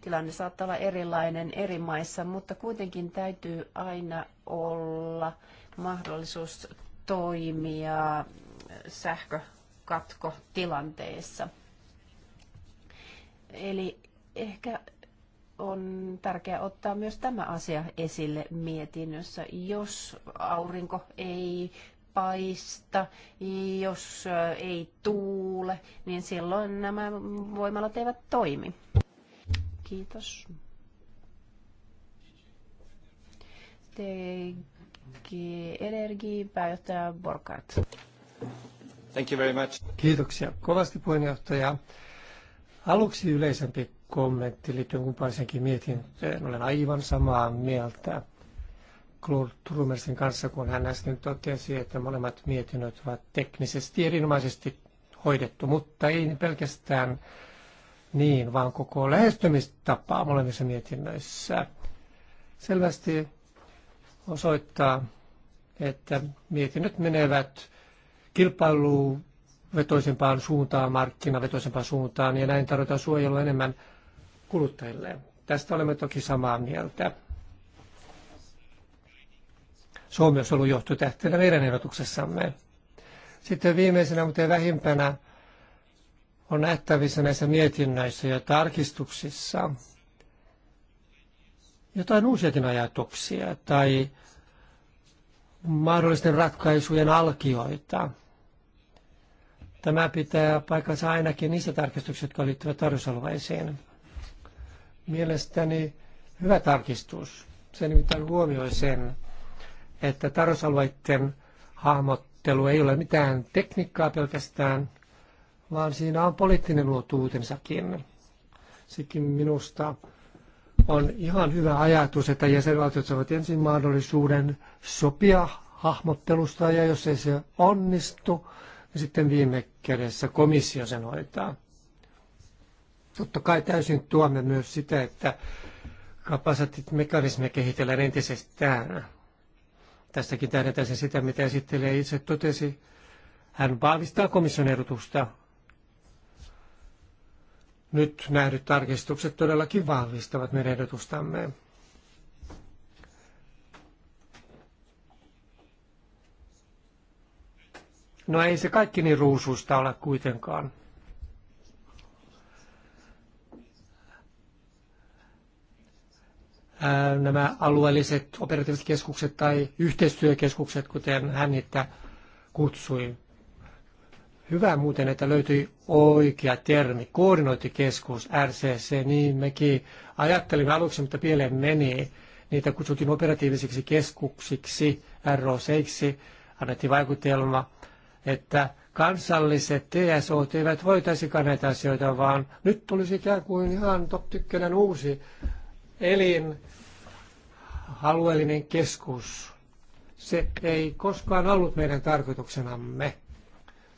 Tilanne saattaa olla erilainen eri maissa, mutta kuitenkin täytyy aina olla mahdollisuus toimia sähkö katkotilanteessa. Eli ehkä on tärkeää ottaa myös tämä asia esille mietinnössä, jos aurinko ei paista, jos äh, ei tuule, niin silloin nämä voimalat eivät toimi. Kiitos. TG Energy pääjohtaja Borkart. Thank you very much. Kiitoksia kovasti puheenjohtaja. Aluksi yleisempi kommentti liittyen kumpaisenkin mietintöön. Olen aivan samaa mieltä Claude Trumersin kanssa, kun hän äsken totesi, että molemmat mietinnöt ovat teknisesti erinomaisesti hoidettu, mutta ei pelkästään niin, vaan koko lähestymistapaa molemmissa mietinnöissä selvästi osoittaa, että mietinnöt menevät kilpailuvetoisempaan suuntaan, markkinavetoisempaan suuntaan, ja näin tarvitaan suojella enemmän kuluttajille. Tästä olemme toki samaa mieltä. Suomi on ollut johtotähtenä meidän ehdotuksessamme. Sitten viimeisenä, mutta vähimpänä, on nähtävissä näissä mietinnöissä ja tarkistuksissa jotain uusiakin ajatuksia tai mahdollisten ratkaisujen alkioita – Tämä pitää paikkansa ainakin niissä tarkistuksissa, jotka liittyvät tarjousalueeseen. Mielestäni hyvä tarkistus. Se nimittäin huomioi sen, että tarjousalueiden hahmottelu ei ole mitään tekniikkaa pelkästään, vaan siinä on poliittinen luotuutensakin. Sekin minusta on ihan hyvä ajatus, että jäsenvaltiot saavat ensin mahdollisuuden sopia hahmottelusta ja jos ei se onnistu, ja sitten viime kädessä komissio sen hoitaa. Totta kai täysin tuomme myös sitä, että kapasiteettimekanismia kehitellään entisestään. Tästäkin tähdätään sitä, mitä esittelee itse totesi. Hän vahvistaa komission ehdotusta. Nyt nähdyt tarkistukset todellakin vahvistavat meidän edutustamme. No ei se kaikki niin ruusuusta ole kuitenkaan. nämä alueelliset operatiiviset keskukset tai yhteistyökeskukset, kuten hän niitä kutsui. Hyvä muuten, että löytyi oikea termi, koordinointikeskus, RCC, niin mekin ajattelimme aluksi, mutta pieleen meni. Niitä kutsuttiin operatiivisiksi keskuksiksi, ROCiksi, annettiin vaikutelma, että kansalliset TSO eivät hoitaisikaan näitä asioita, vaan nyt tulisi ikään kuin ihan top uusi elin, alueellinen keskus. Se ei koskaan ollut meidän tarkoituksenamme.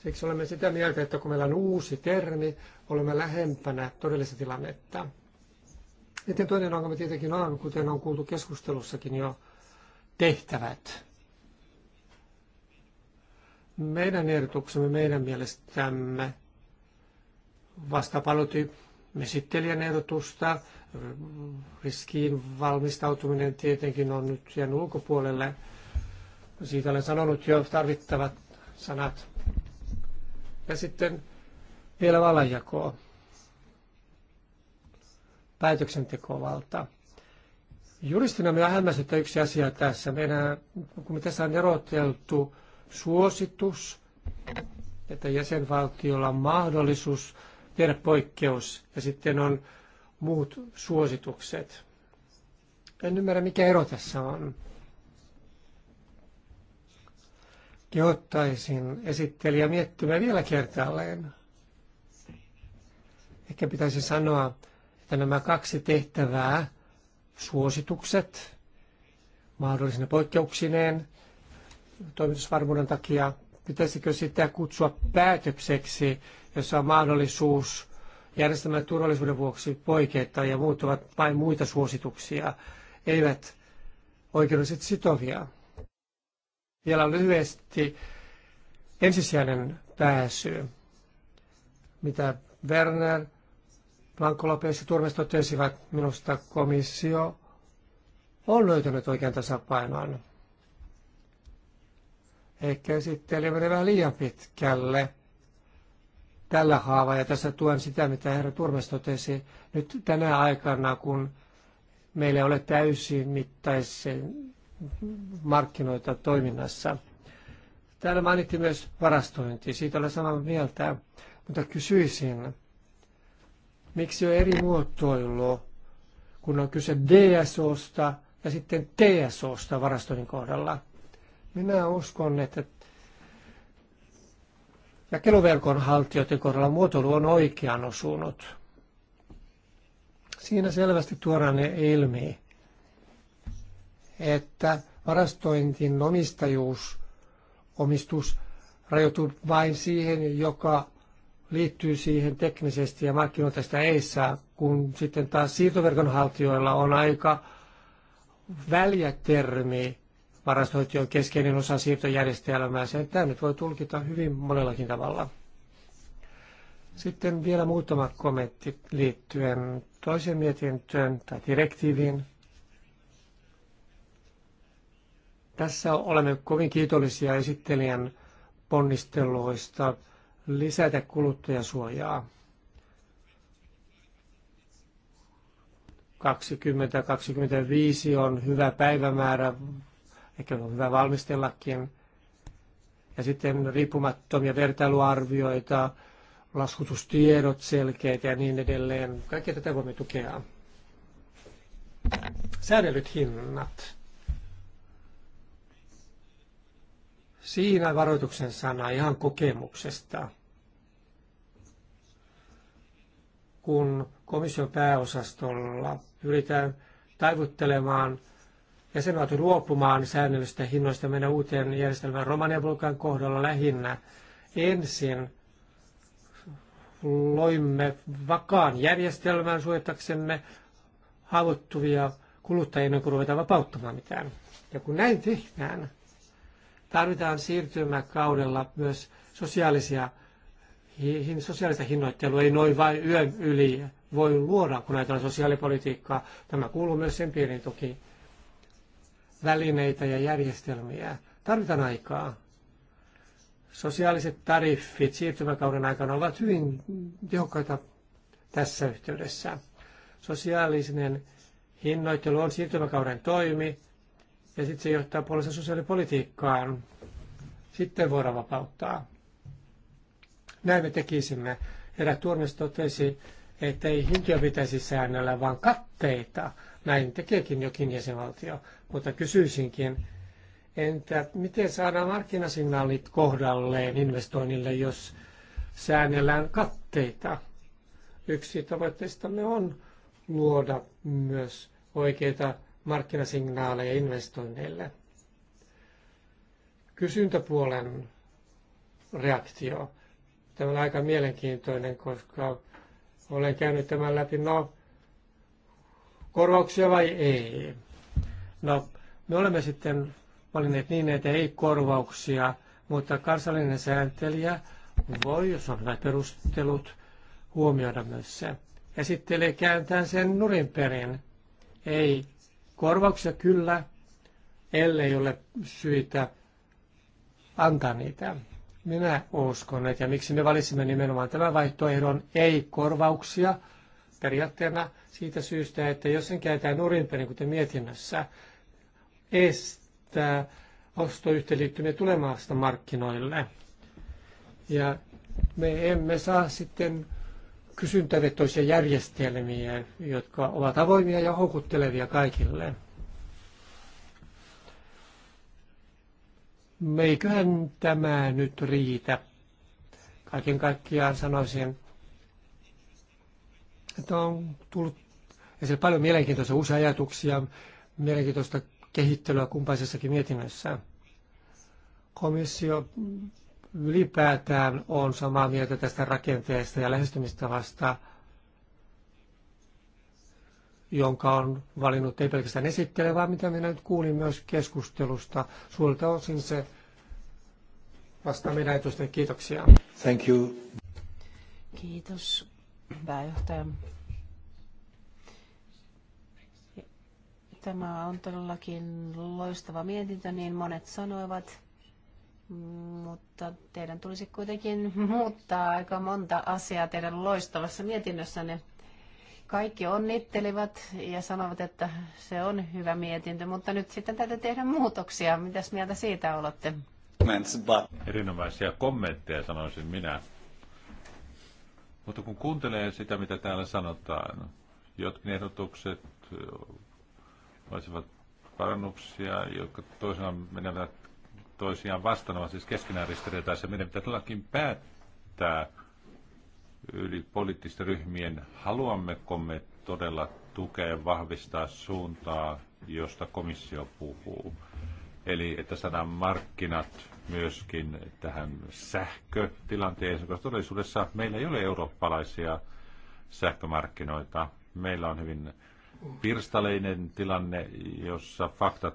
Siksi olemme sitä mieltä, että kun meillä on uusi termi, olemme lähempänä todellista tilannetta. Sitten toinen ongelma tietenkin on, kuten on kuultu keskustelussakin jo, tehtävät. Meidän ehdotuksemme meidän mielestämme vastaa mesittelijän ehdotusta. Riskiin valmistautuminen tietenkin on nyt jään ulkopuolelle. Siitä olen sanonut jo tarvittavat sanat. Ja sitten vielä vallanjakoa. Päätöksentekovalta. Juristina minä hämmästyttää yksi asia tässä. Meidän, kun me tässä on eroteltu suositus, että jäsenvaltiolla on mahdollisuus tehdä poikkeus ja sitten on muut suositukset. En ymmärrä, mikä ero tässä on. Kehottaisin esittelijä miettimään vielä kertaalleen. Ehkä pitäisi sanoa, että nämä kaksi tehtävää, suositukset mahdollisine poikkeuksineen – toimitusvarmuuden takia, pitäisikö sitä kutsua päätökseksi, jossa on mahdollisuus järjestelmän turvallisuuden vuoksi poiketta ja muut ovat vain muita suosituksia, eivät oikeudelliset sitovia. Vielä lyhyesti ensisijainen pääsy, mitä Werner Blanco Lopez ja Turmes totesivat, minusta komissio on löytänyt oikean tasapainon ehkä sitten menee vähän liian pitkälle tällä haavaa, ja tässä tuen sitä, mitä herra Turmes totesi nyt tänä aikana, kun meillä ei ole täysin mittaisen markkinoita toiminnassa. Täällä mainittiin myös varastointi, siitä olen samaa mieltä, mutta kysyisin, miksi on eri muotoilu, kun on kyse DSOsta ja sitten TSOsta varastoinnin kohdalla? Minä uskon, että jakeluverkon haltijoiden kohdalla muotoilu on oikean osunut. Siinä selvästi tuodaan ne ilmi, että varastointin omistajuus, omistus rajoituu vain siihen, joka liittyy siihen teknisesti ja markkinoilta sitä ei saa, kun sitten taas siirtoverkon haltijoilla on aika väljä termi varastointi on keskeinen osa siirtojärjestelmää. se tämä nyt voi tulkita hyvin monellakin tavalla. Sitten vielä muutama kommentti liittyen toisen mietintöön tai direktiiviin. Tässä olemme kovin kiitollisia esittelijän ponnisteluista lisätä kuluttajasuojaa. 2025 on hyvä päivämäärä Ehkä on hyvä valmistellakin. Ja sitten riippumattomia vertailuarvioita, laskutustiedot selkeät ja niin edelleen. Kaikkea tätä voimme tukea. Säädellyt hinnat. Siinä varoituksen sana ihan kokemuksesta. Kun komission pääosastolla pyritään taivuttelemaan – jäsenvaltio luopumaan säännöllistä hinnoista mennä uuteen järjestelmään Romania Bulgarian kohdalla lähinnä. Ensin loimme vakaan järjestelmän suojataksemme haavoittuvia kuluttajia ennen kuin ruvetaan vapauttamaan mitään. Ja kun näin tehdään, tarvitaan siirtymäkaudella myös sosiaalisia, sosiaalista hinnoittelua. Ei noin vain yön yli voi luoda, kun ajatellaan sosiaalipolitiikkaa. Tämä kuuluu myös sen piirin toki välineitä ja järjestelmiä. Tarvitaan aikaa. Sosiaaliset tariffit siirtymäkauden aikana ovat hyvin tehokkaita tässä yhteydessä. Sosiaalinen hinnoittelu on siirtymäkauden toimi ja sitten se johtaa puolensa sosiaalipolitiikkaan. Sitten voidaan vapauttaa. Näin me tekisimme. Herra Tuomis totesi, että ei hintoja pitäisi säännellä, vaan katteita. Näin tekeekin jokin jäsenvaltio, mutta kysyisinkin, entä miten saadaan markkinasignaalit kohdalleen investoinnille, jos säännellään katteita? Yksi tavoitteistamme on luoda myös oikeita markkinasignaaleja investoinneille. Kysyntäpuolen reaktio. Tämä on aika mielenkiintoinen, koska olen käynyt tämän läpi. No, korvauksia vai ei. No, me olemme sitten valinneet niin, että ei korvauksia, mutta kansallinen sääntelijä voi, jos on hyvät perustelut, huomioida myös se. sitten kääntää sen nurin perin. Ei korvauksia kyllä, ellei ole syitä antaa niitä. Minä uskon, että ja miksi me valitsimme nimenomaan tämän vaihtoehdon, ei korvauksia, periaatteena siitä syystä, että jos sen käytetään nurinpäin, kuten mietinnössä, estää ostoyhteenliittymiä tulemasta markkinoille. Ja me emme saa sitten kysyntävetoisia järjestelmiä, jotka ovat avoimia ja houkuttelevia kaikille. Meiköhän tämä nyt riitä. Kaiken kaikkiaan sanoisin, että on tullut esille paljon mielenkiintoisia uusia ajatuksia, mielenkiintoista kehittelyä kumpaisessakin mietinnössä. Komissio ylipäätään on samaa mieltä tästä rakenteesta ja lähestymistavasta, jonka on valinnut ei pelkästään esittele, vaan mitä minä nyt kuulin myös keskustelusta. Suurelta osin se vastaa meidän ajatusten. Kiitoksia. Thank you. Kiitos pääjohtaja. Tämä on todellakin loistava mietintö, niin monet sanoivat, mutta teidän tulisi kuitenkin muuttaa aika monta asiaa teidän loistavassa mietinnössänne. Kaikki onnittelivat ja sanovat, että se on hyvä mietintö, mutta nyt sitten täytyy tehdä muutoksia. Mitäs mieltä siitä olette? Erinomaisia kommentteja sanoisin minä mutta kun kuuntelee sitä, mitä täällä sanotaan, jotkin ehdotukset olisivat parannuksia, jotka toisinaan menevät toisiaan vastaan, siis keskenään ristiriitaisia. Meidän pitää todellakin päättää yli poliittisten ryhmien, haluammeko me todella tukea ja vahvistaa suuntaa, josta komissio puhuu. Eli että saadaan markkinat myöskin tähän sähkötilanteeseen, koska todellisuudessa meillä ei ole eurooppalaisia sähkömarkkinoita. Meillä on hyvin pirstaleinen tilanne, jossa faktat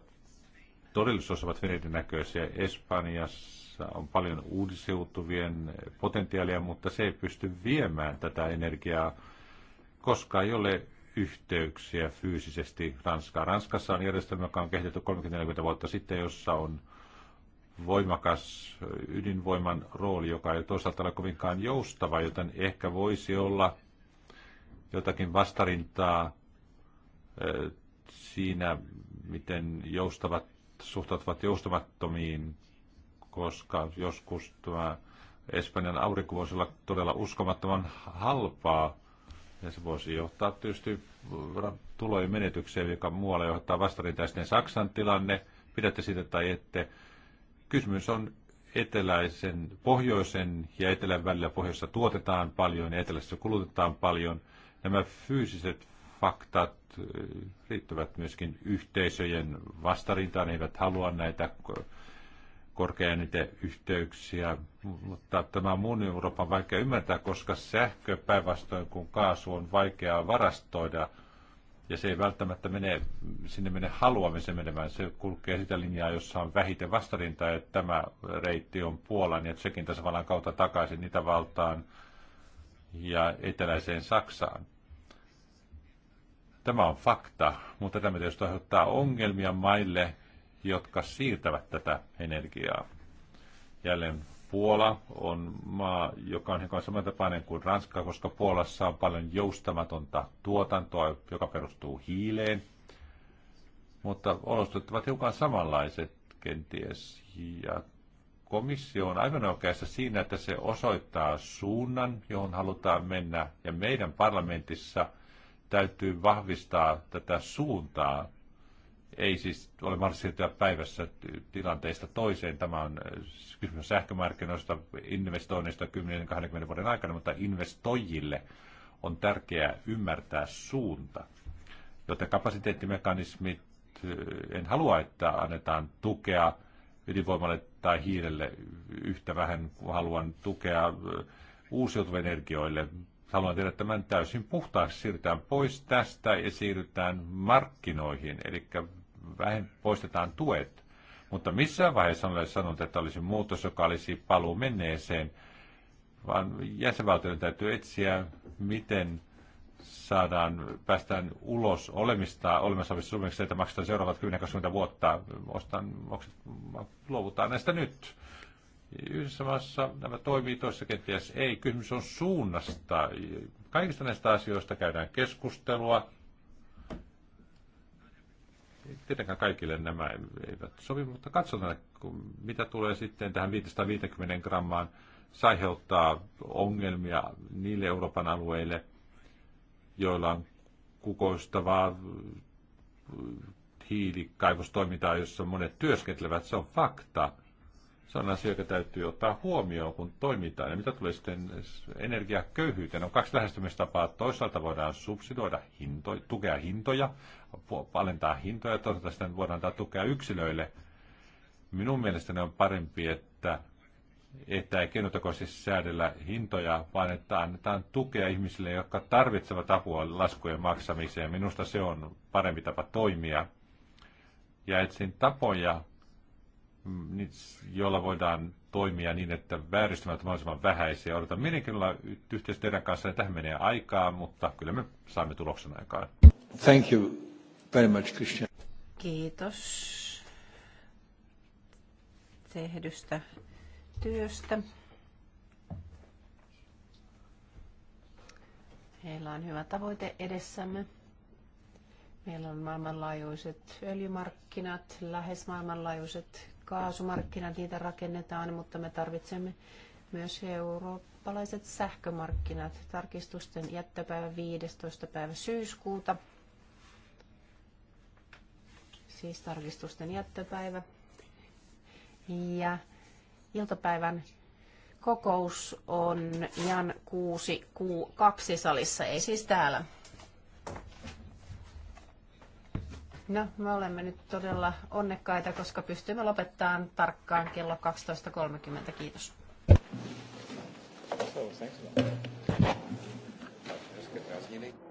todellisuudessa ovat hyvin näköisiä. Espanjassa on paljon uudisiutuvien potentiaalia, mutta se ei pysty viemään tätä energiaa, koska ei ole yhteyksiä fyysisesti Ranskaan. Ranskassa on järjestelmä, joka on kehitetty 30-40 vuotta sitten, jossa on voimakas ydinvoiman rooli, joka ei toisaalta ole kovinkaan joustava, joten ehkä voisi olla jotakin vastarintaa siinä, miten joustavat suhtautuvat joustamattomiin, koska joskus tämä Espanjan aurinko voisi olla todella uskomattoman halpaa, ja se voisi johtaa tietysti tulojen menetykseen, joka muualla johtaa vastarintaisten Saksan tilanne, pidätte siitä tai ette, Kysymys on eteläisen, pohjoisen ja etelän välillä. Pohjoissa tuotetaan paljon ja etelässä kulutetaan paljon. Nämä fyysiset faktat eh, riittävät myöskin yhteisöjen vastarintaan. Ne eivät halua näitä korkeaääniteyhteyksiä, mutta tämä on muun Euroopan vaikea ymmärtää, koska sähkö päinvastoin kuin kaasu on vaikeaa varastoida – ja se ei välttämättä mene, sinne mene haluamisen menemään. Se kulkee sitä linjaa, jossa on vähiten vastarinta, että tämä reitti on Puolan ja Tsekin tasavallan kautta takaisin Itävaltaan ja eteläiseen Saksaan. Tämä on fakta, mutta tämä tietysti aiheuttaa ongelmia maille, jotka siirtävät tätä energiaa. Jälleen Puola on maa, joka on hiukan samantapainen kuin Ranska, koska Puolassa on paljon joustamatonta tuotantoa, joka perustuu hiileen. Mutta olosuhteet ovat hiukan samanlaiset kenties. Ja komissio on aivan oikeassa siinä, että se osoittaa suunnan, johon halutaan mennä. Ja meidän parlamentissa täytyy vahvistaa tätä suuntaa ei siis ole mahdollista siirtyä päivässä tilanteesta toiseen. Tämä on äh, kysymys sähkömarkkinoista, investoinneista 10-20 vuoden aikana, mutta investoijille on tärkeää ymmärtää suunta. Joten kapasiteettimekanismit, äh, en halua, että annetaan tukea ydinvoimalle tai hiilelle yhtä vähän kuin haluan tukea äh, uusiutuvien energioille. Haluan tehdä tämän täysin puhtaaksi. Siirrytään pois tästä ja siirrytään markkinoihin. Eli vähen, poistetaan tuet. Mutta missään vaiheessa on sanonut, että olisi muutos, joka olisi paluu menneeseen, vaan jäsenvaltioiden täytyy etsiä, miten saadaan, päästään ulos olemista, olemassa olevista summista, että maksetaan seuraavat 10-20 vuotta, ostan, luovutaan näistä nyt. Yhdessä maassa nämä toimii, toisessa kenties ei. Kysymys on suunnasta. Kaikista näistä asioista käydään keskustelua tietenkään kaikille nämä eivät sovi, mutta katsotaan, mitä tulee sitten tähän 550 grammaan. Se aiheuttaa ongelmia niille Euroopan alueille, joilla on kukoistavaa mm, hiilikaivostoimintaa, jossa monet työskentelevät. Se on fakta. Se on asia, joka täytyy ottaa huomioon, kun toimitaan. Ja mitä tulee sitten energiaköyhyyteen, on kaksi lähestymistapaa. Toisaalta voidaan subsidoida hintoja, tukea hintoja, alentaa hintoja toisaalta sitten voidaan antaa tukea yksilöille. Minun mielestäni on parempi, että, että ei keinotekoisesti säädellä hintoja, vaan että annetaan tukea ihmisille, jotka tarvitsevat apua laskujen maksamiseen. Minusta se on parempi tapa toimia. Ja etsin tapoja, mm, niin joilla voidaan toimia niin, että vääristymät mahdollisimman vähäisiä. Odotan mielenkiinnolla yhteistyötä teidän kanssa. Tähän menee aikaa, mutta kyllä me saamme tuloksen aikaan. Thank you. Very much, Kiitos tehdystä työstä. Meillä on hyvä tavoite edessämme. Meillä on maailmanlaajuiset öljymarkkinat, lähes maailmanlaajuiset kaasumarkkinat, niitä rakennetaan, mutta me tarvitsemme myös eurooppalaiset sähkömarkkinat. Tarkistusten jättöpäivä 15. päivä syyskuuta siis tarkistusten jättöpäivä. Ja iltapäivän kokous on Jan 6Q2 salissa, ei siis täällä. No, me olemme nyt todella onnekkaita, koska pystymme lopettamaan tarkkaan kello 12.30. Kiitos. So, thanks a lot.